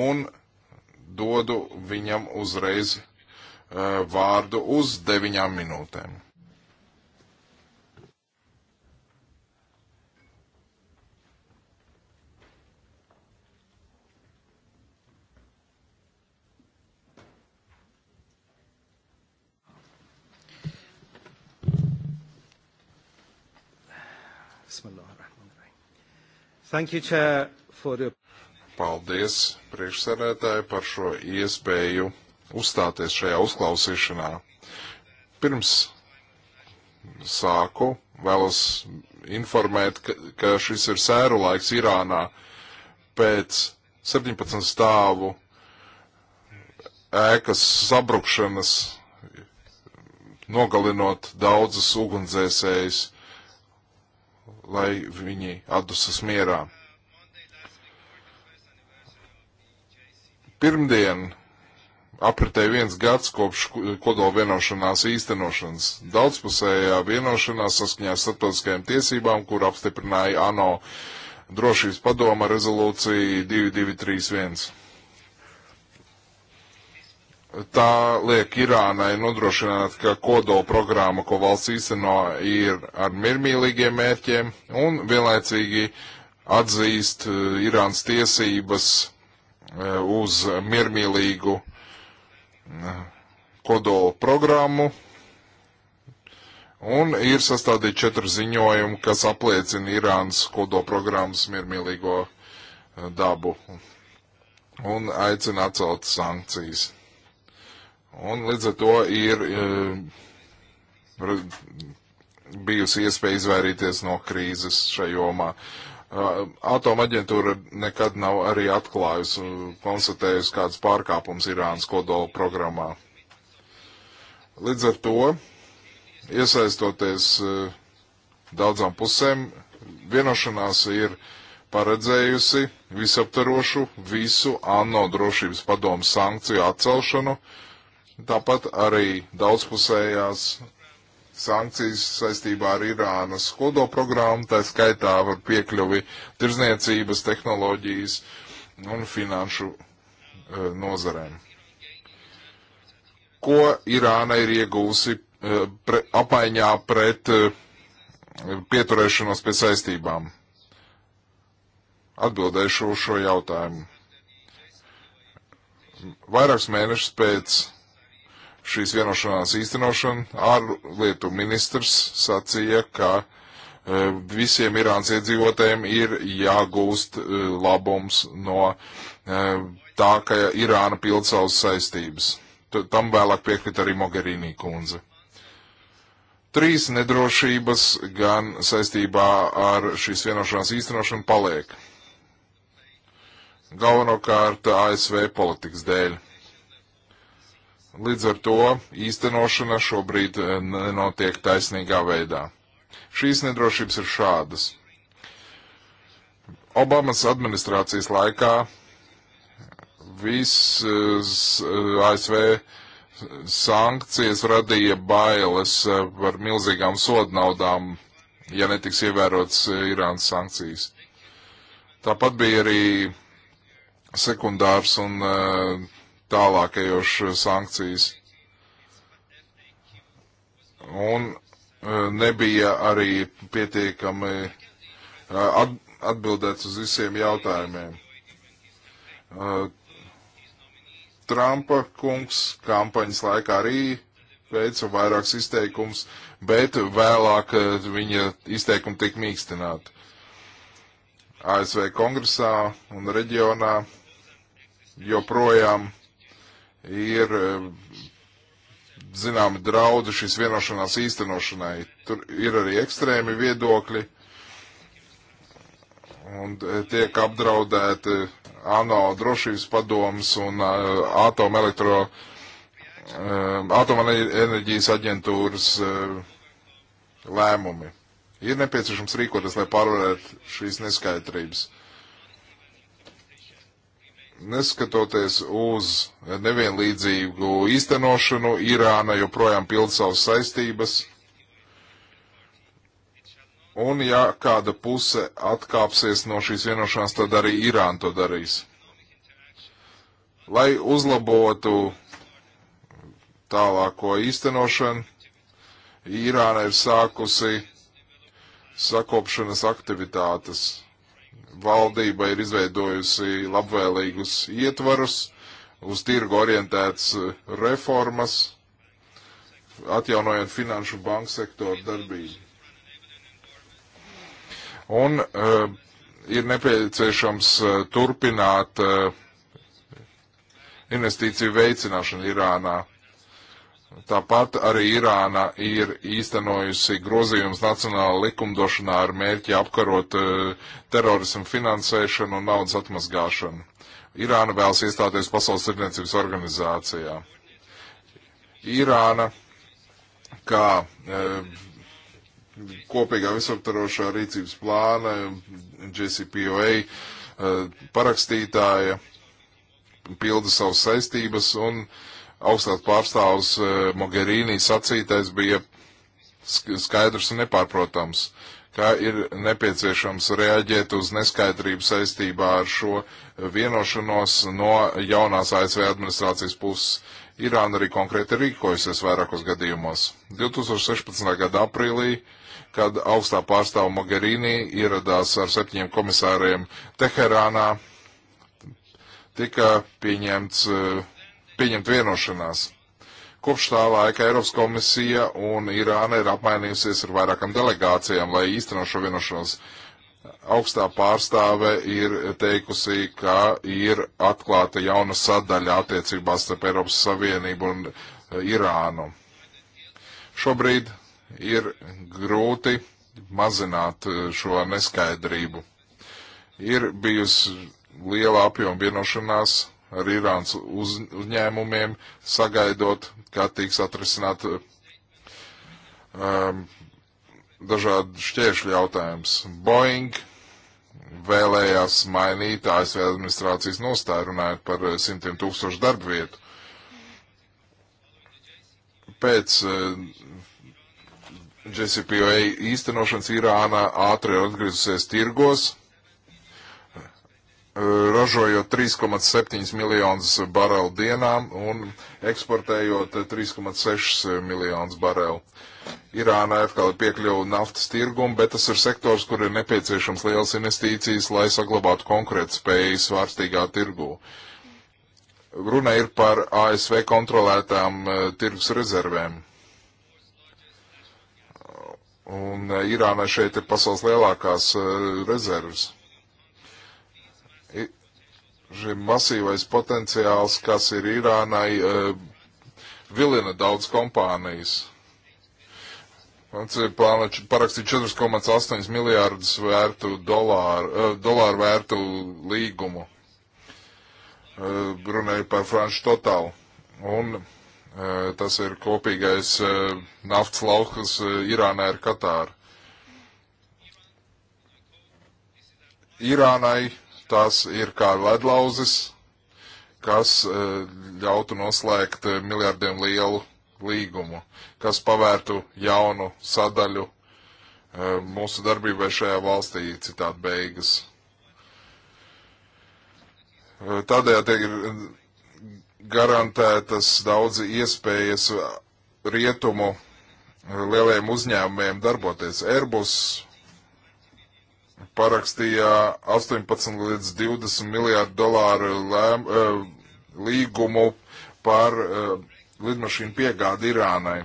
un dodu viņam uzreiz uh, vārdu uz deviņām minūtēm. Thank you, Chair, for the... Paldies priekšsēdētāji par šo iespēju uzstāties šajā uzklausīšanā. Pirms sāku, vēlos informēt, ka, ka šis ir sēru laiks Irānā pēc 17 stāvu ēkas sabrukšanas, nogalinot daudzus ugunsdzēsējus lai viņi atdusas mierā. Pirmdien apritē viens gads kopš kodola vienošanās īstenošanas. Daudzpusējā vienošanās saskaņā ar starptautiskajām tiesībām, kur apstiprināja ANO drošības padoma rezolūcija 2231 tā liek Irānai nodrošināt, ka kodola programma, ko valsts īsteno, ir ar mirmīlīgiem mērķiem un vienlaicīgi atzīst eh, Irānas tiesības eh, uz miermīlīgu eh, kodola programmu. Un ir sastādīti četri ziņojumi, kas apliecina Irānas kodola programmas miermīlīgo dabu un aicina atcelt sankcijas. Un līdz ar to ir e, bijusi iespēja izvairīties no krīzes šajā jomā. Eh, atomaģentūra nekad nav arī atklājusi, konstatējusi kāds pārkāpums Irānas kodola programmā. Līdz ar to, iesaistoties eh, daudzām pusēm, vienošanās ir paredzējusi visaptarošu visu ANO drošības padomu sankciju atcelšanu, uh, Tāpat arī daudzpusējās sankcijas saistībā ar Irānas kodoprogrammu, tā skaitā var piekļuvi tirzniecības, tehnoloģijas un finanšu uh, nozarēm. Ko Irāna ir iegūsi uh, pre, apmaiņā pret uh, pieturēšanos pie saistībām? Atbildēšu uz šo jautājumu. Vairākus mēnešus pēc šīs vienošanās īstenošanu, ārlietu ministrs sacīja, ka e, visiem Irānas iedzīvotājiem ir jāgūst e, labums no e, tā, ka Irāna pild savas saistības. Tam vēlāk piekrita arī Mogherini kundze. Trīs nedrošības gan saistībā ar šīs vienošanās īstenošanu paliek. Galvenokārt ASV politikas dēļ. Līdz ar to īstenošana šobrīd eh, nenotiek taisnīgā veidā. Šīs nedrošības ir šādas. Obamas administrācijas laikā visas eh, ASV sankcijas radīja bailes eh, par milzīgām sodnaudām, ja netiks ievērots Irānas sankcijas. Tāpat bija arī sekundārs un uh, tālākajos eh, sankcijas. Un eh, nebija arī pietiekami eh, atbildēts uz visiem jautājumiem. Trumpa kungs kampaņas laikā arī veica vairākus izteikumus, bet vēlāk viņa izteikumi tika mīkstināti. ASV kongresā un reģionā joprojām ir um, zināmi draudi šīs vienošanās īstenošanai. Tur ir arī ekstrēmi viedokļi un e, tiek apdraudēti uh, ANO drošības padomas un uh, atomelektro, uh, um, atomenerģijas aģentūras uh, lēmumi. Ir nepieciešams rīkoties, lai pārvarētu šīs neskaidrības neskatoties uz nevienlīdzīgu īstenošanu, Irāna joprojām pild savas saistības. Un ja kāda puse atkāpsies no šīs vienošanās, tad arī Irāna to darīs. Lai uzlabotu tālāko īstenošanu, Irāna ir sākusi sakopšanas aktivitātes valdība ir izveidojusi labvēlīgus ietvarus, uz tirgu orientētas eh, reformas, atjaunojot finanšu banku sektoru darbību. Un uh, ir nepieciešams uh, turpināt uh, investīciju veicināšanu Irānā. Tāpat arī Irāna ir īstenojusi grozījums nacionāla likumdošanā ar mērķi apkarot uh, terorismu finansēšanu un naudas atmazgāšanu. Irāna vēlas iestāties Pasaules tirdzniecības organizācijā. Irāna kā uh, kopīgā visaptarošā rīcības plāna JCPOA uh, eh, parakstītāja pilda savas saistības un uh, augstās pārstāvs eh, Mogherīnī sacītais bija skaidrs un nepārprotams, ka ir nepieciešams reaģēt uz neskaidrību saistībā ar šo vienošanos no jaunās ASV administrācijas puses. Irāna arī konkrēti rīkojusies vairākos gadījumos. 2016. gada aprīlī, kad augstā pārstāva Mogherini ieradās ar septiņiem komisāriem Teherānā, tika pieņemts uh, pieņemt vienošanās. Kopš tā laika Eiropas komisija un Irāna ir apmainījusies ar vairākām delegācijām, lai īsteno šo vienošanos. Augstā pārstāve ir teikusi, ka ir atklāta jauna sadaļa attiecībās starp Eiropas Savienību un eh, Irānu. Šobrīd ir grūti mazināt eh, šo neskaidrību. Ir bijusi liela apjoma vienošanās ar Irānas uz, uzņēmumiem, sagaidot, kā tiks atrisināt um, dažādu šķēršļu jautājums. Boeing vēlējās mainīt ASV administrācijas nostāju, runājot par uh, simtiem tūkstošu darba vietu. Pēc uh, JCPOA īstenošanas Irāna ātri ir atgriezusies tirgos, ražojot 3,7 miljonus barelu dienām un eksportējot 3,6 miljonus barelu. Irāna atkal ir piekļuva naftas tirgumu, bet tas ir sektors, kur ir nepieciešams liels investīcijas, lai saglabātu konkurētspēju svārstīgā tirgū. Runa ir par ASV kontrolētām uh, tirgus rezervēm. Un uh, eh, Irāna šeit ir pasaules lielākās uh, rezerves šim masīvais potenciāls, kas ir Irānai, e, vilina daudz kompānijas. Mums ir plānots parakstīt 4,8 miljārdus vērtu dolāru, e, dolāru vērtu līgumu. E, runēju par Franču Totalu. Un tas ir kopīgais naftas laukas Irānai ar Katāru. Irānai tās ir kā ledlauzis, kas e, ļautu noslēgt e, miljardiem lielu līgumu, kas pavērtu jaunu sadaļu e, mūsu darbībai šajā valstī, citādi beigas. Tādējādi ir garantētas daudzi iespējas rietumu lielajiem uzņēmumiem darboties. Airbus parakstīja 18 līdz 20 miljārdu dolāru lēm, eh, līgumu par eh, lidmašīnu piegādi Irānai.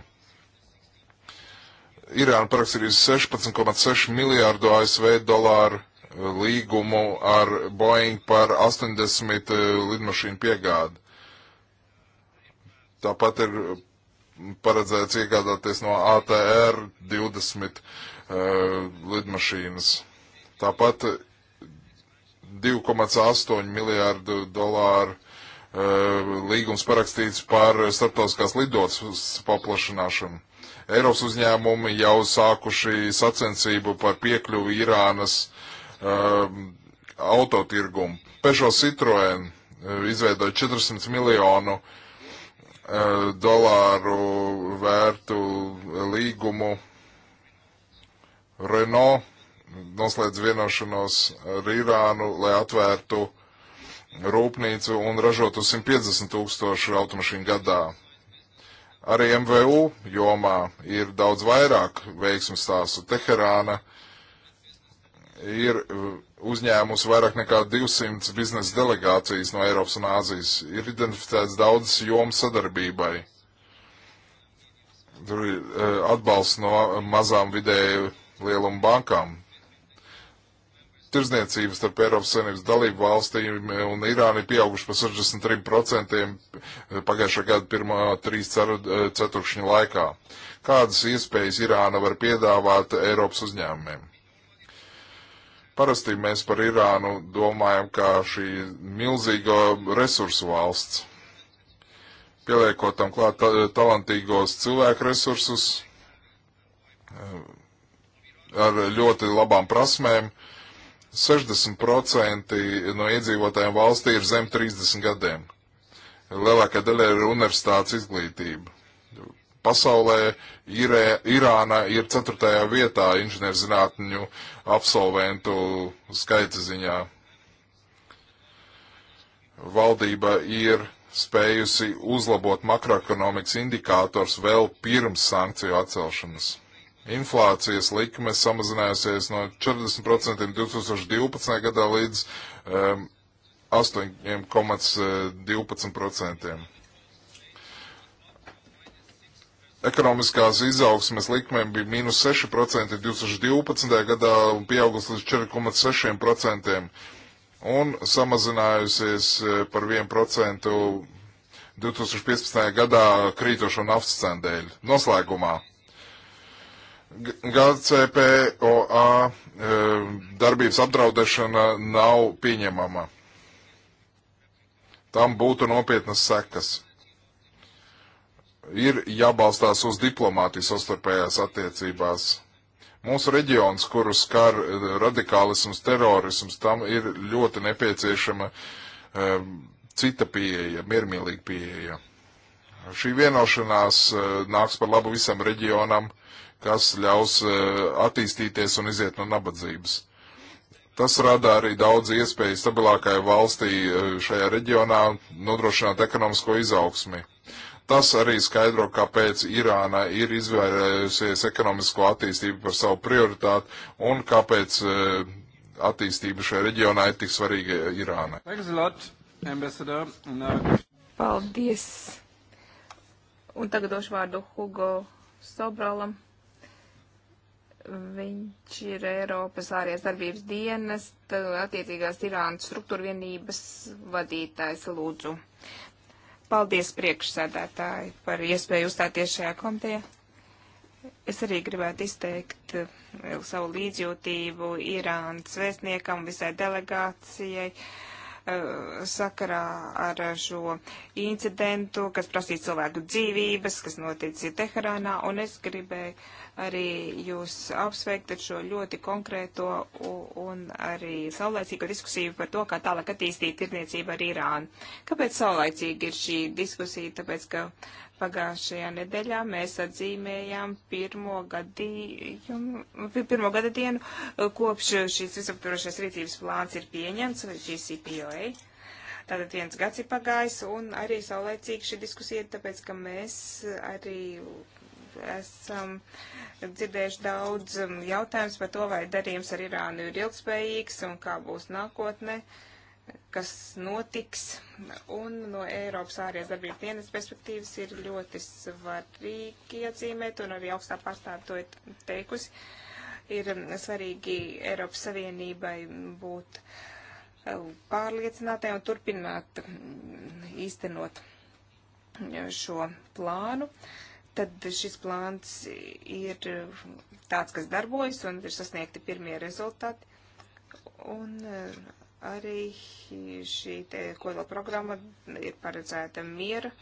Irāna parakstījusi 16,6 miljārdu ASV dolāru eh, līgumu ar Boeing par 80 lidmašīnu piegādi. Tāpat ir paredzēts iegādāties no ATR 20 uh, lidmašīnas. Tāpat 2,8 miljārdu dolāru eh, līgums parakstīts par starptautiskās lidotas paplašināšanu. Eiropas uzņēmumi jau sākuši sacensību par piekļuvi Irānas um, autotirgumu. Peugeot Citroen eh, izveidoja 400 miljonu uh, dolāru vērtu līgumu Renault noslēdz vienošanos ar Irānu, lai atvērtu rūpnīcu un ražotu 150 tūkstošu automašīnu gadā. Arī MVU jomā ir daudz vairāk veiksmju stāstu. Teherāna ir uzņēmusi vairāk nekā 200 biznesa delegācijas no Eiropas un Āzijas. Ir identificēts daudzas jomas sadarbībai. Tur ir eh, atbalsts no mazām vidēju lielumu bankām tirzniecības starp Eiropas Savienības dalību valstīm un Irānu ir pieauguši par 63% eh, pagājušā gada pirmā trīs eh, ceturkšņa laikā. Kādas iespējas Irāna var piedāvāt Eiropas uzņēmumiem? Parasti mēs par Irānu domājam kā šī milzīgo resursu valsts, pieliekot tam klāt ta talantīgos cilvēku resursus eh, ar ļoti labām prasmēm, 60% no iedzīvotājiem valstī ir zem 30 gadiem. Lielākā daļa ir universitātes izglītība. Pasaulē Irē, Irāna ir 4. vietā inženierzinātņu absolventu skaita ziņā. Valdība ir spējusi uzlabot makroekonomikas indikātors vēl pirms sankciju atcelšanas Inflācijas likme samazinājusies no 40% 2012. gadā līdz um, 8,12%. Uh, Ekonomiskās izaugsmes likme bija mīnus 6% 2012. gadā un pieaugusi līdz 4,6% un samazinājusies uh, par 1% 2015. gadā krītošo naftas cenu dēļ. Noslēgumā GCPOA e, darbības apdraudēšana nav pieņemama. Tam būtu nopietnas sekas. Ir jābalstās uz diplomātijas sastarpējās attiecībās. Mūsu reģions, kuru skar e, radikālisms, terorisms, tam ir ļoti nepieciešama um, cita pieeja, miermīlīga pieeja. Šī vienošanās uh, nāks par labu visam reģionam. Uh, kas ļaus eh, attīstīties un iziet no nabadzības. Tas rada arī daudz iespēju stabilākai valstī eh, šajā reģionā nodrošināt ekonomisko izaugsmi. Tas arī skaidro, kāpēc Irāna ir izvērējusies ekonomisko attīstību par savu prioritāti un kāpēc eh, attīstība šajā reģionā ir tik svarīga Irāna. Uh, Paldies! Un tagad došu vārdu Hugo Sobralam. Viņš ir Eiropas ārējās darbības dienas, attiecīgās Irānas struktūra vienības vadītājs lūdzu. Paldies priekšsēdētāji par iespēju uzstāties šajā komitejā. Es arī gribētu izteikt eh, savu līdzjūtību Irānas vēstniekam, visai delegācijai eh, sakarā ar šo incidentu, kas prasīja cilvēku dzīvības, kas noticis Teherānā, un es gribēju arī jūs apsveikt ar šo ļoti konkrēto un arī saulēcīgo diskusiju par to, kā tālāk attīstīt tirniecību ar Irānu. Kāpēc saulēcīgi ir šī diskusija? Tāpēc, ka pagājušajā nedēļā mēs atzīmējām pirmo, gadījumu, pirmo gada dienu, kopš šīs visaptvarošais rīcības plāns ir pieņemts, šīs CPOA. Tātad viens gads ir pagājis, un arī saulēcīgi šī diskusija, tāpēc, ka mēs arī esam dzirdējuši daudz um, jautājums par to, vai darījums ar Irānu ir ilgspējīgs un kā būs nākotne, kas notiks. Un no Eiropas ārējās darbības dienas perspektīvas ir ļoti svarīgi iezīmēt, un arī augstā pārstāve to ir teikusi, ir um, svarīgi Eiropas Savienībai būt um, pārliecinātai un turpināt īstenot šo plānu. Uh, tad šis plāns ir tāds, kas darbojas un ir sasniegti pirmie rezultāti. Un eh, arī šī te kodola programma ir paredzēta miera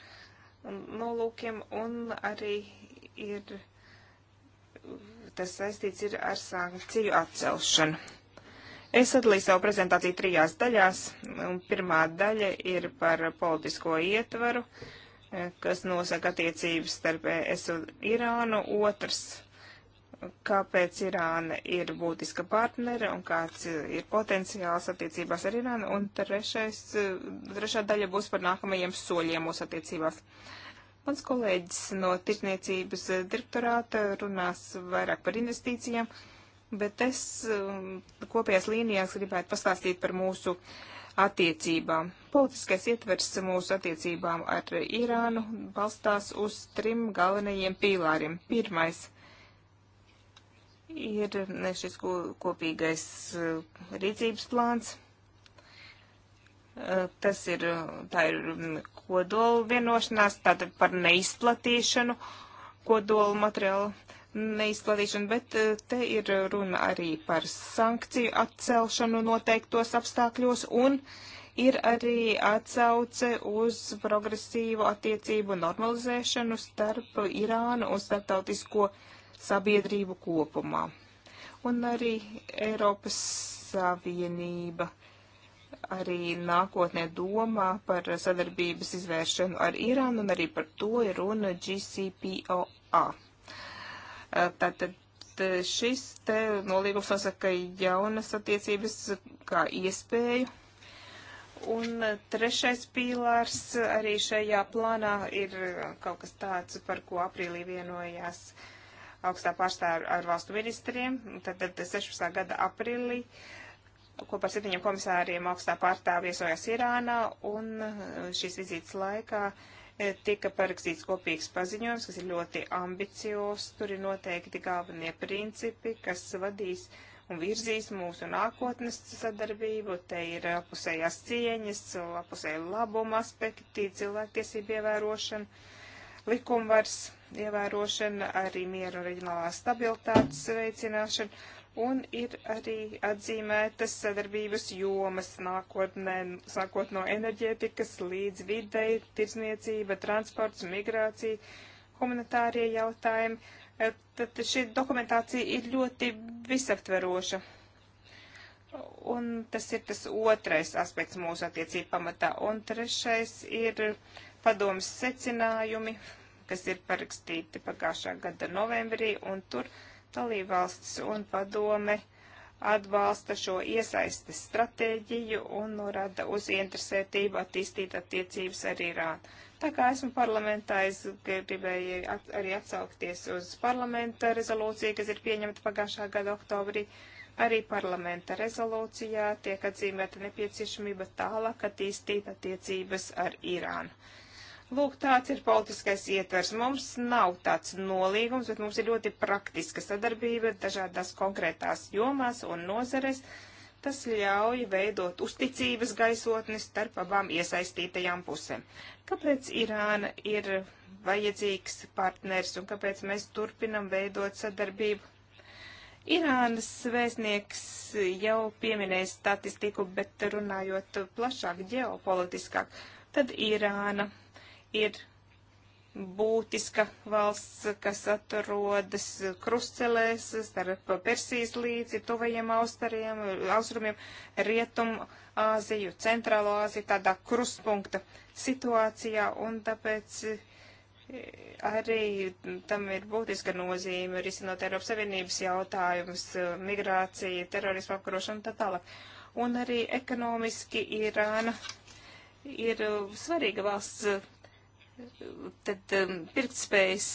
nolūkiem un arī ir, tas saistīts ir ar sankciju atcelšanu. Es sadalīju savu prezentāciju trijās daļās, un pirmā daļa ir par politisko ietvaru. Uh, kas nosaka attiecības starp ES un Irānu. Otrs, kāpēc Irāna ir būtiska partnere un kāds ir potenciāls attiecībās ar Irānu. Un trešais, trešā daļa būs par nākamajiem soļiem mūsu attiecībās. Mans kolēģis no Tirzniecības direktorāta runās vairāk par investīcijām, bet es um, kopējās līnijās gribētu pastāstīt par mūsu uh, attiecībām. Politiskais ietvers mūsu attiecībām ar Irānu balstās uz trim galvenajiem pīlāriem. Pirmais ir šis kopīgais uh, rīcības plāns. Uh, tas ir, uh, tā ir um, kodola vienošanās, tātad par neizplatīšanu kodola materiālu neizplatīšanu, bet eh, te ir runa arī par sankciju atcelšanu noteiktos apstākļos un ir arī atsauce uz progresīvu attiecību normalizēšanu starp Irānu un starptautisko sabiedrību kopumā. Un arī Eiropas Savienība arī nākotnē domā par sadarbības izvēršanu ar Irānu un arī par to ir runa GCPOA. Tātad šis te nolīgums nosaka jaunas attiecības kā iespēju. Un trešais pīlārs arī šajā plānā ir kaut kas tāds, par ko aprīlī vienojās augstā pārstāvja ar valstu ministriem. Tad, tad 16. gada aprīlī kopā ar septiņiem komisāriem augstā pārstāvja viesojās Irānā un šīs vizītes laikā uh, E, tika parakstīts kopīgs paziņojums, kas ir ļoti ambicios. Tur ir noteikti galvenie principi, kas vadīs un virzīs mūsu nākotnes sadarbību. Te ir apusējās cieņas, apusēja labuma aspekti, cilvēktiesība ievērošana, likumvars ievērošana, arī mieru un reģionālās stabilitātes veicināšana un ir arī atzīmētas sadarbības jomas nākotnē, sākot no enerģētikas līdz videi, tirzniecība, transports, migrācija, humanitārie jautājumi. E, tad šī dokumentācija ir ļoti visaptveroša. Un tas ir tas otrais aspekts mūsu attiecību pamatā. Un trešais ir padomas secinājumi, kas ir parakstīti pagājušā gada novembrī, un tur uh, Dalībvalsts un padome atbalsta šo iesaistes stratēģiju un norada uz interesētību attīstīt attiecības ar Irānu. Tā kā esmu parlamentā, es gribēju at, arī atsaukties uz parlamenta rezolūciju, kas ir pieņemta pagājušā gada oktobrī. Arī parlamenta rezolūcijā tiek atzīmēta nepieciešamība tālāk attīstīt attiecības ar Irānu. Lūk, tāds ir politiskais ietvers. Mums nav tāds nolīgums, bet mums ir ļoti praktiska sadarbība dažādās konkrētās jomās un nozares. Tas ļauj veidot uzticības gaisotni starp abām iesaistītajām pusēm. Kāpēc Irāna ir vajadzīgs partners un kāpēc mēs turpinam veidot sadarbību? Irānas vēstnieks jau pieminēja statistiku, bet runājot plašāk, ģeopolitiskāk, tad Irāna ir būtiska valsts, kas atrodas krustcelēs starp Persijas līdzi, tuvajiem austariem, austrumiem, rietumu Āziju, centrālo Āziju, tādā krustpunkta situācijā, un tāpēc e, arī tam ir būtiska nozīme, risinot Eiropas Savienības jautājumus, e, migrācija, terorismu apkarošanu un tā tālāk. Un arī ekonomiski Irāna ir e, svarīga valsts tad um, pirktspējas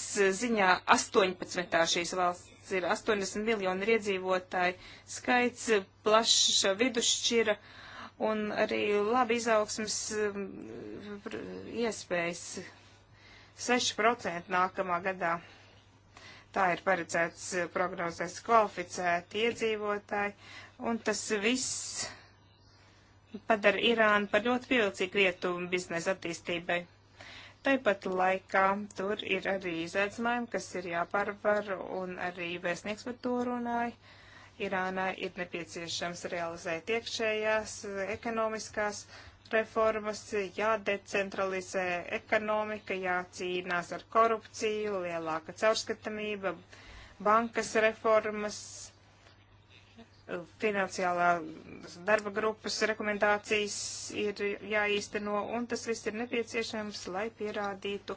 ziņā 18. šīs valsts ir 80 miljoni iedzīvotāji, skaits plaša vidusšķira un arī labi izaugsmas um, iespējas 6% nākamā gadā. Tā ir paredzēts uh, prognozēs kvalificēti iedzīvotāji, un tas viss padara Irānu par ļoti pievilcīgu vietu biznesa attīstībai. Tāpat laikā tur ir arī izaicinājumi, kas ir jāpārvar, un arī vēstnieks par to runāja. Irānai ir nepieciešams realizēt iekšējās ekonomiskās reformas, jādecentralizē ekonomika, jācīnās ar korupciju, lielāka caurskatamība, bankas reformas, finansiālā darba grupas rekomendācijas ir jāīsteno, un tas viss ir nepieciešams, lai pierādītu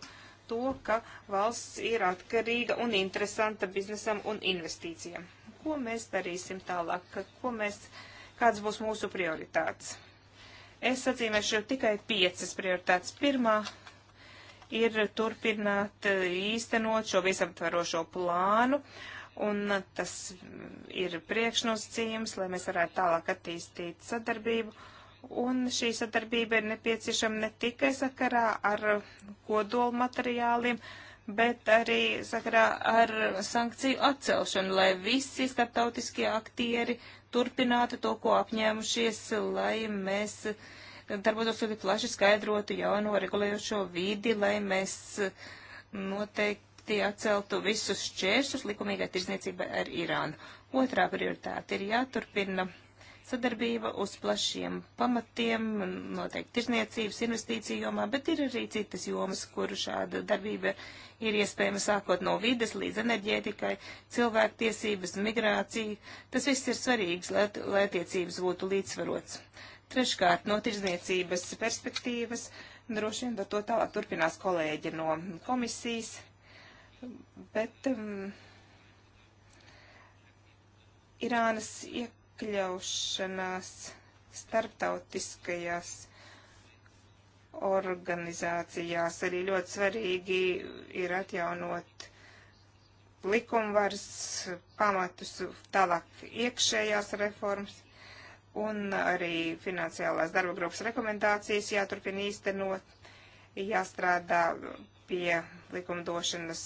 to, ka valsts ir atkarīga un interesanta biznesam un investīcijām. Ko mēs darīsim tālāk? Ko mēs, kāds būs mūsu prioritāts? Es atzīmēšu tikai piecas prioritātes. Pirmā ir turpināt eh, īstenot šo visaptvarošo plānu. Uh, un tas ir priekšnosacījums, lai mēs varētu tālāk attīstīt sadarbību. Un šī sadarbība ir nepieciešama ne tikai sakarā ar kodolu materiāliem, bet arī sakarā ar sankciju atcelšanu, lai visi starptautiskie aktieri turpinātu to, ko apņēmušies, lai mēs darbotos ļoti plaši skaidrotu jauno regulējošo vidi, lai mēs noteikti tie atceltu visus šķēršus likumīgai tirzniecībai ar Irānu. Otrā prioritāte ir jāturpina sadarbība uz plašiem pamatiem, noteikti tirzniecības investīciju jomā, bet ir arī citas jomas, kur šāda darbība ir iespējama sākot no vides līdz enerģētikai, cilvēktiesības, migrācija. Tas viss ir svarīgs, lai, lai attiecības būtu līdzsvarots. Treškārt, no tirzniecības perspektīvas, droši vien, bet to tālāk turpinās kolēģi no komisijas bet um, Irānas iekļaušanās starptautiskajās organizācijās arī ļoti svarīgi ir atjaunot likumvaras pamatus, tālāk iekšējās reformas un arī finansiālās darba grupas rekomendācijas jāturpina īstenot, jāstrādā pie likumdošanas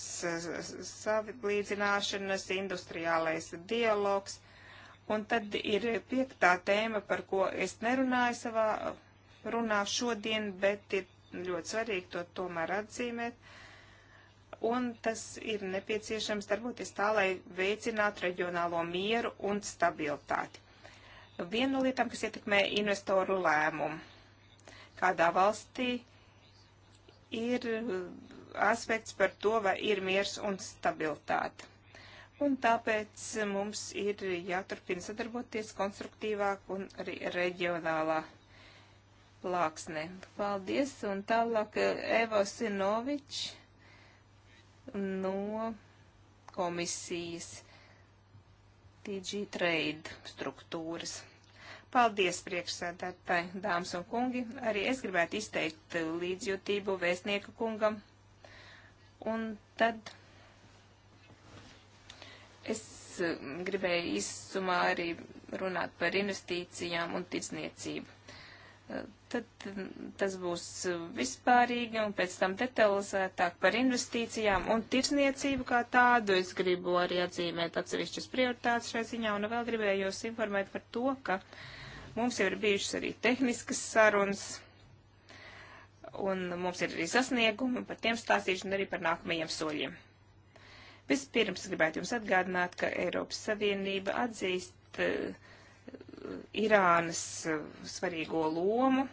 savlīdzināšanas, industriālais dialogs. Un tad ir piektā tēma, par ko es nerunāju savā runā šodien, bet ir ļoti svarīgi to tomēr atzīmēt. Un tas ir nepieciešams darboties tā, lai veicinātu reģionālo mieru un stabilitāti. Viena no lietām, kas ietekmē investoru lēmumu, kādā valstī ir aspekts par to, vai ir miers un stabilitāte. Un tāpēc mums ir jāturpina sadarboties konstruktīvāk un arī reģionālā plāksnē. Paldies, un tālāk eh, Evo Sinovičs no komisijas TG Trade struktūras. Paldies priekšsēdētāji, dāmas un kungi. Arī es gribētu izteikt līdzjūtību vēstnieku kungam Un tad es eh, gribēju īsumā arī runāt par investīcijām un tirdzniecību. Eh, tad eh, tas būs vispārīgi un pēc tam detalizētāk par investīcijām un tirsniecību kā tādu. Es gribu arī atzīmēt atsevišķas prioritātes šai ziņā un vēl gribēju jūs informēt par to, ka mums jau ir bijušas arī tehniskas sarunas un mums ir arī sasniegumi, par tiem stāstīšu un arī par nākamajiem soļiem. Vispirms gribētu jums atgādināt, ka Eiropas Savienība atzīst uh, Irānas uh, svarīgo lomu,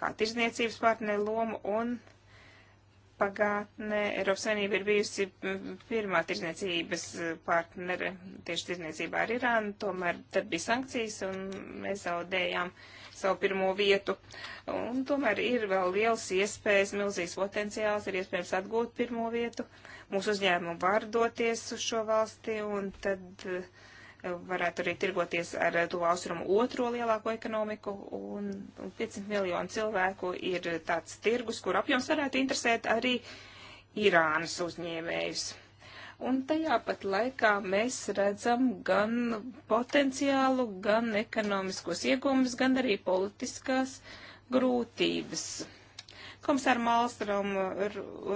kā tirzniecības partneru lomu, un pagātnē Eiropas Savienība ir bijusi mm, pirmā tirzniecības eh, partnere tieši tirzniecībā ar Irānu, tomēr tad bija sankcijas, un mēs zaudējām uh, savu pirmo vietu. Un tomēr ir vēl liels iespējas, milzīgs potenciāls, ir iespējams atgūt pirmo vietu. Mūsu uzņēmumu var doties uz šo valsti un tad eh, varētu arī tirgoties ar eh, to austrumu otro lielāko ekonomiku. Un, un 500 miljonu cilvēku ir tāds tirgus, kur apjoms varētu interesēt arī Irānas uzņēmējus un tajā pat laikā mēs redzam gan potenciālu, gan ekonomiskos iegūmus, gan arī politiskās grūtības. Komisāra Malstrom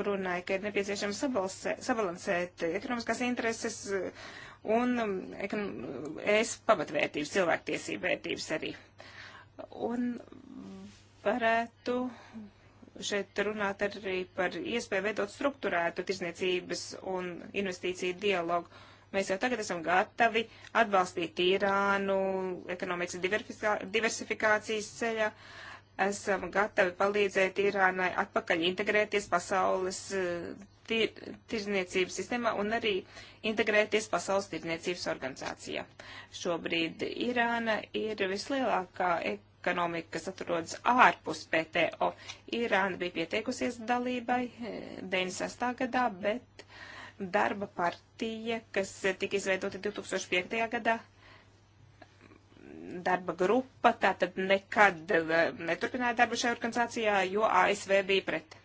runāja, ka ir nepieciešams sabalansēt ekonomiskās intereses un um, es pamatvērtības, cilvēktiesība vērtības arī. Un varētu šeit runāt arī par iespēju veidot struktūrētu tirzniecības un investīciju dialogu. Mēs jau tagad esam gatavi atbalstīt Irānu ekonomikas diversifikācijas ceļā. Esam gatavi palīdzēt Irānai atpakaļ integrēties pasaules eh, tir, tirzniecības sistēmā un arī integrēties pasaules tirzniecības organizācijā. Šobrīd Irāna ir vislielākā ek ekonomika, kas atrodas ārpus PTO. Irāna bija pieteikusies dalībai 96. Eh, gadā, bet darba partija, kas tika izveidota 2005. gadā, darba grupa, tātad nekad eh, neturpināja darbu šajā organizācijā, jo ASV bija pret.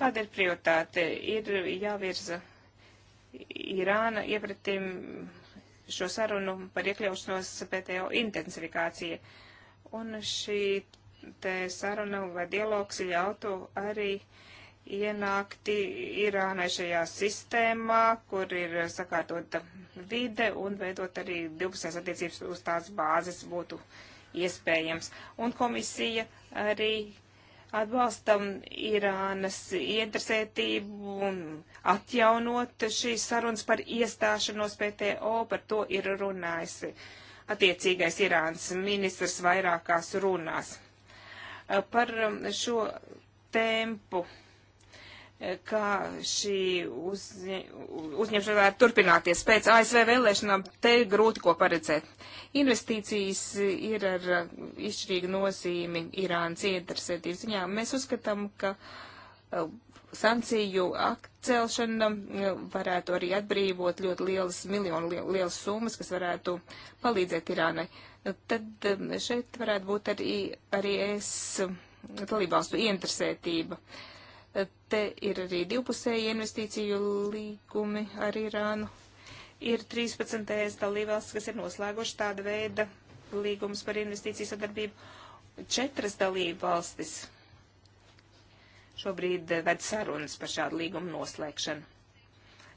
Kāda ir prioritāte? Ir jāvirza Irāna iepratim šo sarunu par iekļaušanos PTO intensifikācija. Uh, Un šī te saruna vai dialogs ļautu arī ienākti Irānai šajā sistēmā, kur ir sakārtota vide un veidot arī divpusējās attiecības uz tās bāzes būtu iespējams. Un komisija arī atbalstam Irānas iedresētību un atjaunot šīs sarunas par iestāšanos PTO, par to ir runājusi attiecīgais Irānas ministrs vairākās runās. Par um, šo tempu, kā šī uzņem, uzņemšana varētu turpināties pēc ASV vēlēšanām, te grūti ko paredzēt. Investīcijas ir ar izšķirīgu nozīmi Irānas interesētības ziņā. Mēs uzskatām, ka sankciju akcelšana varētu arī atbrīvot ļoti lielas, miljonu liel, lielas summas, kas varētu palīdzēt Irānai. Tad um, šeit varētu būt arī, arī es um, dalībvalstu ieinteresētība. Te ir arī divpusēji investīciju līgumi ar Irānu. Ir 13 ES dalībvalstis, kas ir noslēguši tāda veida līgumus par investīciju sadarbību. Četras dalībvalstis šobrīd eh, ved sarunas par šādu līgumu noslēgšanu.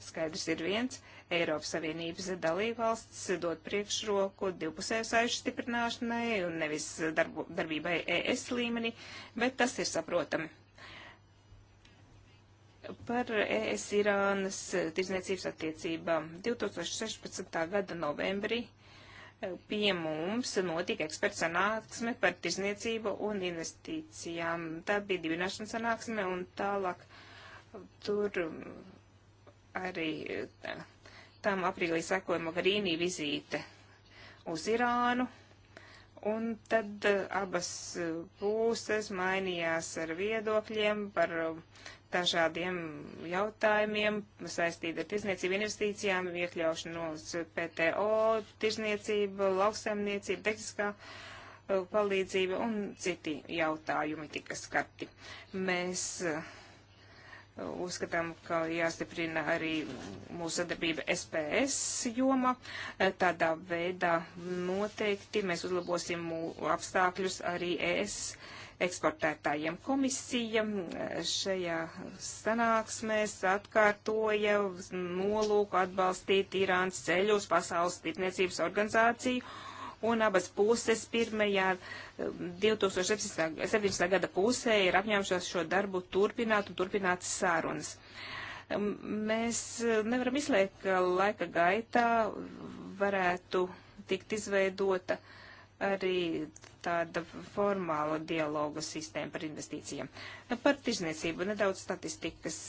Skaidrs ir viens. Eiropas Savienības dalībvalsts dod priekšroku divpusēju saišu stiprināšanai un nevis darbu, darbībai ES līmenī, bet tas ir saprotami. Par ES Irānas tirzniecības attiecībām 2016. gada novembrī uh, pie mums notika eksperta sanāksme par tirzniecību un investīcijām. Tā bija dibināšana sanāksme un tālāk tur arī tā, tam aprīlī sekoja Magarīnī vizīte uz Irānu. Un tad eh, abas eh, puses mainījās ar viedokļiem par uh, dažādiem jautājumiem saistīti ar tirzniecību, investīcijām, iekļaušanos PTO, tirzniecība, lauksaimniecība, tehniskā uh, palīdzība un citi jautājumi tika skati. Mēs uh, uzskatām, ka jāstiprina arī mūsu sadarbība SPS joma. Uh, tādā veidā noteikti mēs uzlabosim apstākļus arī ES eksportētājiem. Komisija mm, šajā sanāksmēs atkārtoja nolūku atbalstīt Irānas ceļu uz Pasaules tirdzniecības organizāciju un abas puses pirmajā 2017. Mm, gada pusē ir apņēmušās šo darbu turpināt un turpināt sārunas. Mm, mēs nevaram izslēgt, ka laika gaitā varētu tikt izveidota uh, arī tāda formāla dialoga sistēma par investīcijām. Nu, par tirzniecību nedaudz statistikas.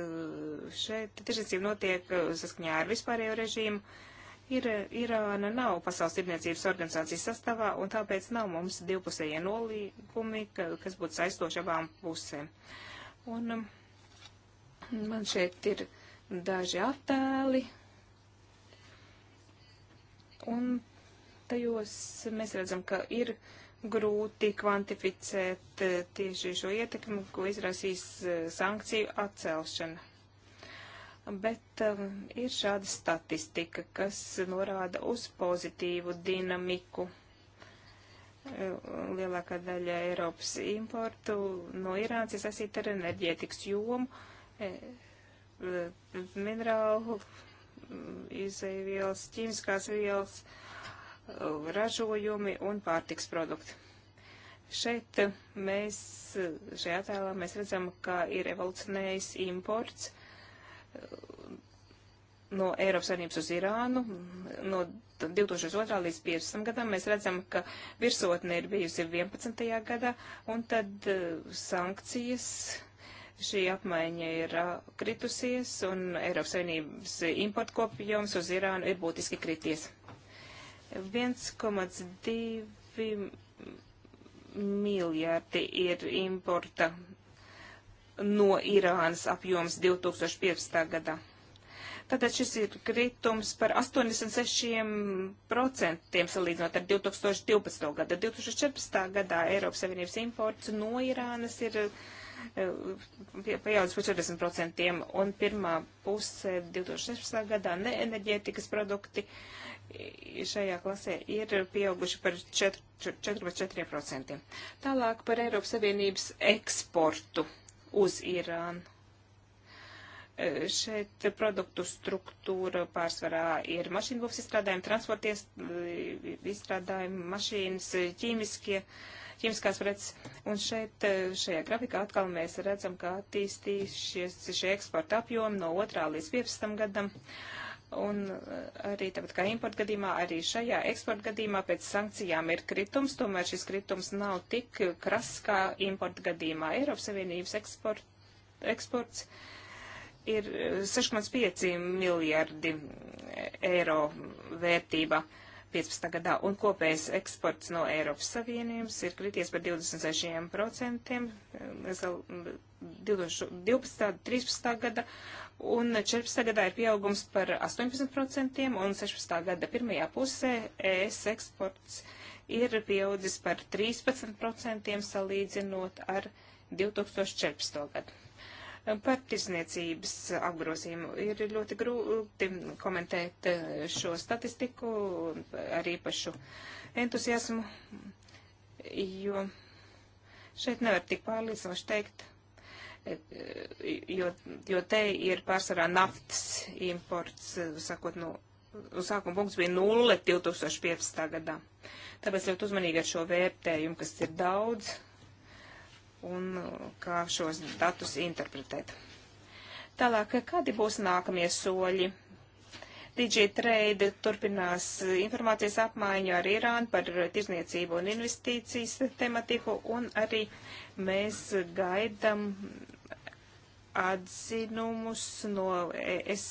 Uh, šeit tirzniecība notiek uh, saskaņā ar vispārējo režīmu. Ir, Irāna nav pasaules tirdzniecības organizācijas sastāvā, un tāpēc nav mums divpusējie nolīgumi, ka, kas būtu saistoši abām pusēm. Un um, man šeit ir daži attēli, un datos mēs redzam, ka ir grūti kvantificēt eh, tieši šo ietekmi, ko izraisīs eh, sankciju atcelšana. Bet um, ir šāda statistika, kas norāda uz pozitīvu dinamiku. Lielākā daļa Eiropas importu no Irānas ir saistīta ar enerģētikas jomu, minerālu izēvielas, ķīmiskās vielas. vielas ražojumi un pārtiks produkti. Šeit mēs, šajā tēlā mēs redzam, ka ir evolucionējis imports uh, no Eiropas Savienības uz Irānu. No 2002. līdz 15. gadam mēs redzam, ka virsotne ir bijusi 11. gadā, un tad uh, sankcijas šī apmaiņa ir uh, kritusies, un Eiropas Savienības importkopjums uz Irānu ir būtiski krities. 1,2 miljardi ir importa no Irānas apjoms 2015. gadā. Tātad šis ir kritums par 86% salīdzinot ar 2012. gadu. 2014. gadā Eiropas Savienības imports no Irānas ir eh, pieaudzis par 40% un pirmā puse 2016. gadā ne enerģētikas produkti uh, šajā klasē ir pieauguši par 4,4%. Tālāk par Eiropas Savienības eksportu uz Irānu. E, šeit produktu struktūra pārsvarā ir mašīnbūvs izstrādājumi, transporties e, izstrādājumi, mašīnas, e, ķīmiskie, ķīmiskās preces. Un šeit, šajā grafikā atkal mēs redzam, kā attīstīsies šie eksporta apjomi no 2. līdz 15. gadam. Uh, Un eh, arī tāpat kā importa gadījumā, arī šajā eksporta gadījumā pēc sankcijām ir kritums, tomēr šis kritums nav tik krass kā importa gadījumā. Eiropas Savienības eksport, eksports ir 6,5 eh, miljardi eiro vērtība 15. gadā, un kopējais eksports no Eiropas Savienības ir krities par 26%. 2012. 13. gada, un 14. gadā ir pieaugums par 18%, un 16. gada pirmajā pusē ES eksports ir pieaudzis par 13% salīdzinot ar 2014. gadu. Par tirzniecības apgrozījumu ir ļoti grūti komentēt eh, šo statistiku ar īpašu entuziasmu, jo šeit nevar tik pārliecinoši teikt, jo, jo te ir pārsvarā naftas imports, sakot, no nu, sākuma punkts bija nulle 2015. gadā. Tāpēc ļoti uzmanīgi ar šo vērtējumu, kas ir daudz, un kā šos datus interpretēt. Tālāk, kādi būs nākamie soļi? DigiTrade turpinās informācijas apmaiņu ar Irānu par tirzniecību un investīcijas tematiku, un arī mēs gaidam atzinumus no es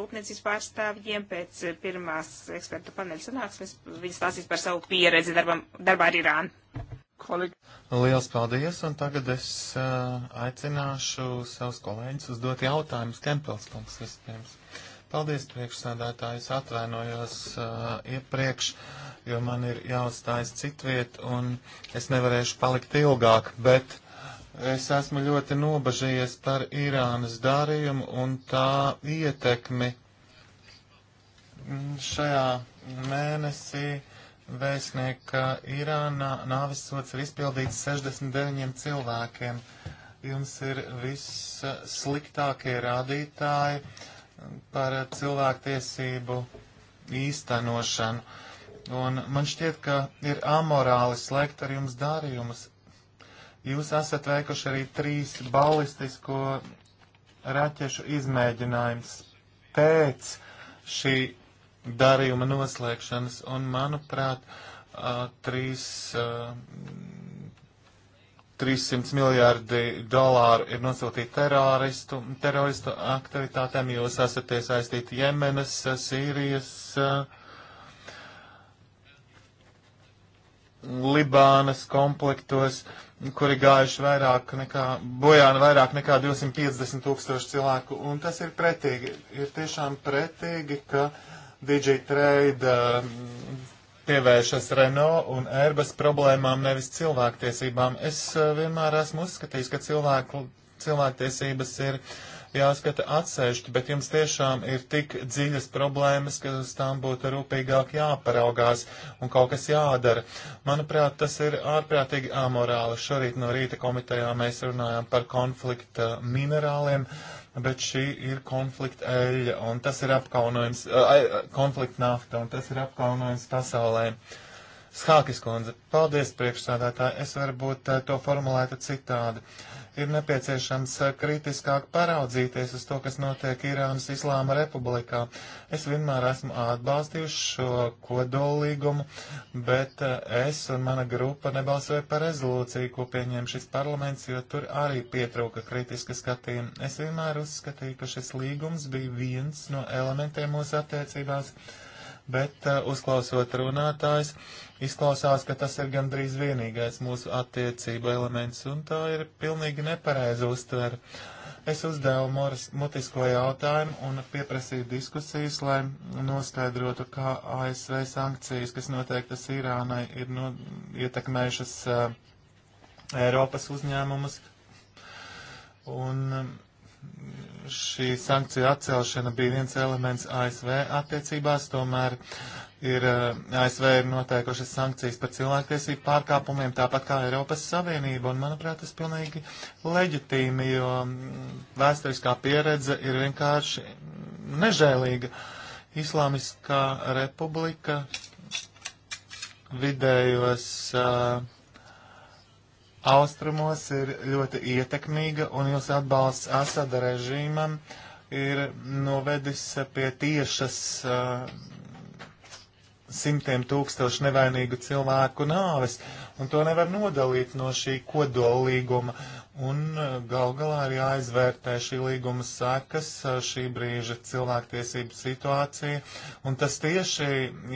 rūpniecības pārstāvjiem pēc pirmās ekspertu paneļa sanāksmes. Viņi stāstīs par savu pieredzi darbam, darbā ar Irānu. Kolīgi. Liels paldies, un tagad es uh, aicināšu savus kolēģus uzdot jautājumus Kempelskungs vispirms. Uh, Paldies, priekšsādātājs, atvainojos uh, iepriekš, jo man ir jāuzstājas citviet, un es nevarēšu palikt ilgāk, bet es esmu ļoti nobažījies par Irānas darījumu un tā ietekmi šajā mēnesī. Vēstnieka Irānā nāvisots ir izpildīts 69 cilvēkiem. Jums ir viss sliktākie rādītāji. Uh, par cilvēktiesību īstenošanu. Un man šķiet, ka ir amorāli slēgt ar jums darījumus. Jūs esat veikuši arī trīs balistisko raķešu izmēģinājums pēc šī darījuma noslēgšanas, un manuprāt, trīs 300 miljārdi dolāru ir nosūtīti teroristu, teroristu aktivitātēm. Jūs esat iesaistīti Jemenas, Sīrijas, Libānas konfliktos, kuri gājuši vairāk nekā, bojāna vairāk nekā 250 tūkstoši cilvēku. Un tas ir pretīgi. Ir tiešām pretīgi, ka DJ Trade pievēršas Renault un Airbus problēmām, nevis cilvēktiesībām. Es eh, vienmēr esmu uzskatījis, ka cilvēku, cilvēktiesības ir jāskata atsevišķi, bet jums tiešām ir tik dziļas problēmas, ka uz tām būtu rūpīgāk jāparaugās un kaut kas jādara. Manuprāt, tas ir ārprātīgi amorāli. Šorīt no rīta komitejā mēs runājām par konflikta minerāliem. Uh, bet šī ir konflikta eļļa, un tas ir apkaunojums, uh, konflikta nafta, un tas ir apkaunojums pasaulē. Skākis kundze, paldies priekšsādātāji, es varbūt uh, to formulētu citādi ir nepieciešams eh, kritiskāk paraudzīties uz to, kas notiek Irānas Islāma Republikā. Es vienmēr esmu atbalstījuši šo kodolīgumu, bet eh, es un mana grupa nebalsoja par rezolūciju, ko pieņem šis parlaments, jo tur arī pietrūka kritiska skatījuma. Es vienmēr uzskatīju, ka šis līgums bija viens no elementiem mūsu attiecībās, bet eh, uzklausot runātājs. Uh, Izklausās, ka tas ir gandrīz vienīgais mūsu attiecību elements, un tā ir pilnīgi nepareiza uztvera. Es uzdevu Moras mutisko jautājumu un pieprasīju diskusijas, lai noskaidrotu, kā ASV sankcijas, kas noteiktas Irānai, ir no, ietekmējušas uh, Eiropas uzņēmumus. Un, um, šī sankcija atcelšana bija viens elements ASV attiecībās, tomēr ir eh, ASV ir noteikušas sankcijas par cilvēktiesību pārkāpumiem, tāpat kā Eiropas Savienība, un manuprāt, tas pilnīgi leģitīmi, jo mm, vēsturiskā pieredze ir vienkārši nežēlīga. Islāmiskā republika vidējos uh, austrumos ir ļoti ietekmīga, un jūsu atbalsts Asada režīmam ir novedis pie tiešas uh, simtiem tūkstošu nevainīgu cilvēku nāves, un to nevar nodalīt no šī kodola līguma. Un gal galā ir jāizvērtē šī līguma sekas, šī brīža cilvēktiesību situācija, un tas tieši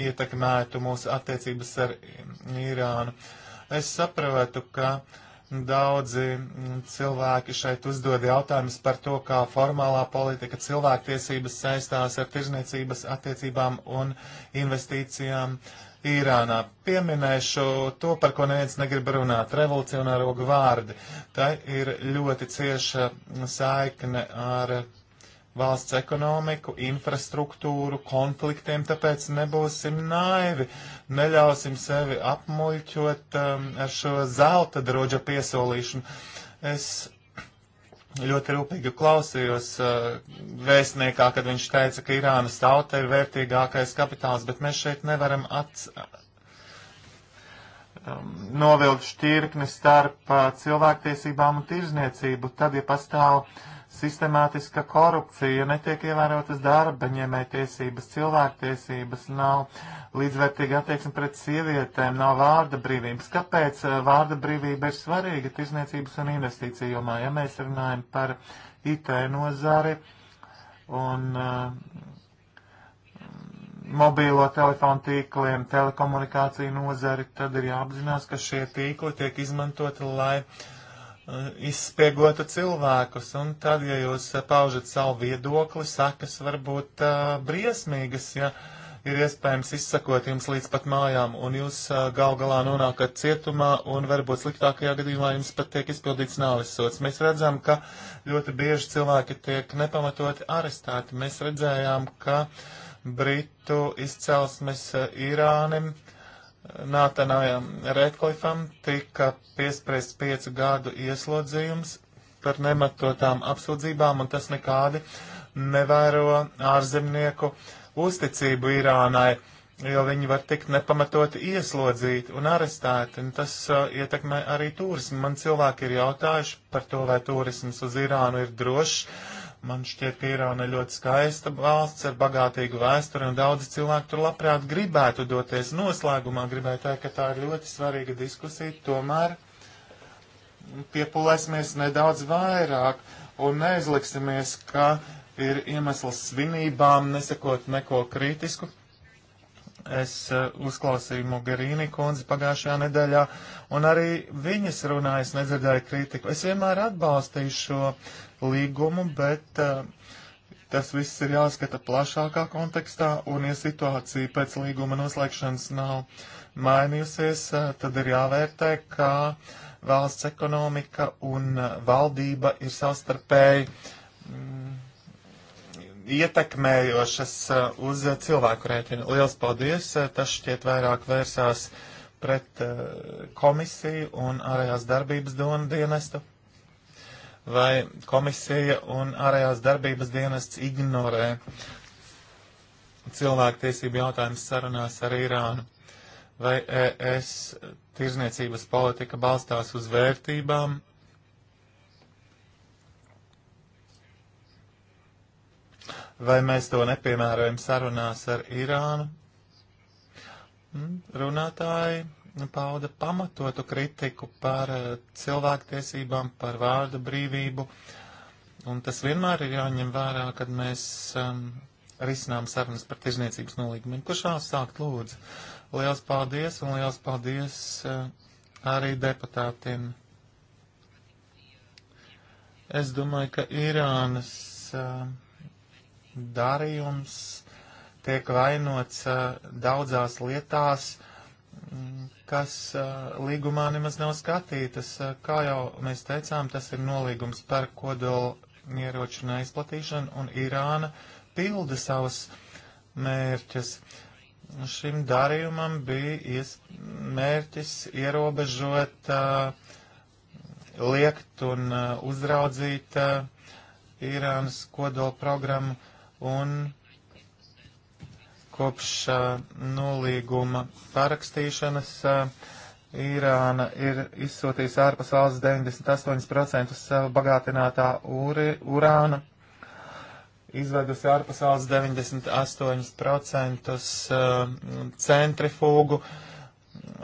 ietekmētu mūsu attiecības ar Irānu. Uh, Es saprotu, ka daudzi cilvēki šeit uzdod jautājumus par to, kā formālā politika cilvēktiesības saistās ar tirzniecības attiecībām un investīcijām Īrānā. Pieminēšu to, par ko neviens negrib runāt - revolucionāro gvārdi. Tā ir ļoti cieša saikne ar valsts ekonomiku, infrastruktūru, konfliktiem, tāpēc nebūsim naivi, neļausim sevi apmuļķot um, ar šo zelta droģa piesolīšanu. Es ļoti rūpīgi klausījos uh, vēstniekā, kad viņš teica, ka Irānas tauta ir vērtīgākais kapitāls, bet mēs šeit nevaram ats, um, novilkt šķirkni starp uh, cilvēktiesībām un tirzniecību. Tad, ja pastāv uh, sistemātiska korupcija, netiek ievērotas darba ņēmētiesības, cilvēktiesības, nav līdzvērtīga attieksme pret sievietēm, nav vārda brīvības. Kāpēc eh, vārda brīvība ir svarīga tirzniecības un investīciju jomā? Ja mēs runājam par IT nozari un uh, mobīlo telefonu tīkliem, telekomunikāciju nozari, tad ir jāapzinās, ka šie tīkli tiek izmantoti, lai uh, Eh, izspiegotu cilvēkus, un tad, ja jūs eh, paužat savu viedokli, sakas var būt uh, briesmīgas, ja ir iespējams izsakot jums līdz pat mājām, un jūs uh, gal galā nonākat cietumā, un varbūt sliktākajā gadījumā jums pat tiek izpildīts nāves sots. Mēs redzam, ka ļoti bieži cilvēki tiek nepamatoti arestēti. Mēs redzējām, ka Britu izcelsmes Irānim. Uh, Nātanājam Redklifam tika piespriests piecu gadu ieslodzījums par nematotām apsūdzībām, un tas nekādi nevēro ārzemnieku uzticību Irānai, jo viņi var tikt nepamatoti ieslodzīti un arestēti, un tas uh, ietekmē arī turismu. Man cilvēki ir jautājuši par to, vai turisms uz Irānu ir drošs Man šķiet, ka Irāna ir ļoti skaista valsts ar bagātīgu vēsturi, un daudzi cilvēki tur labprāt gribētu doties. Noslēgumā gribēju teikt, ka tā ir ļoti svarīga diskusija, tomēr piepulēsimies nedaudz vairāk un neizliksimies, ka ir iemesls svinībām, nesakot neko kritisku. Es uh, uzklausīju Mogherini kundzi pagājušajā nedēļā, un arī viņas runājas nedzirdēju kritiku. Es vienmēr atbalstīju šo līgumu, bet uh, tas viss ir jāskata plašākā kontekstā, un ja situācija pēc līguma noslēgšanas nav mainījusies, uh, tad ir jāvērtē, kā valsts ekonomika un valdība ir savstarpēji. Mm, ietekmējošas uh, uz cilvēku rēķinu. Liels paldies! Uh, tas šķiet vairāk vērsās pret uh, komisiju un ārējās darbības dienestu. Vai komisija un ārējās darbības dienests ignorē cilvēktiesību jautājumus sarunās ar Irānu? Vai ES tirzniecības politika balstās uz vērtībām Vai mēs to nepiemērojam sarunās ar Irānu? Mm, runātāji pauda pamatotu kritiku par eh, cilvēktiesībām, par vārdu brīvību, un tas vienmēr ir jāņem vērā, kad mēs um, risinām sarunas par tirzniecības nolīgumiem. Kurš vēl sākt lūdzu? Liels paldies, un liels paldies uh, arī deputātiem. Es domāju, ka Irānas. Uh, darījums tiek vainots daudzās lietās, mm, kas līgumā nemaz nav skatītas. Kā jau mēs teicām, tas ir nolīgums par kodolu ieroču neizplatīšanu, un Irāna pilda savus mērķus. Šim darījumam bija ies, mērķis ierobežot, liekt un uzraudzīt Irānas kodola programmu un kopš nolīguma parakstīšanas Irāna ir izsūtījusi ārpus valsts 98% savu bagātinātā uri, urāna, izvedusi ārpus valsts 98% centrifūgu, uh,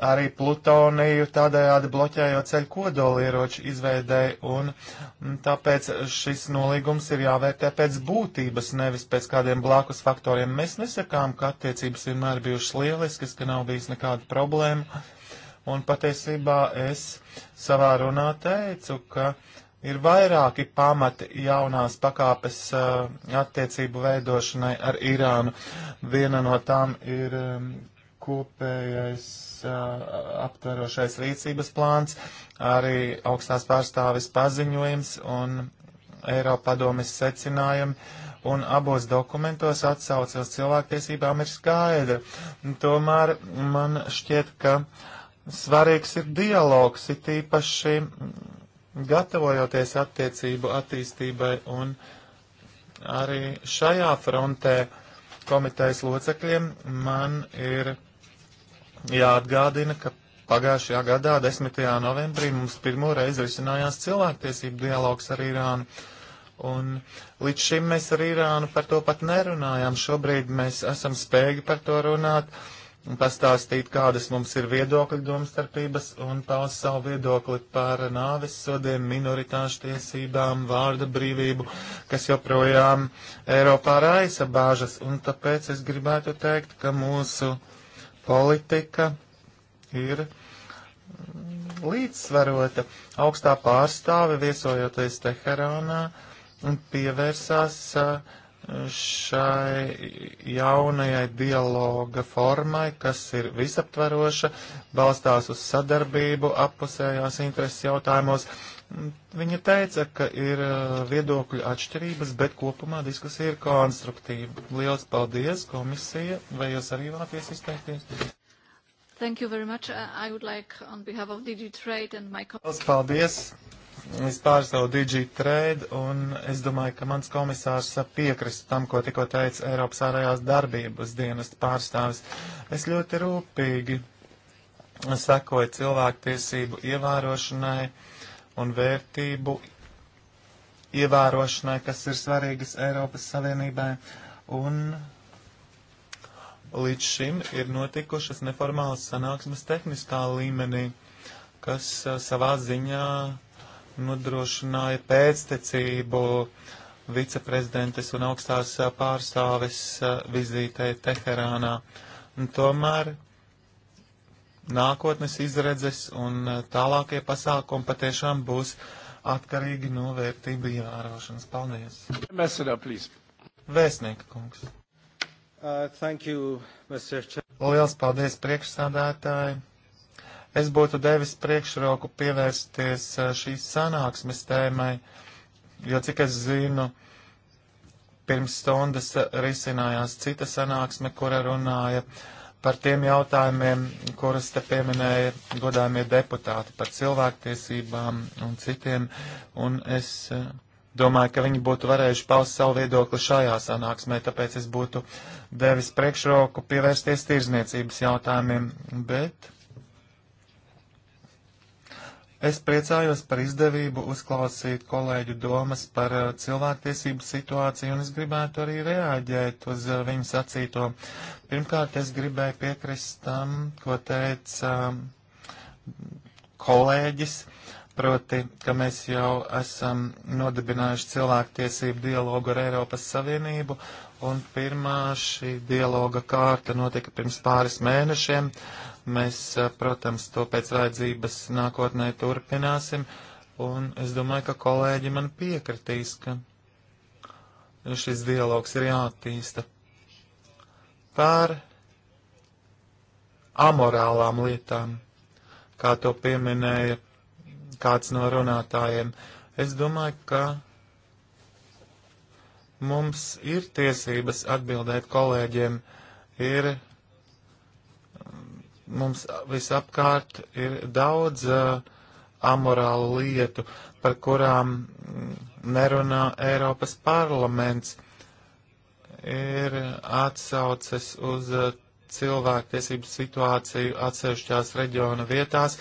arī plutoniju, tādējādi bloķējot ceļu kodolieroču izveidēji, un tāpēc šis nolīgums ir jāvērtē pēc būtības, nevis pēc kādiem blākus faktoriem. Mēs nesakām, ka attiecības vienmēr bijušas lieliskas, ka nav bijis nekāda problēma, un patiesībā es savā runā teicu, ka ir vairāki pamati jaunās pakāpes uh, attiecību veidošanai ar Irānu. Viena no tām ir um, kopējais aptverošais rīcības plāns, arī augstās pārstāvis paziņojums un Eiropadomis secinājumi. Un abos dokumentos atsauce uz cilvēktiesībām ir skaidra. Tomēr man šķiet, ka svarīgs ir dialogs, it īpaši gatavojoties attiecību attīstībai un arī šajā frontē komitejas locekļiem man ir jāatgādina, ka pagājušajā gadā, 10. novembrī, mums pirmo reizi risinājās cilvēktiesību dialogs ar Irānu. Un līdz šim mēs ar Irānu par to pat nerunājām. Šobrīd mēs esam spējīgi par to runāt, pastāstīt, kādas mums ir viedokļu domstarpības un paust savu viedokli par nāves sodiem, minoritāšu tiesībām, vārda brīvību, kas joprojām Eiropā raisa bāžas. Un tāpēc es gribētu teikt, ka mūsu politika ir līdzsvarota. Augstā pārstāve viesojoties Teherānā pievērsās šai jaunajai dialoga formai, kas ir visaptveroša, balstās uz sadarbību, appusējās intereses jautājumos, Viņa teica, ka ir uh, viedokļu atšķirības, bet kopumā diskusija ir konstruktīva. Lielas paldies, komisija. Vai jūs arī vēlaties izteikties? Thank you very much. Uh, I would like on behalf of DG Trade and my Lielas paldies. Es pārstāvu DG Trade un es domāju, ka mans komisārs piekrist tam, ko tikko teica Eiropas ārējās darbības dienas pārstāvis. Es ļoti rūpīgi sekoju cilvēktiesību ievērošanai un vērtību ievērošanai, kas ir svarīgas Eiropas Savienībai. Un līdz šim ir notikušas neformālas sanāksmes tehniskā līmenī, kas savā ziņā nodrošināja pēctecību viceprezidentes un augstās pārstāves vizītei Teherānā. Un tomēr nākotnes izredzes un e, tālākie pasākumi patiešām būs atkarīgi no vērtību ievērošanas. Paldies! Mesera, please! Vēstnieka kungs! Uh, thank you, Mr. Chair. Liels paldies priekšsādātāji! Es būtu devis priekšroku pievērsties e, šīs sanāksmes tēmai, jo cik es zinu, pirms stundas risinājās cita sanāksme, kura runāja uh, par tiem jautājumiem, kuras te pieminēja godājumie deputāti par cilvēktiesībām un citiem, un es eh, domāju, ka viņi būtu varējuši paust savu viedokli šajā sanāksmē, tāpēc es būtu devis priekšroku pievērsties tirzniecības jautājumiem, bet Es priecājos par izdevību uzklausīt kolēģu domas par eh, cilvēktiesību situāciju, un es gribētu arī reaģēt uz eh, viņu sacīto. Pirmkārt, es gribēju piekrist tam, ko teica mm, kolēģis, proti, ka mēs jau esam nodibinājuši cilvēktiesību dialogu ar Eiropas Savienību, un pirmā šī dialoga kārta notika pirms pāris mēnešiem, Mēs, protams, to pēc vajadzības nākotnē turpināsim, un es domāju, ka kolēģi man piekritīs, ka šis dialogs ir jāattīsta. Par amorālām lietām, kā to pieminēja kāds no runātājiem, es domāju, ka mums ir tiesības atbildēt kolēģiem, ir Mums visapkārt ir daudz uh, amorālu lietu, par kurām nerunā Eiropas parlaments. Ir atsauces uz uh, cilvēktiesību situāciju atsevišķās reģiona vietās,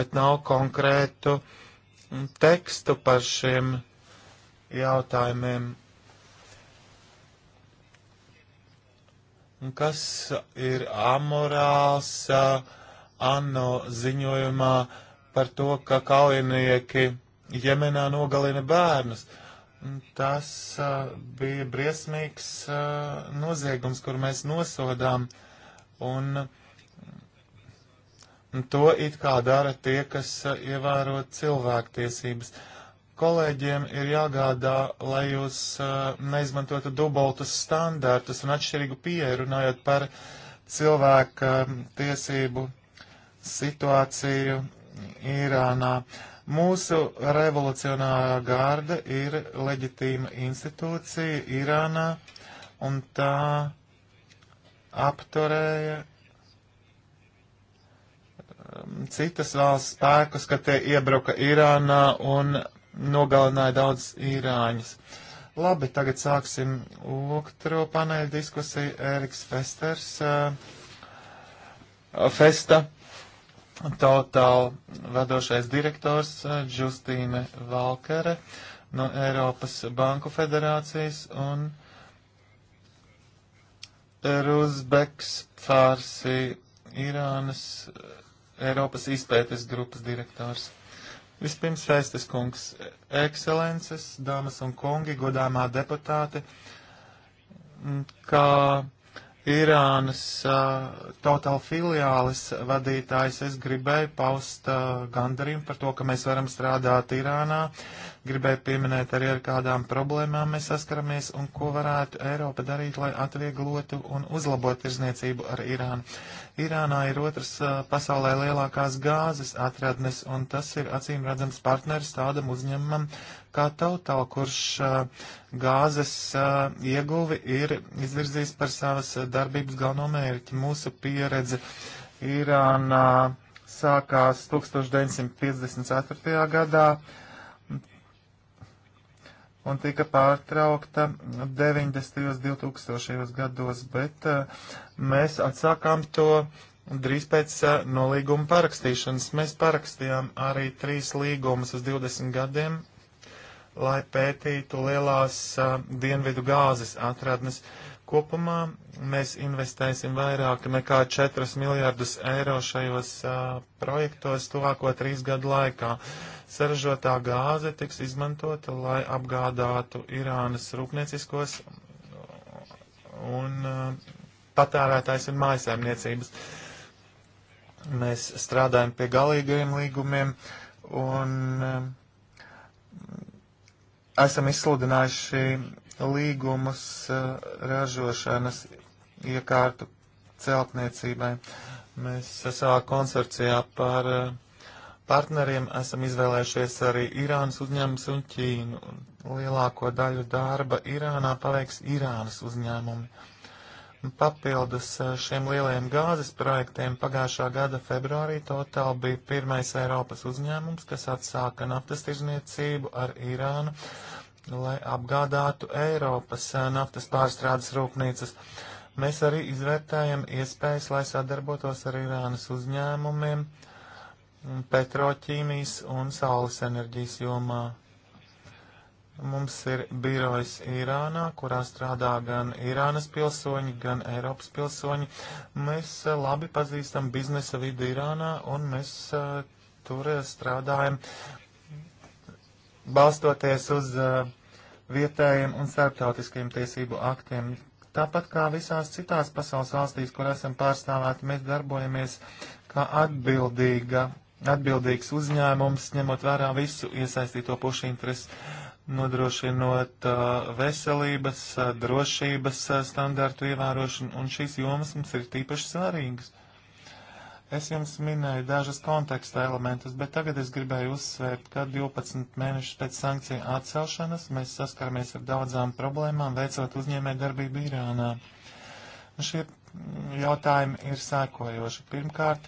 bet nav konkrētu tekstu par šiem jautājumiem. kas ir amorāls ANO ziņojumā par to, ka kaujinieki Jemenā nogalina bērnus. Tas uh, bija briesmīgs uh, noziegums, kur mēs nosodām, un, un to it kā dara tie, kas uh, ievēro cilvēktiesības. Uh, kolēģiem ir jāgādā, lai jūs uh, neizmantotu dubultus standārtus un atšķirīgu pieeju runājot par cilvēka um, tiesību situāciju Irānā. Mūsu revolucionārā garda ir leģitīma institūcija Irānā, un tā apturēja um, citas valsts spēkus, ka tie iebruka Irānā un nogalināja daudz īrāņus. Labi, tagad sāksim otro paneļu diskusiju. Eriks Festers, uh, Festa, Total vadošais direktors, uh, Justīne Valkere no Eiropas Banku federācijas un Ruzbeks Fārsi, Irānas eh, Eiropas izpētes grupas direktors. Vispirms Fēstas kungs, ekscelences, dāmas un kungi, godāmā deputāte, kā Irānas uh, Total filiāles vadītājs, es gribēju paust uh, gandarījumu par to, ka mēs varam strādāt Irānā. Gribēju pieminēt arī, ar kādām problēmām mēs saskaramies un ko varētu Eiropa darīt, lai atvieglotu un uzlabotu tirzniecību ar Irānu. Irānā ir otrs uh, pasaulē lielākās gāzes atradnes, un tas ir acīm redzams partners tādam uzņēmumam, kā tautā, kurš gāzes ieguvi ir izvirzījis par savas darbības galveno mērķi. Mūsu pieredze Irānā sākās 1954. gadā un tika pārtraukta 90. un 2000. gados, bet mēs atsākām to drīz pēc nolīguma parakstīšanas. Mēs parakstījām arī trīs līgumus uz 20 gadiem lai pētītu lielās a, dienvidu gāzes atradnes. Kopumā mēs investēsim vairāk nekā 4 miljārdus eiro šajos a, projektos tuvāko trīs gadu laikā. Saražotā gāze tiks izmantota, lai apgādātu Irānas rūpnieciskos un a, patērētājs un mājasēmniecības. Mēs strādājam pie galīgajiem līgumiem un esam izsludinājuši līgumus eh, ražošanas iekārtu celtniecībai. Mēs eh, savā konsorcijā par eh, partneriem esam izvēlējušies arī Irānas uzņēmumus un Ķīnu. Lielāko daļu darba Irānā paveiks Irānas uzņēmumi. Nu, papildus šiem lielajiem gāzes projektiem pagājušā gada februārī Total bija pirmais Eiropas uzņēmums, kas atsāka naftas tirzniecību ar Irānu, lai apgādātu Eiropas naftas pārstrādes rūpnīcas. Mēs arī izvērtējam iespējas, lai sadarbotos ar Irānas uzņēmumiem petroķīmijas un saules enerģijas jomā. Mums ir birojas Irānā, kurā strādā gan Irānas pilsoņi, gan Eiropas pilsoņi. Mēs eh, labi pazīstam biznesa vidi Irānā un mēs uh, tur eh, strādājam balstoties uz uh, vietējiem un starptautiskajiem tiesību aktiem. Tāpat kā visās citās pasaules valstīs, kur esam pārstāvēti, mēs darbojamies kā atbildīga, atbildīgs uzņēmums, ņemot vērā visu iesaistīto pušu interesu nodrošinot uh, veselības, uh, drošības uh, standārtu ievērošanu, un šīs jomas mums ir tīpaši svarīgas. Es jums minēju dažas konteksta elementus, bet tagad es gribēju uzsvērt, ka 12 mēnešus pēc sankciju atcelšanas mēs saskāramies ar daudzām problēmām, veicot uzņēmē darbību Irānā. Un šie jautājumi ir sēkojoši. Pirmkārt,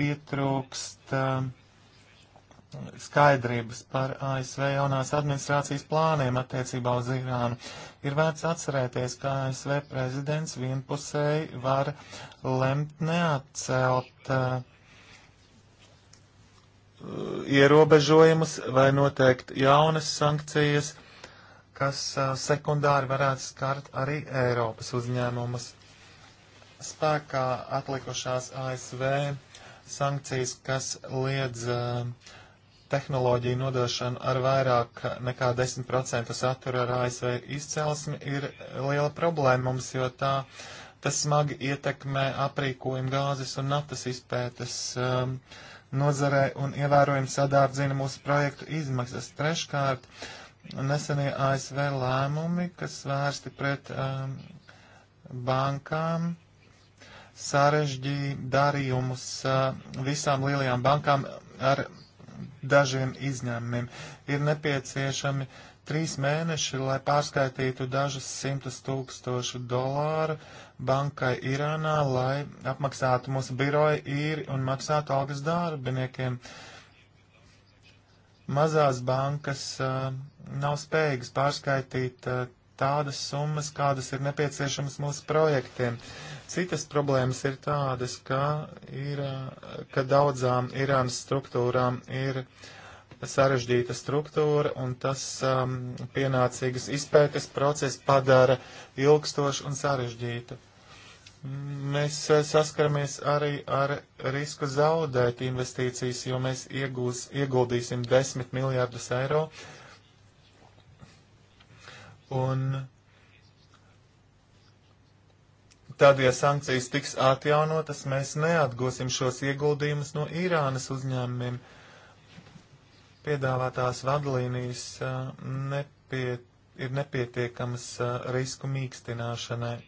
pietrūkst uh, skaidrības par ASV jaunās administrācijas plāniem attiecībā uz Irānu. Ir vērts atcerēties, ka ASV prezidents vienpusēji var lemt neatcelt uh, ierobežojumus vai noteikt jaunas sankcijas, kas uh, sekundāri varētu skart arī Eiropas uzņēmumus. Spēkā atlikušās ASV sankcijas, kas liedz uh, tehnoloģiju nodošana ar vairāk nekā 10% satura ar ASV izcelsmi ir liela problēma mums, jo tā, tas smagi ietekmē aprīkojumu gāzes un naftas izpētes um, nozarē un ievērojami sadārdzina mūsu projektu izmaksas. Treškārt, nesenie ASV lēmumi, kas vērsti pret um, bankām sarežģīja darījumus uh, visām lielajām bankām ar dažiem izņēmumiem. Ir nepieciešami trīs mēneši, lai pārskaitītu dažus simtus tūkstošu dolāru bankai Irānā, lai apmaksātu mūsu biroja īri un maksātu algas darbiniekiem. Mazās bankas uh, nav spējīgas pārskaitīt uh, tādas summas, kādas ir nepieciešamas mūsu projektiem. Citas problēmas ir tādas, ka, ir, ka daudzām Irānas struktūrām ir sarežģīta struktūra, un tas um, pienācīgas izpētes procesu padara ilgstošu un sarežģītu. Mēs uh, saskaramies arī ar risku zaudēt investīcijas, jo mēs iegūs, ieguldīsim 10 miljārdus eiro, uh, Un tad, ja sankcijas tiks atjaunotas, mēs neatgūsim šos ieguldījumus no Irānas uzņēmumiem. Piedāvātās vadlīnijas nepie, ir nepietiekamas risku mīkstināšanai.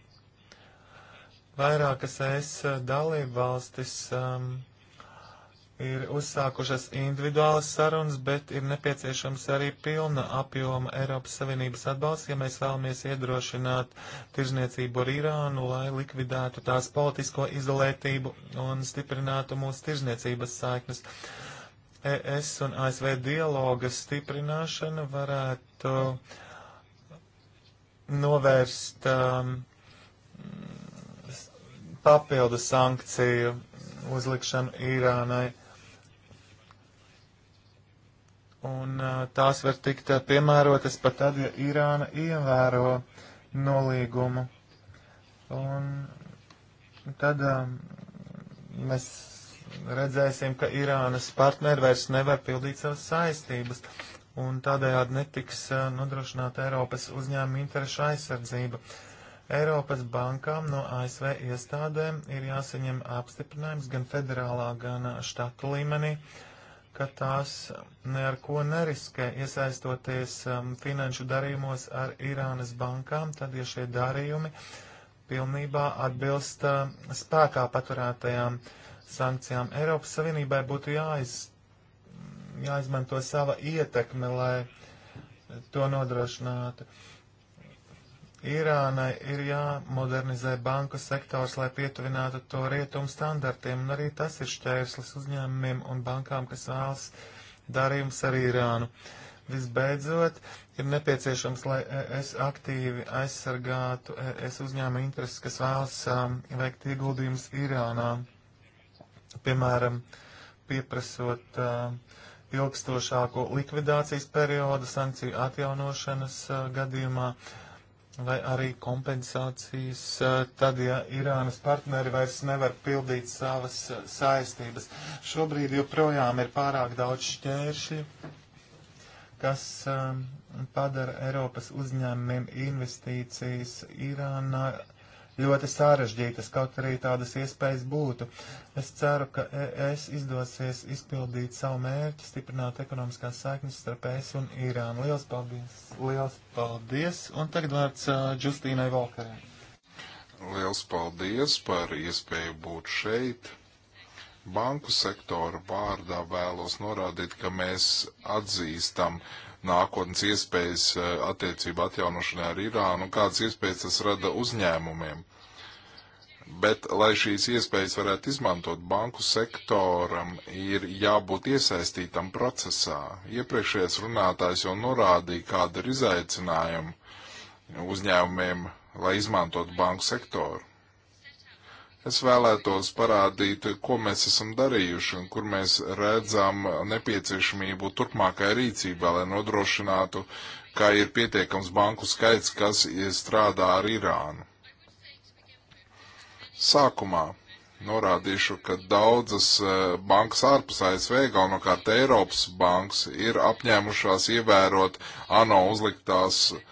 Vairākas es dalību valstis um, ir uzsākušas individuālas sarunas, bet ir nepieciešams arī pilna apjoma Eiropas Savienības atbalsts, ja mēs vēlamies iedrošināt tirzniecību ar Irānu, lai likvidētu tās politisko izolētību un stiprinātu mūsu tirzniecības saiknes. ES un ASV dialoga stiprināšana varētu novērst um, papildu sankciju uzlikšanu Irānai un tās var tikt piemērotas pat tad, ja Irāna ievēro nolīgumu. Un tad mēs redzēsim, ka Irānas partneri vairs nevar pildīt savas saistības, un tādējādi netiks nodrošināta Eiropas uzņēmuma interešu aizsardzība. Eiropas bankām no ASV iestādēm ir jāsaņem apstiprinājums gan federālā, gan štatu līmenī. Uh, ka tās ar ko neriskē iesaistoties um, finanšu darījumos ar Irānas bankām, tad, ja šie darījumi pilnībā atbilst uh, spēkā paturētajām sankcijām, Eiropas Savienībai būtu jāiz, jāizmanto sava ietekme, lai to nodrošinātu. Uh, Irānai ir jāmodernizē banku sektors, lai pietuvinātu to rietumu standartiem, un arī tas ir šķērslis uzņēmumiem un bankām, kas vēlas darījums ar Irānu. Visbeidzot, ir nepieciešams, lai es aktīvi aizsargātu es uzņēmu intereses, kas vēlas um, veikt ieguldījumus Irānā, piemēram, pieprasot uh, um, ilgstošāko likvidācijas periodu sankciju atjaunošanas uh, gadījumā. Uh, vai arī kompensācijas, tad, ja Irānas partneri vairs nevar pildīt savas saistības. Šobrīd joprojām ir pārāk daudz šķēršļu, kas padara Eiropas uzņēmumiem investīcijas Irānā ļoti sarežģītas, kaut arī tādas iespējas būtu. Es ceru, ka ES izdosies izpildīt savu mērķi, stiprināt ekonomiskās saiknes starp ES un Irānu. Lielas paldies! Lielas paldies! Un tagad vārds uh, Justīnai Valkarē. Liels paldies par iespēju būt šeit! banku sektoru vārdā vēlos norādīt, ka mēs atzīstam nākotnes iespējas eh, attiecību atjaunošanai ar Irānu un kādas iespējas tas rada uzņēmumiem. Bet, lai šīs iespējas varētu izmantot, banku sektoram ir jābūt iesaistītam procesā. Iepriekšējais runātājs jau norādīja, kāda ir izaicinājuma uzņēmumiem, lai izmantotu banku sektoru. Es vēlētos parādīt, ko mēs esam darījuši un kur mēs redzam nepieciešamību turpmākai rīcībā, lai nodrošinātu, ka ir pietiekams banku skaits, kas strādā ar Irānu. Sākumā norādīšu, ka daudzas e, bankas ārpus ASV, galvenokārt Eiropas bankas, ir apņēmušās ievērot ANO uzliktās, uh,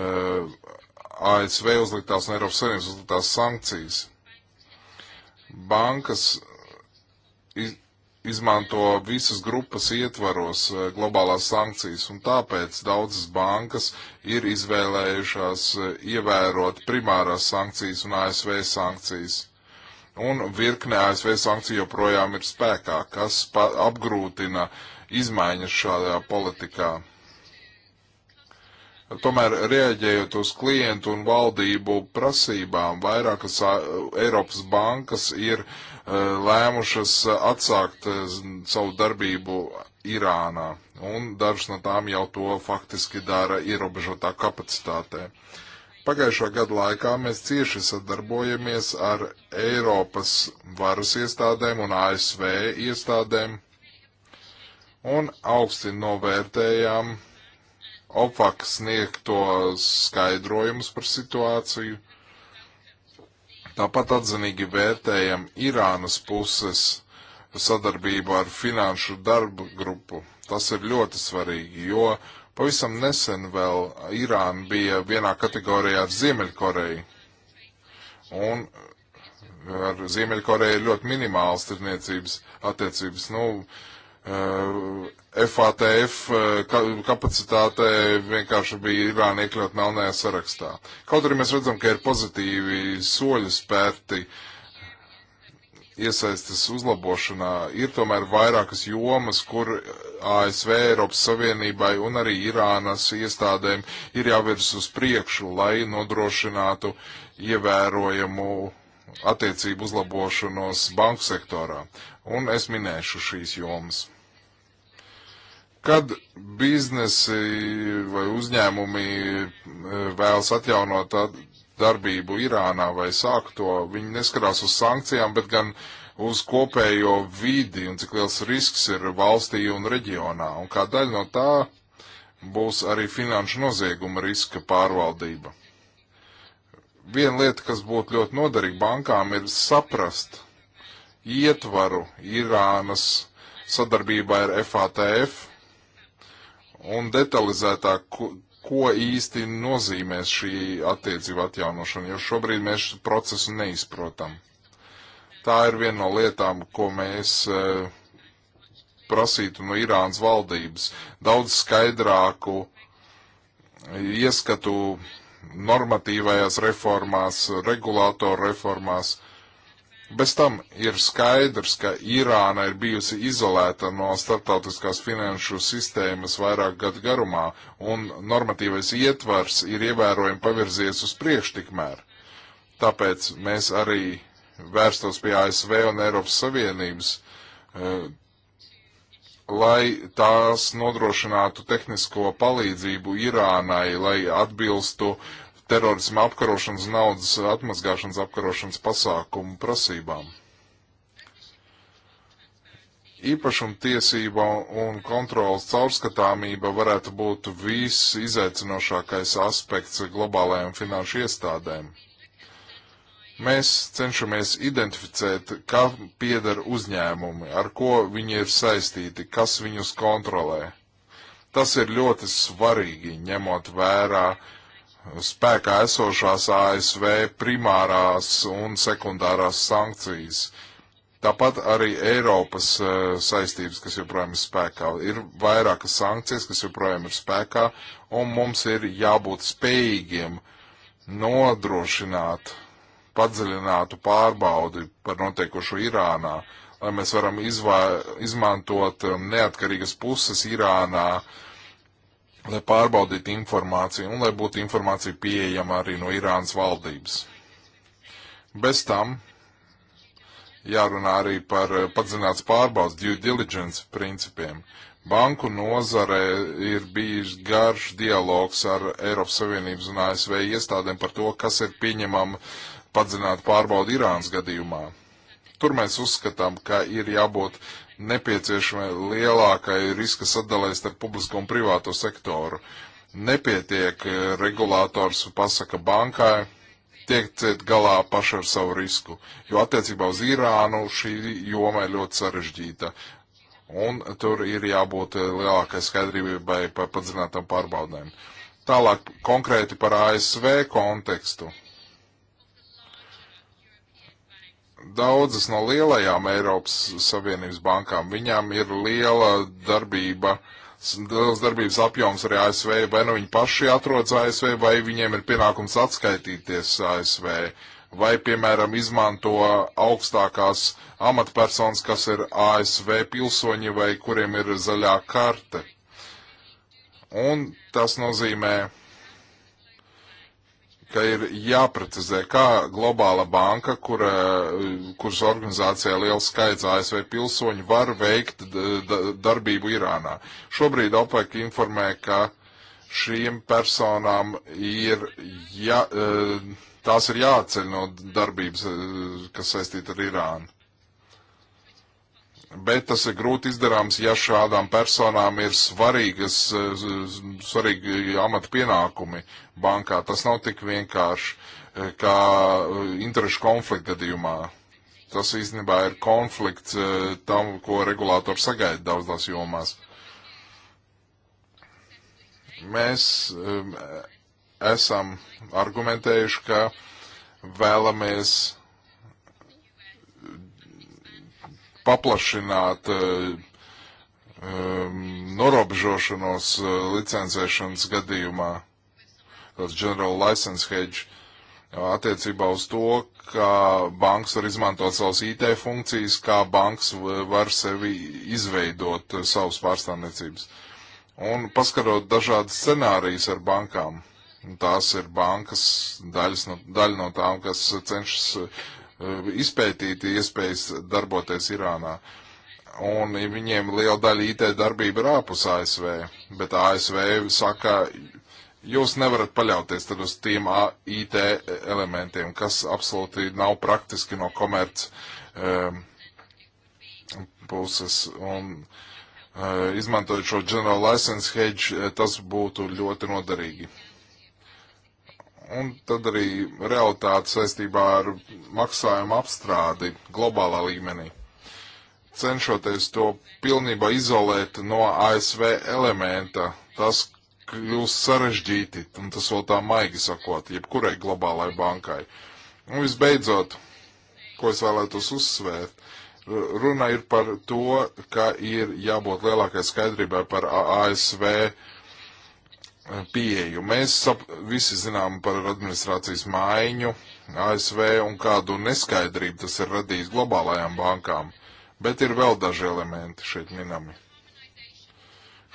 e, ASV uzliktās un Eiropas Savienības uzliktās sankcijas bankas iz, izmanto visas grupas ietvaros eh, globālās sankcijas, un tāpēc daudzas bankas ir izvēlējušās eh, ievērot primārās sankcijas un ASV sankcijas. Un virkne ASV sankciju joprojām ir spēkā, kas apgrūtina izmaiņas šādā politikā. Tomēr reaģējot uz klientu un valdību prasībām, vairākas Eiropas bankas ir uh, lēmušas atsākt uh, savu darbību Irānā, un dažas no tām jau to faktiski dara ierobežotā kapacitātē. Pagājušā gada laikā mēs cieši sadarbojamies ar Eiropas varas iestādēm un ASV iestādēm un augsti novērtējām uh, OPAC sniegto skaidrojumus par situāciju. Tāpat atzinīgi vērtējam Irānas puses sadarbību ar finanšu darbu grupu. Tas ir ļoti svarīgi, jo pavisam nesen vēl Irāna bija vienā kategorijā ar Ziemeļkoreju. Un ar Ziemeļkoreju ir ļoti minimāls tirniecības attiecības. Nu, uh, FATF eh, eh, kapacitāte vienkārši bija Irāna iekļaut melnajā sarakstā. Kaut arī mēs redzam, ka ir pozitīvi soļi spērti iesaistas uzlabošanā, ir tomēr vairākas jomas, kur ASV, Eiropas Savienībai un arī Irānas iestādēm ir jāvirs uz priekšu, lai nodrošinātu ievērojamu attiecību uzlabošanos banku sektorā. Un es minēšu šīs jomas. Kad biznesi vai uzņēmumi e, vēlas atjaunot darbību Irānā vai sāk to, viņi neskarās uz sankcijām, bet gan uz kopējo vidi un cik liels risks ir valstī un reģionā. Un kā daļa no tā būs arī finanšu nozieguma riska pārvaldība. Viena lieta, kas būtu ļoti noderīga bankām, ir saprast ietvaru Irānas sadarbībā ar FATF un detalizētāk, ko, ko īsti nozīmēs šī attiecība atjaunošana, jo šobrīd mēs procesu neizprotam. Tā ir viena no lietām, ko mēs eh, prasītu no Irānas valdības daudz skaidrāku ieskatu normatīvajās reformās, regulātoru reformās, Bez tam ir skaidrs, ka Irāna ir bijusi izolēta no starptautiskās finanšu sistēmas vairāk gadu garumā, un normatīvais ietvars ir ievērojami pavirzies uz priekšu tikmēr. Tāpēc mēs arī vērstos pie ASV un Eiropas Savienības, eh, lai tās nodrošinātu tehnisko palīdzību Irānai, lai atbilstu uh, terorisma apkarošanas, naudas atmazgāšanas apkarošanas pasākumu prasībām. Īpašuma tiesība un kontrolas caurskatāmība varētu būt viss izaicinošākais aspekts globālajām finanšu iestādēm. Mēs cenšamies identificēt, kam pieder uzņēmumi, ar ko viņi ir saistīti, kas viņus kontrolē. Tas ir ļoti svarīgi, ņemot vērā uh, spēkā esošās ASV primārās un sekundārās sankcijas. Tāpat arī Eiropas uh, saistības, kas joprojām ir spēkā. Ir vairākas sankcijas, kas joprojām ir spēkā, un mums ir jābūt spējīgiem nodrošināt padziļinātu pārbaudi par notiekošo Irānā, lai mēs varam izvā, izmantot e, neatkarīgas puses Irānā uh, lai pārbaudītu informāciju un lai būtu informācija pieejama arī no Irānas valdības. Bez tam jārunā arī par eh, padzināts pārbaudas due diligence principiem. Banku nozare ir bijis garš dialogs ar Eiropas Savienības un ASV iestādēm par to, kas ir pieņemama padzināta pārbauda Irānas gadījumā. Tur mēs uzskatām, ka ir jābūt nepieciešamai lielākai riska sadalē starp publisko un privāto sektoru. Nepietiek eh, regulators pasaka bankai, tiekciet galā paši ar savu risku, jo attiecībā uz Irānu šī joma ir ļoti sarežģīta. Un tur ir jābūt eh, lielākai skaidrībai par padzinātām pārbaudēm. Tālāk konkrēti par ASV kontekstu. Daudzas no lielajām Eiropas Savienības bankām, viņām ir liela darbība, liels darbības apjoms arī ASV, vai nu viņi paši atrodas ASV, vai viņiem ir pienākums atskaitīties ASV, vai, piemēram, izmanto augstākās amatpersonas, kas ir ASV pilsoņi vai kuriem ir zaļā karte. Un tas nozīmē, ka ir jāprecizē, kā globāla banka, kur, eh, kuras organizācijā liels skaits ASV pilsoņu var veikt darbību Irānā. Šobrīd OPEC informē, ka šīm personām ir jā, eh, tās ir jāatceļ no darbības, eh, kas saistīta ar Irānu bet tas ir grūti izdarāms, ja šādām personām ir svarīgas, svarīgi amata pienākumi bankā. Tas nav tik vienkārši eh, kā eh, interešu konflikta gadījumā. Tas īstenībā ir konflikts eh, tam, ko regulātori sagaida daudzās jomās. Mēs esam argumentējuši, ka vēlamies paplašināt um, eh, norobežošanos eh, licencēšanas gadījumā, tāds general license hedge, eh, attiecībā uz to, kā banks var izmantot savas IT funkcijas, kā banks var sevi izveidot savas pārstāvniecības. Un paskarot dažādas scenārijas ar bankām, tās ir bankas daļas no, daļa no tām, kas cenšas Eh, izpētīti iespējas darboties Irānā. Un viņiem liela daļa IT darbība ir ārpus ASV, bet ASV saka, jūs nevarat paļauties tad uz tiem IT elementiem, kas absolūti nav praktiski no komerc um, puses. Un, uh, izmantojot šo general license hedge, tas būtu ļoti noderīgi. Un tad arī realitāte saistībā ar maksājumu apstrādi globālā līmenī. Cenšoties to pilnībā izolēt no ASV elementa, tas kļūst sarežģīti, un tas vēl tā maigi sakot, jebkurai globālai bankai. Un visbeidzot, ko es vēlētos uzsvērt, runa ir par to, ka ir jābūt lielākai skaidrībai par ASV uh, pieeju. Mēs sap, visi zinām par administrācijas maiņu ASV un kādu neskaidrību tas ir radījis globālajām bankām, bet ir vēl daži elementi šeit minami.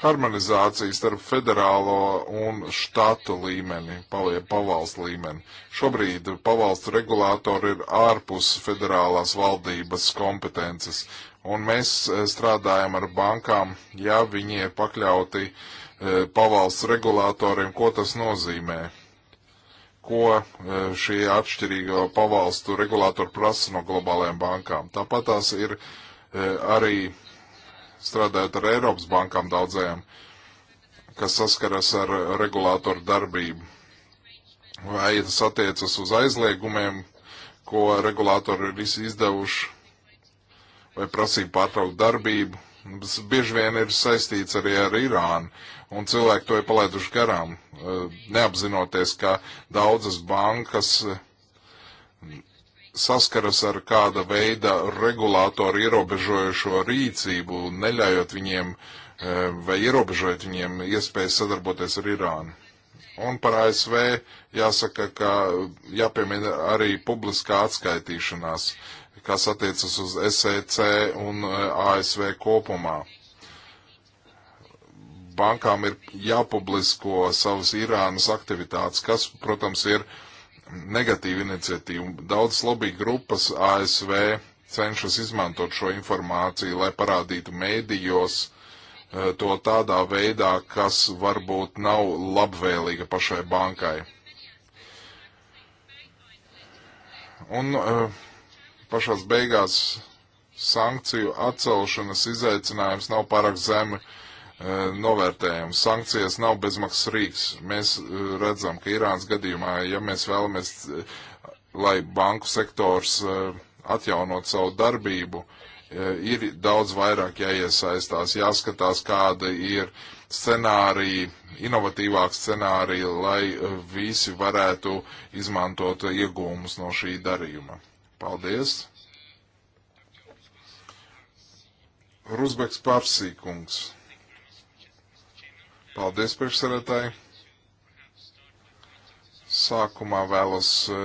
Harmonizācija starp federālo un štatu līmeni, paliek pavalsts līmeni. Šobrīd pavalsts regulātori ir ārpus federālās valdības kompetences, un mēs eh, strādājam ar bankām, ja viņi ir pakļauti uh, E, pavalsts regulātoriem, ko tas nozīmē, ko e, šie atšķirīgo pavalstu regulātori prasa no globālajām bankām. Tāpat tās ir e, arī strādājot ar Eiropas bankām daudzajām, kas saskaras ar regulātoru darbību. Vai tas attiecas uz aizliegumiem, ko regulātori ir izdevuši, vai prasību pārtraukt darbību. Tas bieži vien ir saistīts arī ar Irānu un cilvēki to ir palaiduši garām, eh, neapzinoties, ka daudzas bankas eh, saskaras ar kāda veida regulātoru ierobežojošo rīcību, neļaujot viņiem eh, vai ierobežojot viņiem iespējas sadarboties ar Irānu. Un par ASV jāsaka, ka jāpiemina arī publiskā atskaitīšanās, kas attiecas uz SEC un ASV kopumā bankām ir jāpublisko savas Irānas aktivitātes, kas, protams, ir negatīva iniciatīva. Daudz lobby grupas ASV cenšas izmantot šo informāciju, lai parādītu mēdījos eh, to tādā veidā, kas varbūt nav labvēlīga pašai bankai. Un eh, pašās beigās sankciju atcelšanas izaicinājums nav pārāk zemi Eh, novērtējam. Sankcijas nav bezmaksas rīks. Mēs eh, redzam, ka Irānas gadījumā, ja mēs vēlamies, eh, lai banku sektors atjaunot savu darbību, ir daudz vairāk jāiesaistās, jāskatās, kāda ir scenārija, inovatīvāka scenārija, lai visi varētu izmantot iegūmus no šī darījuma. Paldies! Rusbeks Pārsīkungs. Paldies, priekšsarētāji. Sākumā vēlos uh,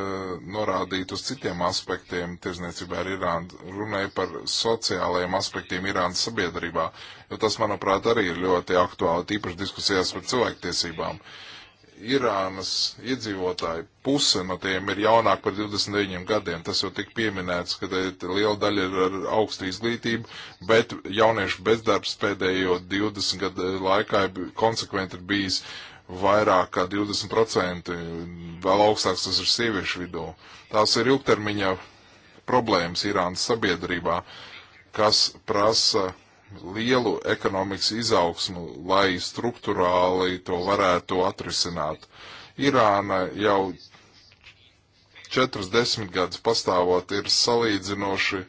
norādīt uz citiem aspektiem tirzniecībā ar Irānu. Runēju par sociālajiem aspektiem Irānas sabiedrībā, jo tas, manuprāt, arī ir ļoti aktuāli, tīpaši diskusijās par cilvēktiesībām. Uh, Irānas iedzīvotāji, puse no tiem ir jaunāk par 29 gadiem. Tas jau tik pieminēts, ka liela daļa ir ar augstu izglītību, bet jauniešu bezdarbs pēdējo 20 gadu laikā konsekventi ir bijis vairāk kā 20%, vēl augstāks tas ir sieviešu vidū. Tās ir ilgtermiņa problēmas Irānas sabiedrībā, kas prasa lielu ekonomikas izaugsmu, lai struktūrāli to varētu atrisināt. Irāna jau četras desmitgadus pastāvot ir salīdzinoši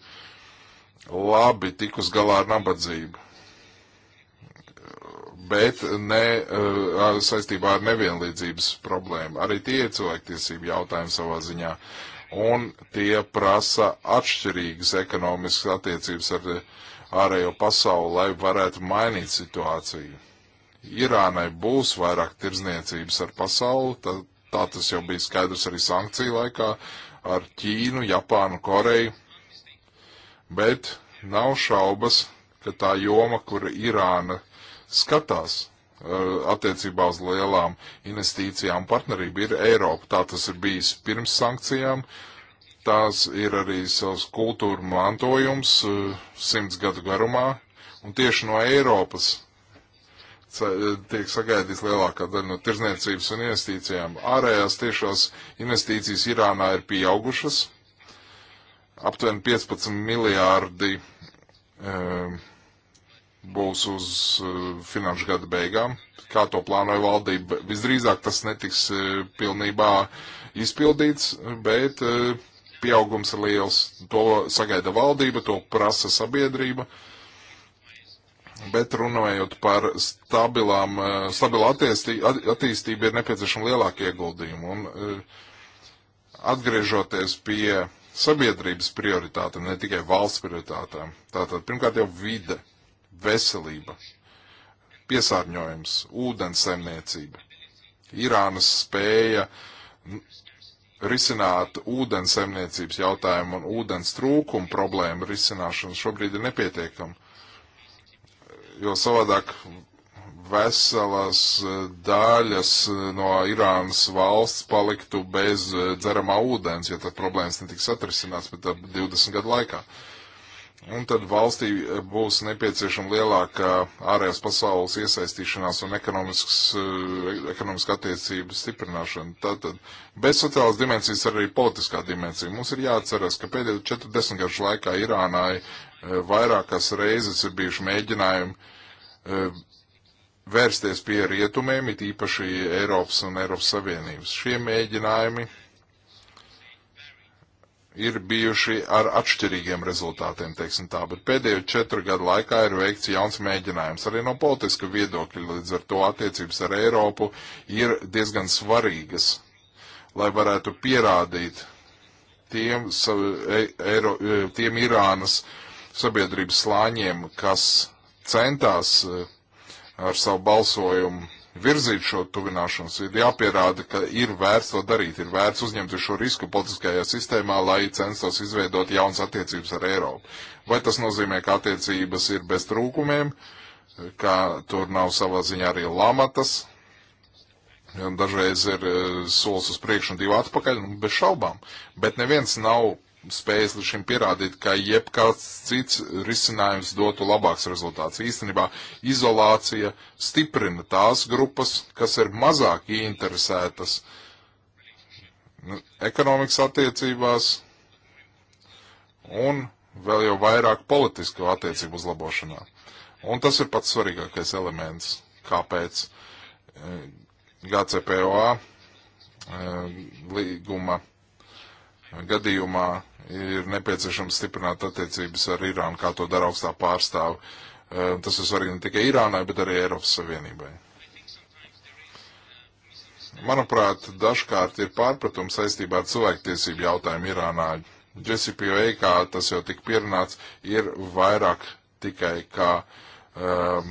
labi tikus galā ar nabadzību, bet ne uh, saistībā ar nevienlīdzības problēmu. Arī tie ir cilvēktiesību jautājumi savā ziņā, un tie prasa atšķirīgas ekonomiskas attiecības ar uh, ārējo pasauli, lai varētu mainīt situāciju. Irānai būs vairāk tirzniecības ar pasauli, tā, tā tas jau bija skaidrs arī sankciju laikā ar Ķīnu, Japānu, Koreju, bet nav šaubas, ka tā joma, kur Irāna skatās eh, attiecībā uz lielām investīcijām partnerību, ir Eiropa. Tā tas ir bijis pirms sankcijām, uh, tās ir arī savs kultūra mantojums eh, simts gadu garumā, un tieši no Eiropas eh, tiek sagaidīts lielākā daļa no tirzniecības un investīcijām. Ārējās tiešās investīcijas Irānā ir pieaugušas, aptuveni 15 miljārdi e, būs uz e, finanšu gada beigām. Kā to plānoja valdība? Visdrīzāk tas netiks e, pilnībā izpildīts, bet e, pieaugums ir liels. To sagaida valdība, to prasa sabiedrība. Bet runājot par stabilām, eh, stabilu attīstību, ir nepieciešama lielāka ieguldījuma. Un eh, atgriežoties pie sabiedrības prioritātēm, ne tikai valsts prioritātēm, tātad pirmkārt jau vide, veselība, piesārņojums, ūdens saimniecība, Irānas spēja risināt ūdens saimniecības jautājumu un ūdens trūkumu problēmu risināšanu šobrīd ir nepietiekama. Jo savādāk veselas daļas no Irānas valsts paliktu bez dzeramā ūdens, ja tad problēmas netiks atrisināts pat 20 gadu laikā. Uh, Un tad valstī eh, būs nepieciešama lielāka ārējās pasaules iesaistīšanās un ekonomiskā eh, attiecība stiprināšana. Tātad bez sociālās dimensijas arī politiskā dimensija. Mums ir jāatceras, ka pēdējo 40 gadu laikā Irānai eh, vairākas reizes ir bijuši mēģinājumi vērsties pie rietumiem, it īpaši Eiropas un Eiropas Savienības. Šie mēģinājumi ir bijuši ar atšķirīgiem rezultātiem, teiksim tā, bet pēdējo četru gadu laikā ir veikts jauns mēģinājums arī no politiska viedokļa, līdz ar to attiecības ar Eiropu ir diezgan svarīgas, lai varētu pierādīt tiem, savu, e, Eiro, e, tiem Irānas sabiedrības slāņiem, kas centās e, ar savu balsojumu virzīt šo tuvināšanos, ir jāpierāda, ka ir vērts to darīt, ir vērts uzņemties šo risku politiskajā sistēmā, lai censtos izveidot jaunas attiecības ar Eiropu. Vai tas nozīmē, ka attiecības ir bez trūkumiem, ka tur nav savā ziņā arī lamatas, dažreiz ir eh, solis uz priekšu un divi atpakaļ, nu, bez šaubām, bet neviens nav spējis līdz šim pierādīt, ka jebkāds cits risinājums dotu labāks rezultāts. Īstenībā izolācija stiprina tās grupas, kas ir mazāk ieinteresētas nu, ekonomikas attiecībās un vēl jau vairāk politisko attiecību uzlabošanā. Un tas ir pats svarīgākais elements, kāpēc e, GCPOA e, līguma gadījumā ir nepieciešams stiprināt attiecības ar Irānu, kā to dara augstā pārstāve. Eh, tas ir svarīgi ne tikai Irānai, bet arī Eiropas Savienībai. Manuprāt, dažkārt ir pārpratums saistībā ar cilvēktiesību jautājumu Irānā. JCPOA, kā tas jau tika pierunāts, ir vairāk tikai kā um,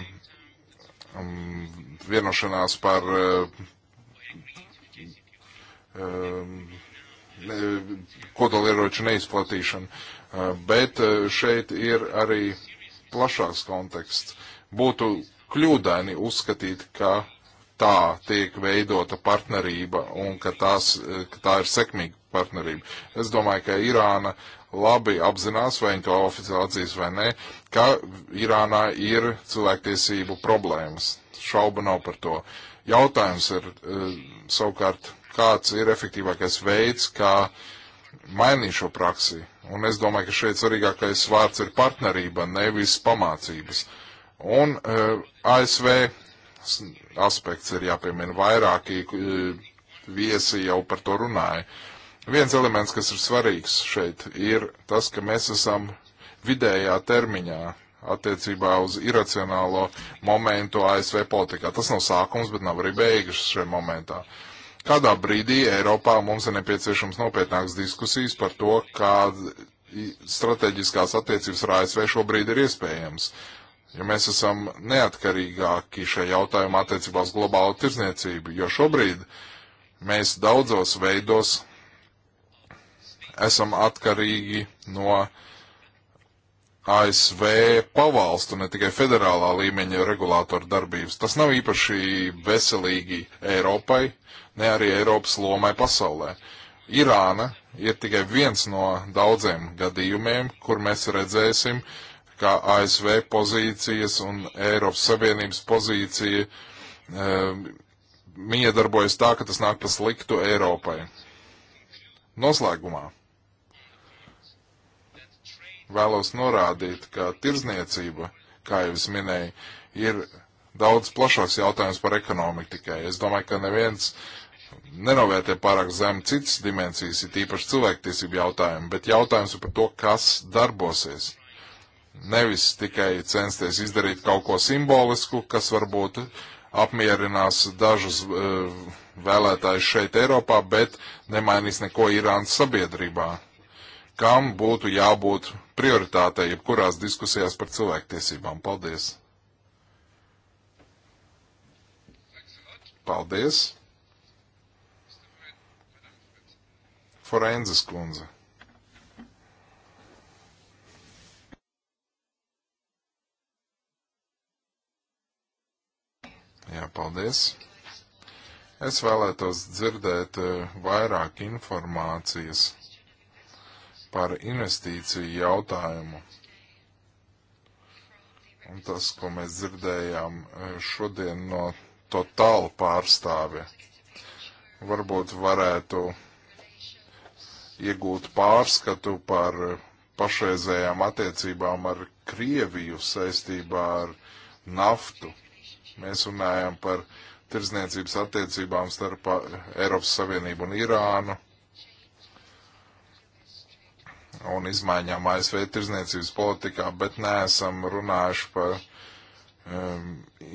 vienošanās par um, kodolieroču neizplatīšanu. Eh, bet eh, šeit ir arī plašāks konteksts. Būtu kļūdaini uzskatīt, ka tā tiek veidota partnerība un ka, tās, eh, ka tā ir sekmīga partnerība. Es domāju, ka Irāna labi apzinās, vai viņi to oficiāli atzīs vai nē, ka Irānā ir cilvēktiesību problēmas. Šauba nav par to. Jautājums ir savukārt kāds ir efektīvākais veids, kā mainīt šo praksi. Un es domāju, ka šeit svarīgākais vārds ir partnerība, nevis pamācības. Un uh, eh, ASV aspekts ir jāpiemina vairāki uh, viesi jau par to runāja. Viens elements, kas ir svarīgs šeit, ir tas, ka mēs esam vidējā termiņā attiecībā uz iracionālo momentu ASV politikā. Tas nav sākums, bet nav arī beigas šajā momentā. Uh, Kādā brīdī Eiropā mums ir nepieciešams nopietnākas diskusijas par to, kā strateģiskās attiecības ar ASV šobrīd ir iespējams. Ja mēs esam neatkarīgāki šajā jautājumā attiecībā uz globālu tirzniecību, jo šobrīd mēs daudzos veidos esam atkarīgi no ASV pavalstu, ne tikai federālā līmeņa regulātoru darbības. Tas nav īpaši veselīgi Eiropai ne arī Eiropas lomai pasaulē. Irāna ir tikai viens no daudziem gadījumiem, kur mēs redzēsim, kā ASV pozīcijas un Eiropas Savienības pozīcija um, miedarbojas tā, ka tas nāk pa sliktu Eiropai. Noslēgumā vēlos norādīt, ka tirzniecība, kā jau es minēju, ir daudz plašāks jautājums par ekonomiku tikai. Es domāju, ka neviens nenovērtē pārāk zem citas dimensijas, ir īpaši cilvēktiesību jautājumi, bet jautājums ir par to, kas darbosies. Nevis tikai censties izdarīt kaut ko simbolisku, kas varbūt apmierinās dažus uh, vēlētājus šeit Eiropā, bet nemainīs neko Irānas sabiedrībā. Kam būtu jābūt prioritātei jebkurās diskusijās par cilvēktiesībām? Paldies! Paldies! Forenzes kundze. Jā, paldies. Es vēlētos dzirdēt eh, vairāk informācijas par investīciju jautājumu. Un tas, ko mēs dzirdējām eh, šodien no Total pārstāve, varbūt varētu iegūt pārskatu par pašreizējām attiecībām ar Krieviju saistībā ar naftu. Mēs runājam par tirzniecības attiecībām starp Eiropas Savienību un Irānu un izmaiņām ASV tirzniecības politikā, bet neesam runājuši par um,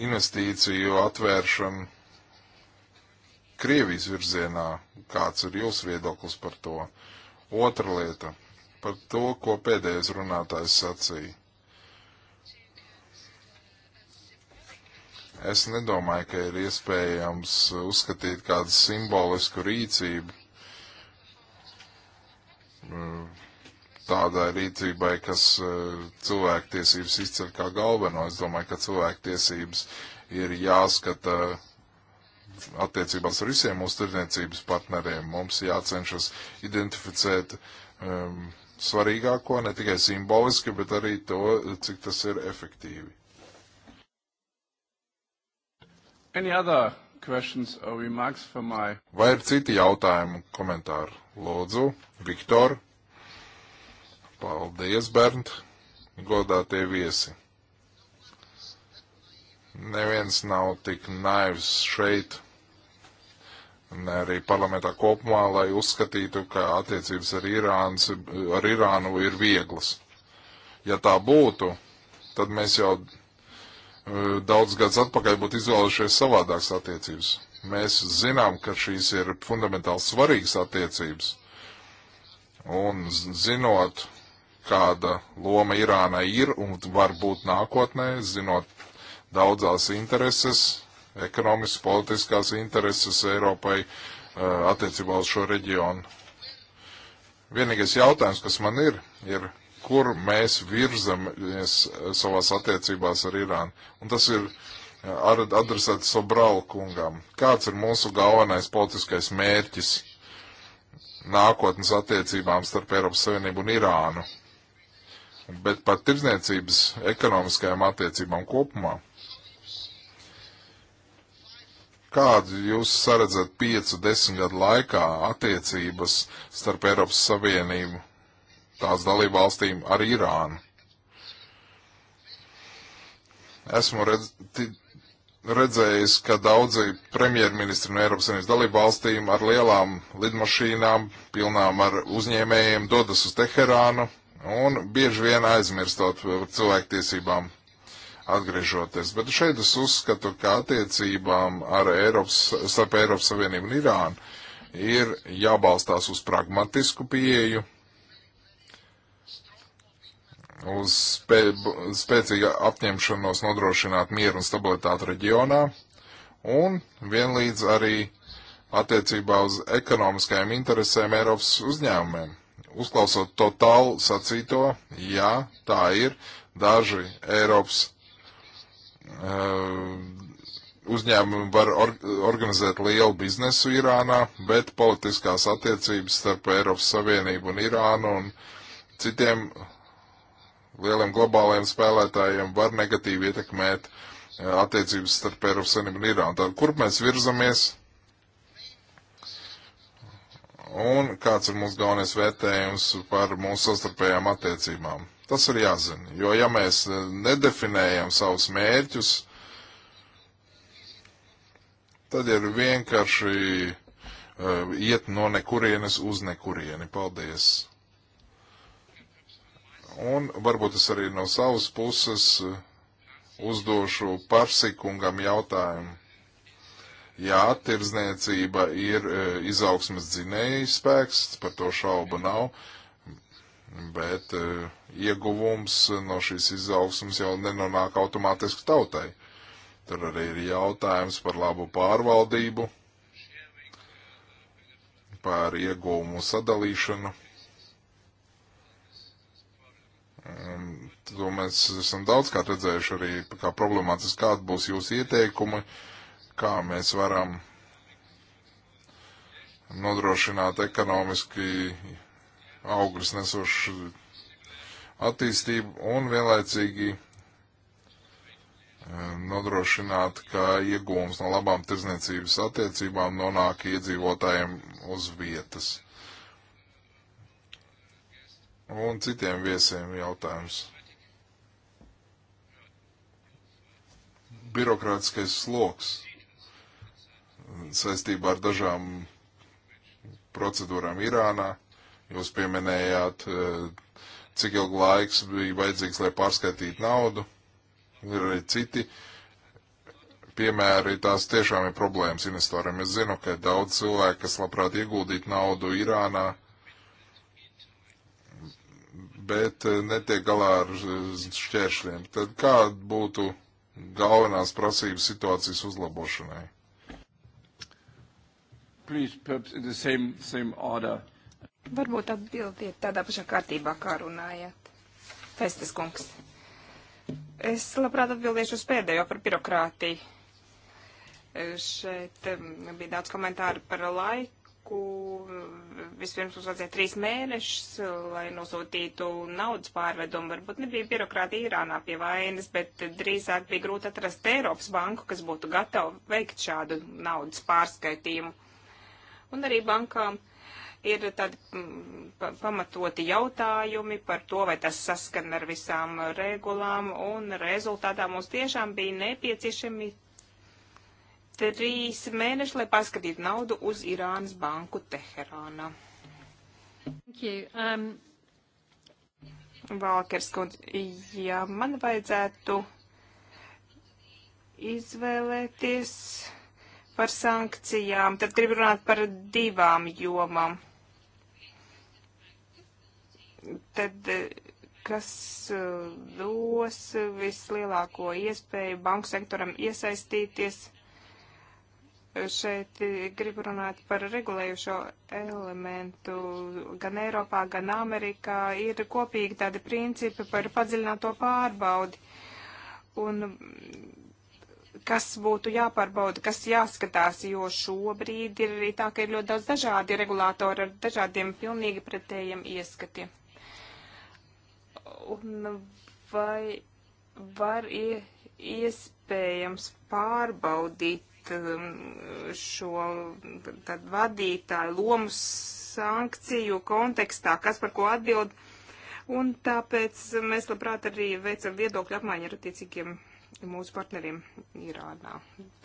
investīciju atvēršanu Krievijas virzienā. Kāds ir jūsu viedoklis par to? Uh, Otra lieta - par to, ko pēdējais runātājs sacīja. Es nedomāju, ka ir iespējams uzskatīt kādu simbolisku rīcību eh, tādai rīcībai, kas eh, cilvēktiesības izceļ kā galveno. Es domāju, ka cilvēktiesības ir jāskata attiecībās ar visiem mūsu tirdzniecības partneriem. Mums jācenšas identificēt um, svarīgāko, ne tikai simboliski, bet arī to, cik tas ir efektīvi. Any other questions or remarks for my... Vai ir citi jautājumi, komentāri? Lūdzu, Viktor. Paldies, Bernd. Godātie viesi. Neviens nav tik naivs šeit arī parlamentā kopumā, lai uzskatītu, ka attiecības ar, Irāns, ar Irānu ir vieglas. Ja tā būtu, tad mēs jau uh, daudz gadus atpakaļ būtu izvēlušies savādākas attiecības. Mēs zinām, ka šīs ir fundamentāli svarīgas attiecības. Un zinot, kāda loma Irānai ir un var būt nākotnē, zinot daudzās intereses, ekonomiskas, politiskās intereses Eiropai eh, attiecībā uz šo reģionu. Vienīgais jautājums, kas man ir, ir, kur mēs virzamies eh, savās attiecībās ar Irānu. Un tas ir eh, adresēts Sobrāla kungam. Kāds ir mūsu galvenais politiskais mērķis nākotnes attiecībām starp Eiropas Savienību un Irānu? Bet par tirdzniecības ekonomiskajām attiecībām kopumā. Kādu jūs saredzat piecu, desmit gadu laikā attiecības starp Eiropas Savienību, tās dalību valstīm ar Irānu? Esmu redz, redzējis, ka daudzi premjerministri no Eiropas Savienības dalību valstīm ar lielām lidmašīnām, pilnām ar uzņēmējiem, dodas uz Teherānu un bieži vien aizmirstot par cilvēktiesībām atgriežoties. Bet šeit es uzskatu, ka attiecībām ar Eiropas, starp Eiropas Savienību un Irānu ir jābalstās uz pragmatisku pieeju, uz spē, spēcīgu apņemšanos nodrošināt mieru un stabilitātu reģionā, un vienlīdz arī attiecībā uz ekonomiskajiem interesēm Eiropas uzņēmumiem. Uzklausot totālu sacīto, jā, tā ir, daži Eiropas Eh, uzņēmumi var or organizēt lielu biznesu Irānā, bet politiskās attiecības starp Eiropas Savienību un Irānu un citiem lieliem globālajiem spēlētājiem var negatīvi ietekmēt eh, attiecības starp Eiropas Savienību un Irānu. Tad, kur mēs virzamies un kāds ir mūsu galvenais vērtējums par mūsu sastarpējām attiecībām? Tas ir jāzina, jo ja mēs e, nedefinējam savus mērķus, tad ir vienkārši uh, iet no nekurienes uz nekurieni. Paldies! Un varbūt es arī no savas puses e, uzdošu parsikungam jautājumu. Jā, tirzniecība ir uh, izaugsmas dzinējas spēks, par to šauba nav. Uh, bet e, ieguvums no šīs izaugsmas jau nenonāk automātiski tautai. Tur arī ir jautājums par labu pārvaldību, par ieguvumu sadalīšanu. To mēs esam daudzkārt redzējuši arī, kā problemātiski kāda būs jūsu ieteikumi, kā mēs varam nodrošināt ekonomiski augļus nesošu attīstību un vienlaicīgi eh, nodrošināt, ka iegūms no labām tirzniecības attiecībām nonāk iedzīvotājiem uz vietas. Un citiem viesiem jautājums. Birokrātiskais sloks saistībā ar dažām procedūrām Irānā Jūs pieminējāt, eh, cik ilgi laiks bija vajadzīgs, lai pārskaitītu naudu. Ir arī citi piemēri, tās tiešām ir problēmas investoriem. Es zinu, ka daudz cilvēku, kas labprāt ieguldītu naudu Irānā, bet eh, netiek galā ar eh, šķēršļiem. Tad kāda būtu galvenās prasības situācijas uzlabošanai? Please, same, same order. Varbūt atbildiet tādā pašā kārtībā, kā runājāt. Festes kungs. Es labprāt atbildēšu uz pēdējo par birokrātiju. E, šeit bija daudz komentāru par laiku laiku. Vispirms mums vajadzēja trīs mēnešus, lai nosūtītu naudas pārvedumu. Varbūt nebija birokrātija Irānā pie vainas, bet drīzāk bija grūti atrast Eiropas banku, kas būtu gatava veikt šādu naudas pārskaitījumu. Un arī bankām ir tādi mm, pamatoti jautājumi par to, vai tas saskan ar visām regulām, un rezultātā mums tiešām bija nepieciešami trīs mēneši, lai paskatītu naudu uz Irānas banku Teherānā. Um... Valkers kundze, ja man vajadzētu izvēlēties par sankcijām, tad gribu runāt par divām jomām tad kas eh, dos vislielāko iespēju banku sektoram iesaistīties. Šeit gribu runāt par regulējušo elementu. Gan Eiropā, gan Amerikā ir kopīgi tādi principi par padziļināto pārbaudi. Un kas būtu jāpārbauda, kas jāskatās, jo šobrīd ir arī tā, ka ir ļoti daudz dažādi regulātori ar dažādiem pilnīgi pretējiem ieskatiem un vai var iespējams pārbaudīt um, šo tad vadītāju lomu sankciju kontekstā, kas par ko atbild, un tāpēc mēs labprāt arī veicam viedokļu apmaiņu ar attiecīgiem mūsu partneriem Irānā.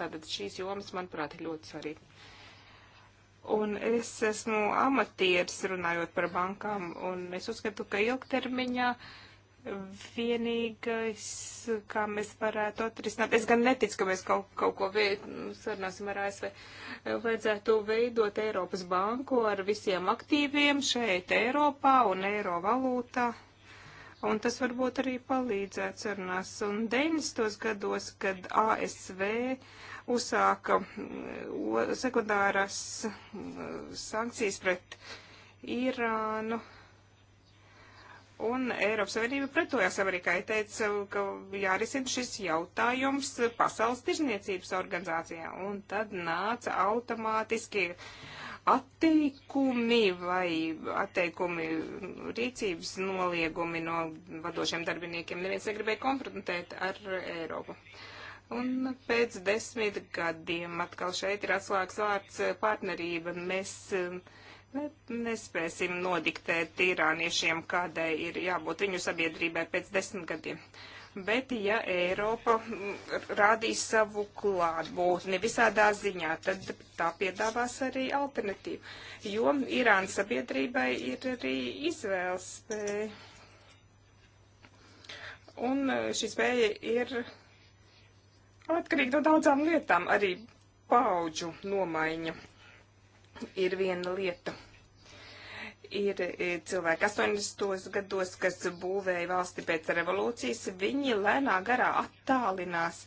Tātad šīs jomas, manuprāt, ir ļoti svarīgas. Un es esmu amatieris runājot par bankām, un es uzskatu, ka ilgtermiņā uh, vienīgais, kā mēs varētu atrisināt, es gan neticu, ka mēs kaut, kaut ko sarunāsim ar ASV, vajadzētu veidot Eiropas banku ar visiem aktīviem šeit Eiropā un eiro valūtā. Un tas varbūt arī palīdzētu sarunās. Un 90. gados, kad ASV uzsāka mm, sekundārās mm, sankcijas pret Irānu, Un Eiropas Savienība pretojās Amerikai, teica, ka jārisina šis jautājums Pasaules tirzniecības organizācijā. Un tad nāca automātiski atteikumi vai atteikumi rīcības noliegumi no vadošiem darbiniekiem. Neviens negribēja konfrontēt ar Eiropu. Un pēc desmit gadiem atkal šeit ir atslēgas vārds partnerība. Mēs uh, Ne, nespēsim nodiktēt irāniešiem, kādai ir jābūt viņu sabiedrībai pēc desmit gadiem. Bet, ja Eiropa mm, rādīs savu klātbūtni visādā ziņā, tad tā piedāvās arī alternatīvu. Jo Irānas sabiedrībai ir arī izvēles spēja. Un e, šī spēja ir atkarīga no daudzām lietām, arī paudžu nomaiņa ir viena lieta. Ir e, cilvēki 80. gados, kas būvēja valsti pēc revolūcijas, viņi lēnā garā attālinās.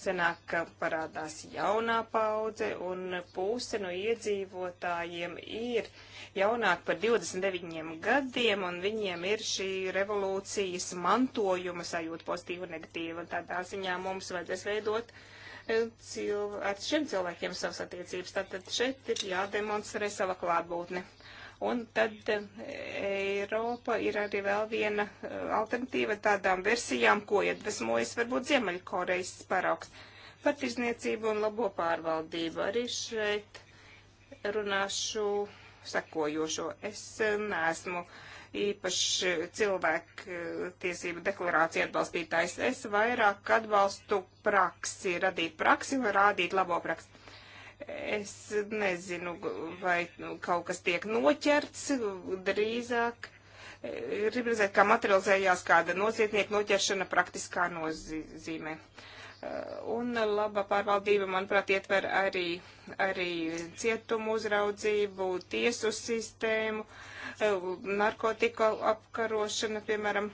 Senāk parādās jaunā paudze, un puse no iedzīvotājiem ir jaunāk par 29 gadiem, un viņiem ir šī revolūcijas mantojuma sajūta pozitīva un negatīva, un tādā ziņā mums vajadzēs veidot uh, cilvē, ar šiem cilvēkiem savas attiecības. Tātad šeit ir jādemonstrē sava klātbūtne. Un tad e, Eiropa ir arī vēl viena e, alternatīva tādām versijām, ko iedvesmojas varbūt Ziemeļkorejas paraugs par tirzniecību un labo pārvaldību. Arī šeit runāšu sekojošo. Es e, neesmu. Uh, īpaši cilvēku eh, tiesību deklarācija atbalstītājs. Es vairāk atbalstu praksi, radīt praksi vai rādīt labo praksi. Es nezinu, vai kaut kas tiek noķerts drīzāk. Gribu eh, redzēt, kā materializējās kāda nozietnieka noķeršana praktiskā nozīmē. Eh, un laba pārvaldība, manuprāt, ietver arī, arī cietumu uzraudzību, tiesu sistēmu. Uh, Eh, narkotika apkarošana, piemēram,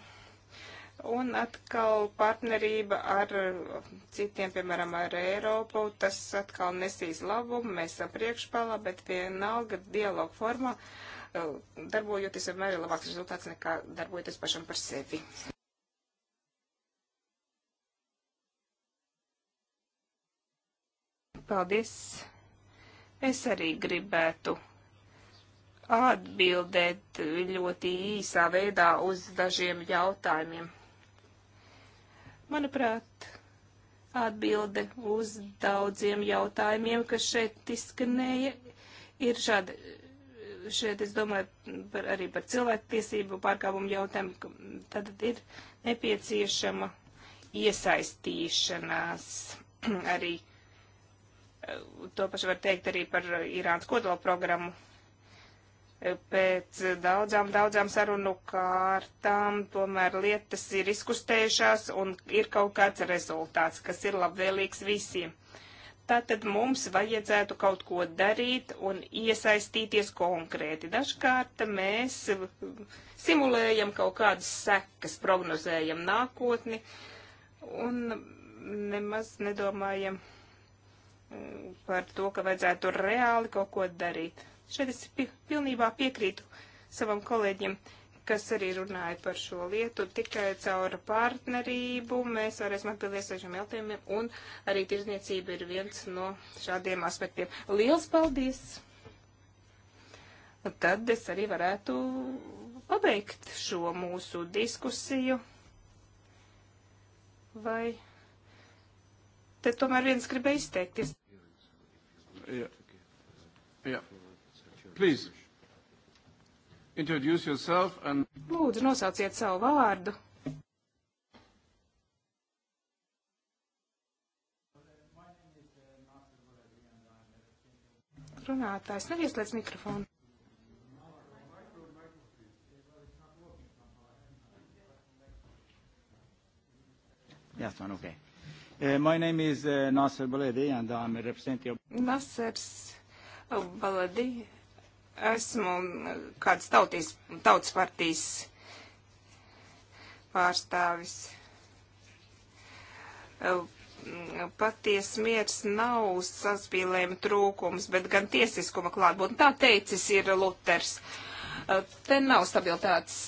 un atkal partnerība ar citiem, piemēram, ar Eiropu. Tas atkal nesīs labumu, mēs esam priekšpalā, bet vienalga dialogu formā eh, darbojoties vienmēr ir labāks rezultāts nekā darbojoties pašam par sevi. Paldies! Es arī gribētu atbildēt ļoti īsā veidā uz dažiem jautājumiem. Manuprāt, atbilde uz daudziem jautājumiem, kas šeit izskanēja, ir šāda. Šeit es domāju par, arī par cilvēktiesību pārkāpumu jautājumu. Tad ir nepieciešama iesaistīšanās arī. Eh, to pašu var teikt arī par Irānas kodola programmu pēc daudzām, daudzām sarunu kārtām tomēr lietas ir izkustējušās un ir kaut kāds rezultāts, kas ir labvēlīgs visiem. Tātad mums vajadzētu kaut ko darīt un iesaistīties konkrēti. Dažkārt mēs simulējam kaut kādas sekas, prognozējam nākotni un nemaz nedomājam eh, par to, ka vajadzētu reāli kaut ko darīt Šeit es pilnībā piekrītu savam kolēģim, kas arī runāja par šo lietu. Tikai caur partnerību mēs varēsim atbildēt šiem jautājumiem, un arī tirzniecība ir viens no šādiem aspektiem. Liels paldies! Un tad es arī varētu pabeigt šo mūsu diskusiju. Vai te tomēr viens gribēja izteikties? Jā. Jā. Please, introduce yourself and... Lūdzu, nosauciet savu vārdu. Runātājs nevieslēdz mikrofonu. That's one, okay. Uh, my name is uh, Nasser Baladi and I'm representing... Nassers Baladi esmu kāds tauties, tautas partijas pārstāvis. Paties miers nav saspīlējuma trūkums, bet gan tiesiskuma klātbūtne. Tā teicis ir Luters. Te nav stabilitātes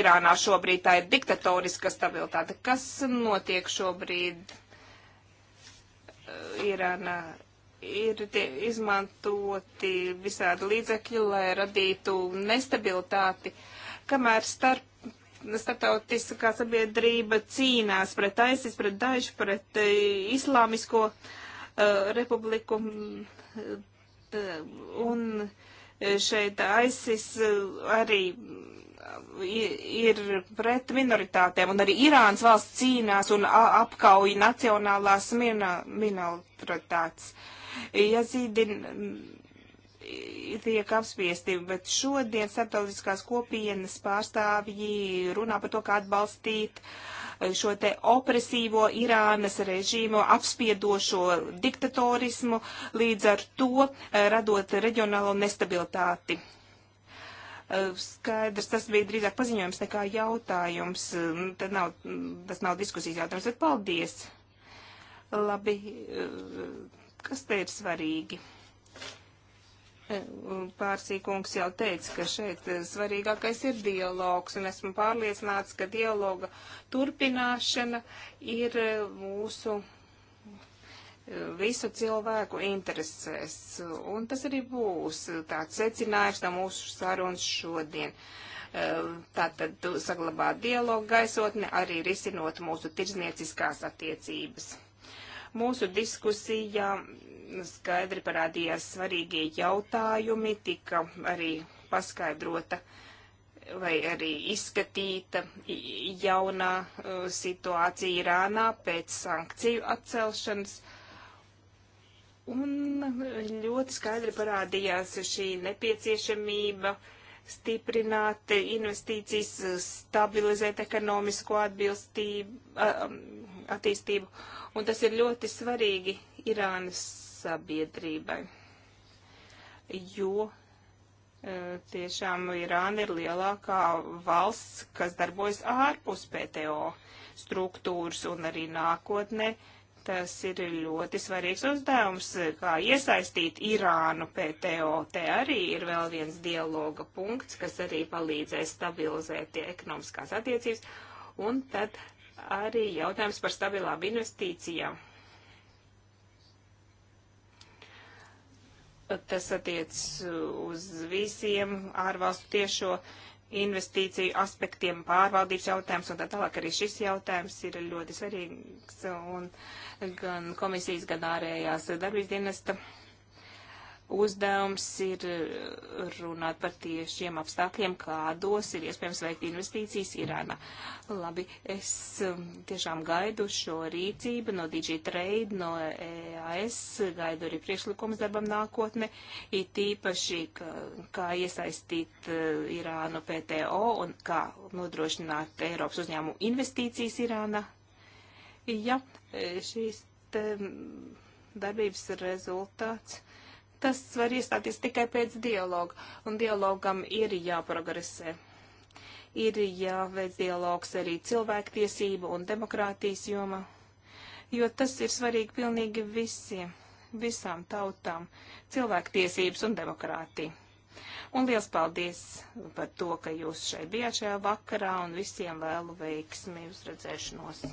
Irānā šobrīd, tā ir diktatoriska stabilitāte. Kas notiek šobrīd uh, Irānā? ir izmantoti visādi līdzekļi, lai radītu nestabilitāti, kamēr starp starptautiskā sabiedrība cīnās pret ISIS, pret Daešu, pret eh, Islāmisko uh, republiku. Mm, eh, un šeit ISIS arī ir pret minoritātēm, un arī Irānas valsts cīnās un apkauj nacionālās minoritātes. Jazīdi tiek apspiesti, bet šodien starptautiskās kopienas pārstāvji runā par to, kā atbalstīt eh, šo te opresīvo Irānas režīmu, apspiedošo diktatorismu, līdz ar to eh, radot reģionālo nestabilitāti. Eh, skaidrs, tas bija drīzāk paziņojums nekā jautājums. Mm, tad nav, tas nav diskusijas jautājums, bet paldies. Labi. Uh, Kas te ir svarīgi? E, Pārsīkungs jau teica, ka šeit svarīgākais ir dialogs, un esmu pārliecināts, ka dialoga turpināšana ir mūsu e, visu cilvēku interesēs. Un tas arī būs tāds secinājums no mūsu sarunas šodien. E, Tātad saglabāt dialogu gaisotni, arī risinot mūsu tirdzniecīskās attiecības. Mūsu diskusijā skaidri parādījās svarīgie jautājumi, tika arī paskaidrota vai arī izskatīta jaunā uh, situācija Irānā pēc sankciju atcelšanas. Un ļoti skaidri parādījās šī nepieciešamība stiprināt investīcijas, stabilizēt ekonomisko atbilstību, uh, um, attīstību, un tas ir ļoti svarīgi Irānas sabiedrībai, jo eh, tiešām Irāna ir lielākā valsts, kas darbojas ārpus PTO struktūras un arī nākotnē. Tas ir ļoti svarīgs uzdevums, kā iesaistīt Irānu PTO. Te arī ir vēl viens dialoga punkts, kas arī palīdzēs stabilizēt tie ekonomiskās attiecības. Un tad arī jautājums par stabilām investīcijām. Tas attiec uz visiem ārvalstu tiešo investīciju aspektiem, pārvaldības jautājums un tā tālāk arī šis jautājums ir ļoti svarīgs un gan komisijas, gan ārējās darbības dienesta uzdevums ir eh, runāt par tiešiem apstākļiem, kādos ir iespējams veikt investīcijas Irānā. Labi, es um, tiešām gaidu šo rīcību no DJ Trade, no EAS, gaidu arī priekšlikums darbam nākotne, it īpaši, ka, kā iesaistīt eh, Irānu PTO un kā nodrošināt Eiropas uzņēmumu investīcijas Irānā. Ja eh, šīs te darbības rezultāts tas var iestāties tikai pēc dialoga, un dialogam ir jāprogresē. Ir jāveic dialogs arī cilvēktiesību un demokrātijas joma, jo tas ir svarīgi pilnīgi visiem, visām tautām - cilvēktiesības un demokrātija. Un liels paldies par to, ka jūs šeit bijāt šajā vakarā un visiem vēlu veiksmi uz redzēšanos.